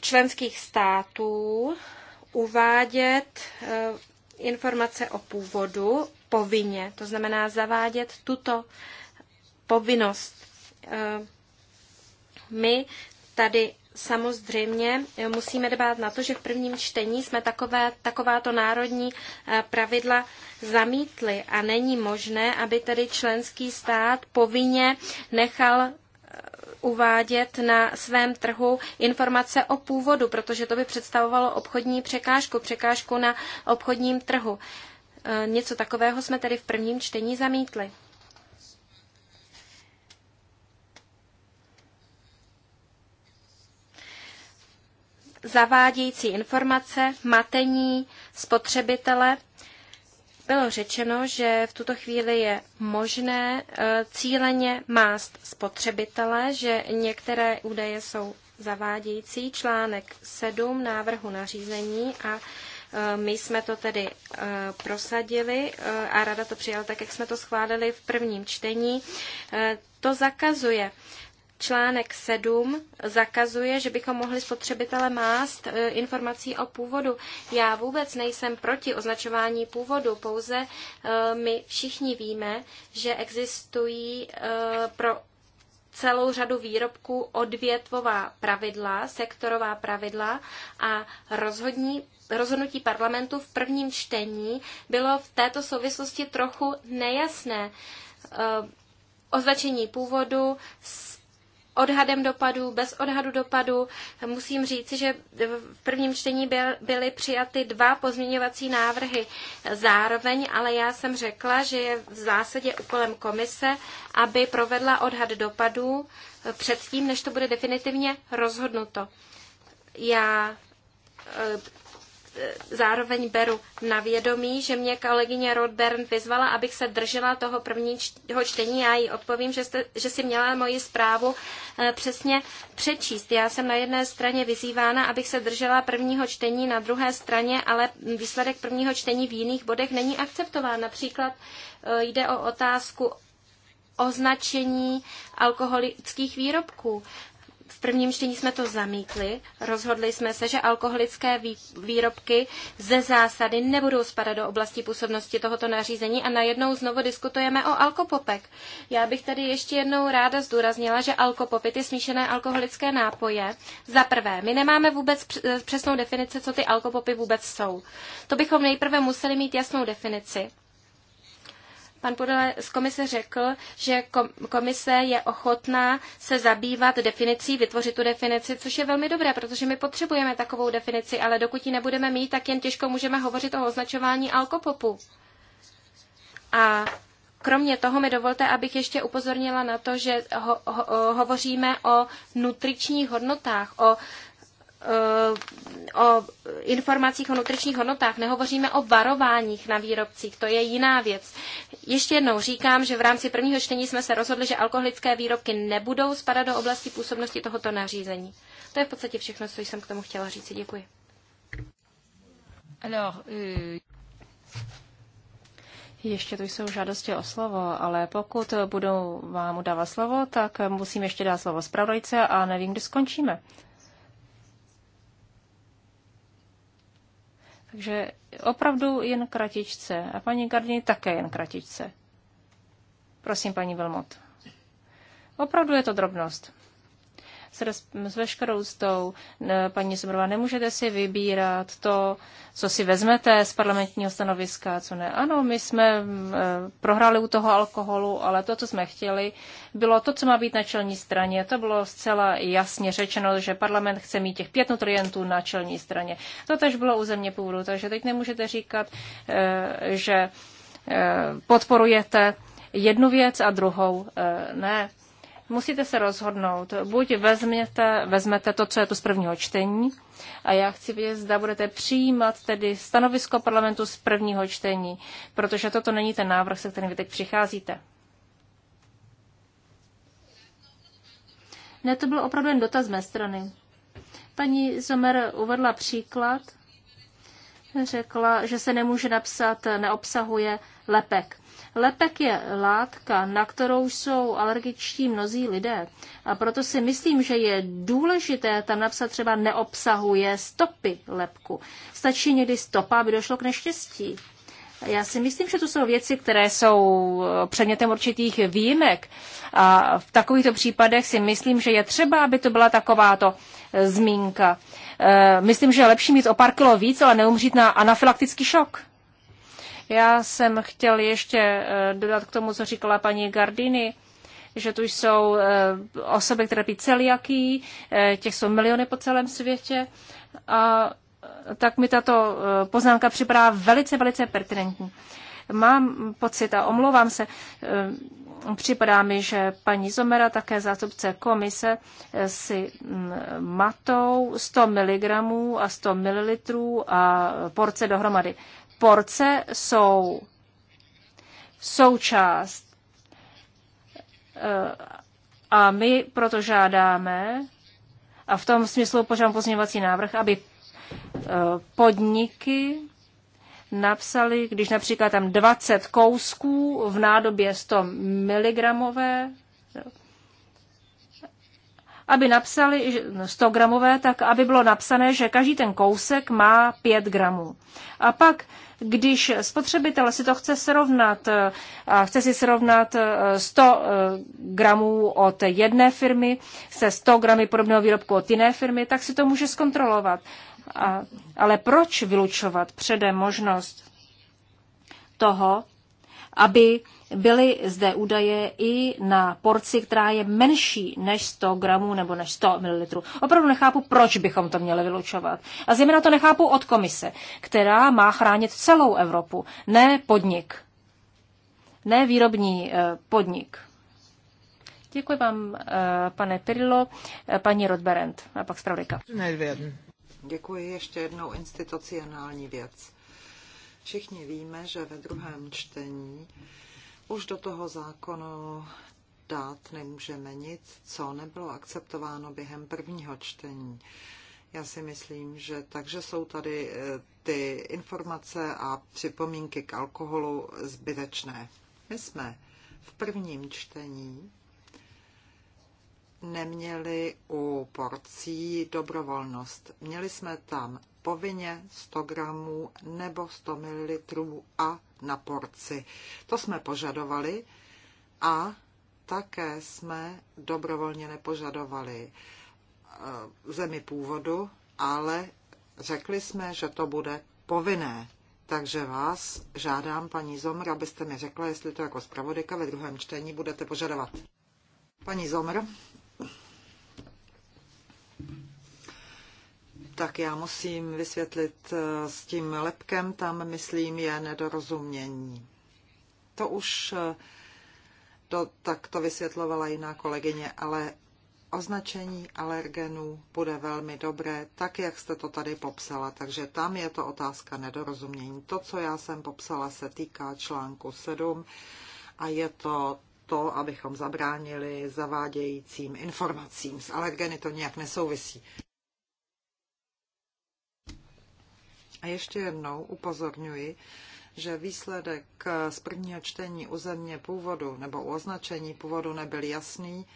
Speaker 1: členských států uvádět eh, informace o původu povinně, to znamená zavádět tuto povinnost. Eh, my tady samozřejmě eh, musíme dbát na to, že v prvním čtení jsme takové, takováto národní eh, pravidla zamítli a není možné, aby tedy členský stát povinně nechal eh, uvádět na svém trhu informace o původu, protože to by představovalo obchodní překážku, překážku na obchodním trhu. Něco takového jsme tedy v prvním čtení zamítli. zavádějící informace, matení spotřebitele. Bylo řečeno, že v tuto chvíli je možné eh, cíleně mást spotřebitele, že některé údaje jsou zavádějící. Článek 7 návrhu nařízení a eh, my jsme to tedy eh, prosadili a rada to přijala tak, jak jsme to schválili v prvním čtení. To zakazuje článek 7 zakazuje, že bychom mohli spotřebitele mást e, informací o původu. Já vůbec nejsem proti označování původu, pouze e, my všichni víme, že existují e, pro celou řadu výrobků odvětvová pravidla, sektorová pravidla a rozhodní, rozhodnutí parlamentu v prvním čtení bylo v této souvislosti trochu nejasné. Označení původu s odhadem dopadů, bez odhadu dopadů. Musím říci, že v prvním čtení byl, byly přijaty dva pozměňovací návrhy zároveň, ale já jsem řekla, že je v zásadě úkolem komise, aby provedla odhad dopadů předtím, než to bude definitivně rozhodnuto. Já zároveň beru na vědomí, že mě kolegyně Rodbern vyzvala, abych se držela toho prvního čtení. Já jí odpovím, že, jste, že si měla moji zprávu eh, přesně přečíst. Já jsem na jedné straně vyzývána, abych se držela prvního čtení, na druhé straně, ale výsledek prvního čtení v jiných bodech není akceptován. Například eh, jde o otázku označení alkoholických výrobků v prvním čtení jsme to zamítli. Rozhodli jsme se, že alkoholické výrobky ze zásady nebudou spadat do oblasti působnosti tohoto nařízení a najednou znovu diskutujeme o alkopopek. Já bych tady ještě jednou ráda zdůraznila, že alkopopit ty smíšené alkoholické nápoje. Za prvé, my nemáme vůbec eh, přesnou definici, co ty alkopopy vůbec jsou. To bychom nejprve museli mít jasnou definici. Pan Podle z komise řekl, že komise je ochotná se zabývat definicí, vytvořit tu definici, což je velmi dobré, protože my potřebujeme takovou definici, ale dokud ji nebudeme mít, tak jen těžko můžeme hovořit o označování alkopopu. A Kromě toho mi dovolte, abych ještě upozornila na to, že ho, ho, hovoříme o nutričních hodnotách, o Eh, o informacích o nutričních hodnotách, nehovoříme o varováních na výrobcích, to je jiná věc. Ještě jednou říkám, že v rámci prvního čtení jsme se rozhodli, že alkoholické výrobky nebudou spadat do oblasti působnosti tohoto nařízení. To je v podstatě všechno, co jsem k tomu chtěla říct. Děkuji.
Speaker 2: Alors, euh... Ještě tu jsou žádosti o slovo, ale pokud budou vám udávat slovo, tak musím ještě dát slovo zpravodajce a nevím, kdy skončíme. Takže opravdu jen kratičce. A paní Gardini také jen kratičce. Prosím, paní Velmot. Opravdu je to drobnost se s veškerou stou, eh, paní Sobrová, nemůžete si vybírat to, co si vezmete z parlamentního stanoviska, co ne. Ano, my jsme eh, prohráli u toho alkoholu, ale to, co jsme chtěli, bylo to, co má být na čelní straně. To bylo zcela jasně řečeno, že parlament chce mít těch pět nutrientů na čelní straně. To tež bylo u země původu, takže teď nemůžete říkat, eh, že podporujete jednu věc a druhou ne. Musíte se rozhodnout. Buď vezměte, vezmete to, co je tu z prvního čtení, a já chci vědět, zda budete přijímat tedy stanovisko parlamentu z prvního čtení, protože toto není ten návrh, se kterým vy teď přicházíte. Ne, to byl opravdu jen dotaz z mé strany. Paní Zomer uvedla příklad, řekla, že se nemůže napsat, neobsahuje lepek. Lepek je látka, na kterou jsou alergičtí mnozí lidé. A proto si myslím, že je důležité tam napsat třeba neobsahuje stopy lepku. Stačí někdy stopa, aby došlo k neštěstí. Já si myslím, že to jsou věci, které jsou předmětem určitých výjimek. A v takovýchto případech si myslím, že je třeba, aby to byla takováto zmínka. E, myslím, že je lepší mít o pár kilo víc, ale neumřít na anafylaktický šok. Já jsem chtěl ještě eh, dodat k tomu, co říkala paní Gardini, že tu jsou eh, osoby, které pí celiaký, eh, těch jsou miliony po celém světě. A tak mi tato poznámka připadá velice, velice pertinentní. Mám pocit, a omlouvám se, připadá mi, že paní Zomera, také zástupce komise, si mm, matou 100 mg a 100 ml a porce dohromady porce jsou součást eh, a my proto žádáme, a v tom smyslu požádám pozměňovací návrh, aby eh, podniky napsali, když například tam 20 kousků v nádobě 100 miligramové aby napsali 100 no, gramové, tak aby bylo napsané, že každý ten kousek má 5 gramů. A pak, když spotřebitel si to chce srovnat, eh, a chce si srovnat 100 eh, eh, gramů od jedné firmy se 100 gramy podobného výrobku od jiné firmy, tak si to může zkontrolovat. A, ale proč vylučovat předem možnost toho, aby byly zde údaje i na porci, která je menší než 100 gramů nebo než 100 ml. Opravdu nechápu, proč bychom to měli vylučovat. A zejména to nechápu od komise, která má chránit celou Evropu, ne podnik, ne výrobní eh, podnik. Děkuji vám, eh, pane Pirilo, eh, paní Rodberend a pak zpravodajka.
Speaker 3: Děkuji ještě jednou institucionální věc. Všichni víme, že ve druhém čtení už do toho zákonu dát nemůžeme nic, co nebylo akceptováno během prvního čtení. Já si myslím, že takže jsou tady eh, ty informace a připomínky k alkoholu zbytečné. My jsme v prvním čtení neměli u porcí dobrovolnost. Měli jsme tam povinně 100 gramů nebo 100 ml a na porci. To jsme požadovali a také jsme dobrovolně nepožadovali eh, zemi původu, ale řekli jsme, že to bude povinné. Takže vás žádám, paní Zomr, abyste mi řekla, jestli to jako zpravodajka ve druhém čtení budete požadovat. Paní Zomr. tak já musím vysvětlit eh, s tím lepkem, tam myslím je nedorozumění. To už eh, to, tak to vysvětlovala jiná kolegyně, ale označení alergenů bude velmi dobré, tak jak jste to tady popsala. Takže tam je to otázka nedorozumění. To, co já jsem popsala, se týká článku 7 a je to to, abychom zabránili zavádějícím informacím. S alergeny to nějak nesouvisí. A ještě jednou upozorňuji, že výsledek z prvního čtení u země původu nebo u označení původu nebyl jasný.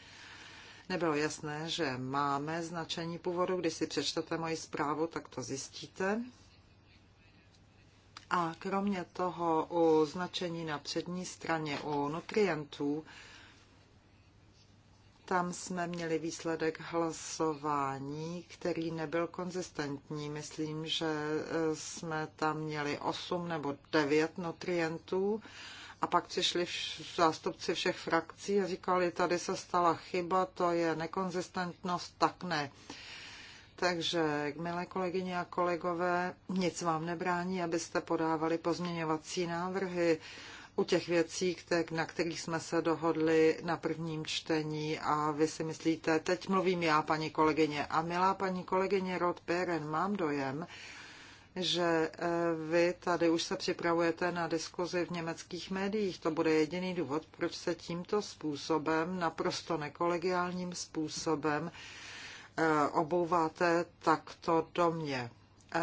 Speaker 3: Nebylo jasné, že máme značení původu. Když si přečtete moji zprávu, tak to zjistíte. A kromě toho u značení na přední straně u nutrientů tam jsme měli výsledek hlasování, který nebyl konzistentní. Myslím, že eh, jsme tam měli 8 nebo 9 nutrientů a pak přišli zástupci všech frakcí a říkali, tady se stala chyba, to je nekonzistentnost, tak ne. Takže, milé kolegyně a kolegové, nic vám nebrání, abyste podávali pozměňovací návrhy u těch věcí, na kterých jsme se dohodli na prvním čtení a vy si myslíte, teď mluvím já, paní kolegyně. A milá paní kolegyně Rod Beren, mám dojem, že e, vy tady už se připravujete na diskuzi v německých médiích. To bude jediný důvod, proč se tímto způsobem, naprosto nekolegiálním způsobem, e, obouváte takto do mě. E,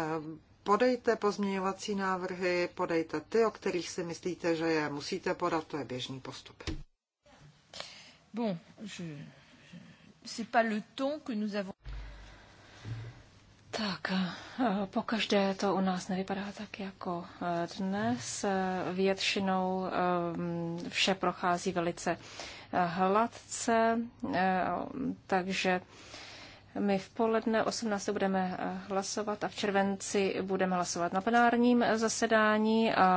Speaker 3: podejte pozměňovací návrhy, podejte ty, o kterých si myslíte, že je musíte podat, to je běžný postup. Bon, je... C'est pas le ton que nous avons.
Speaker 2: Tak, eh, po každé to u nás nevypadá tak jako eh, dnes. Eh, většinou vše prochází velice hladce, takže my v poledne 18. budeme hlasovat a v červenci budeme hlasovat na plenárním zasedání a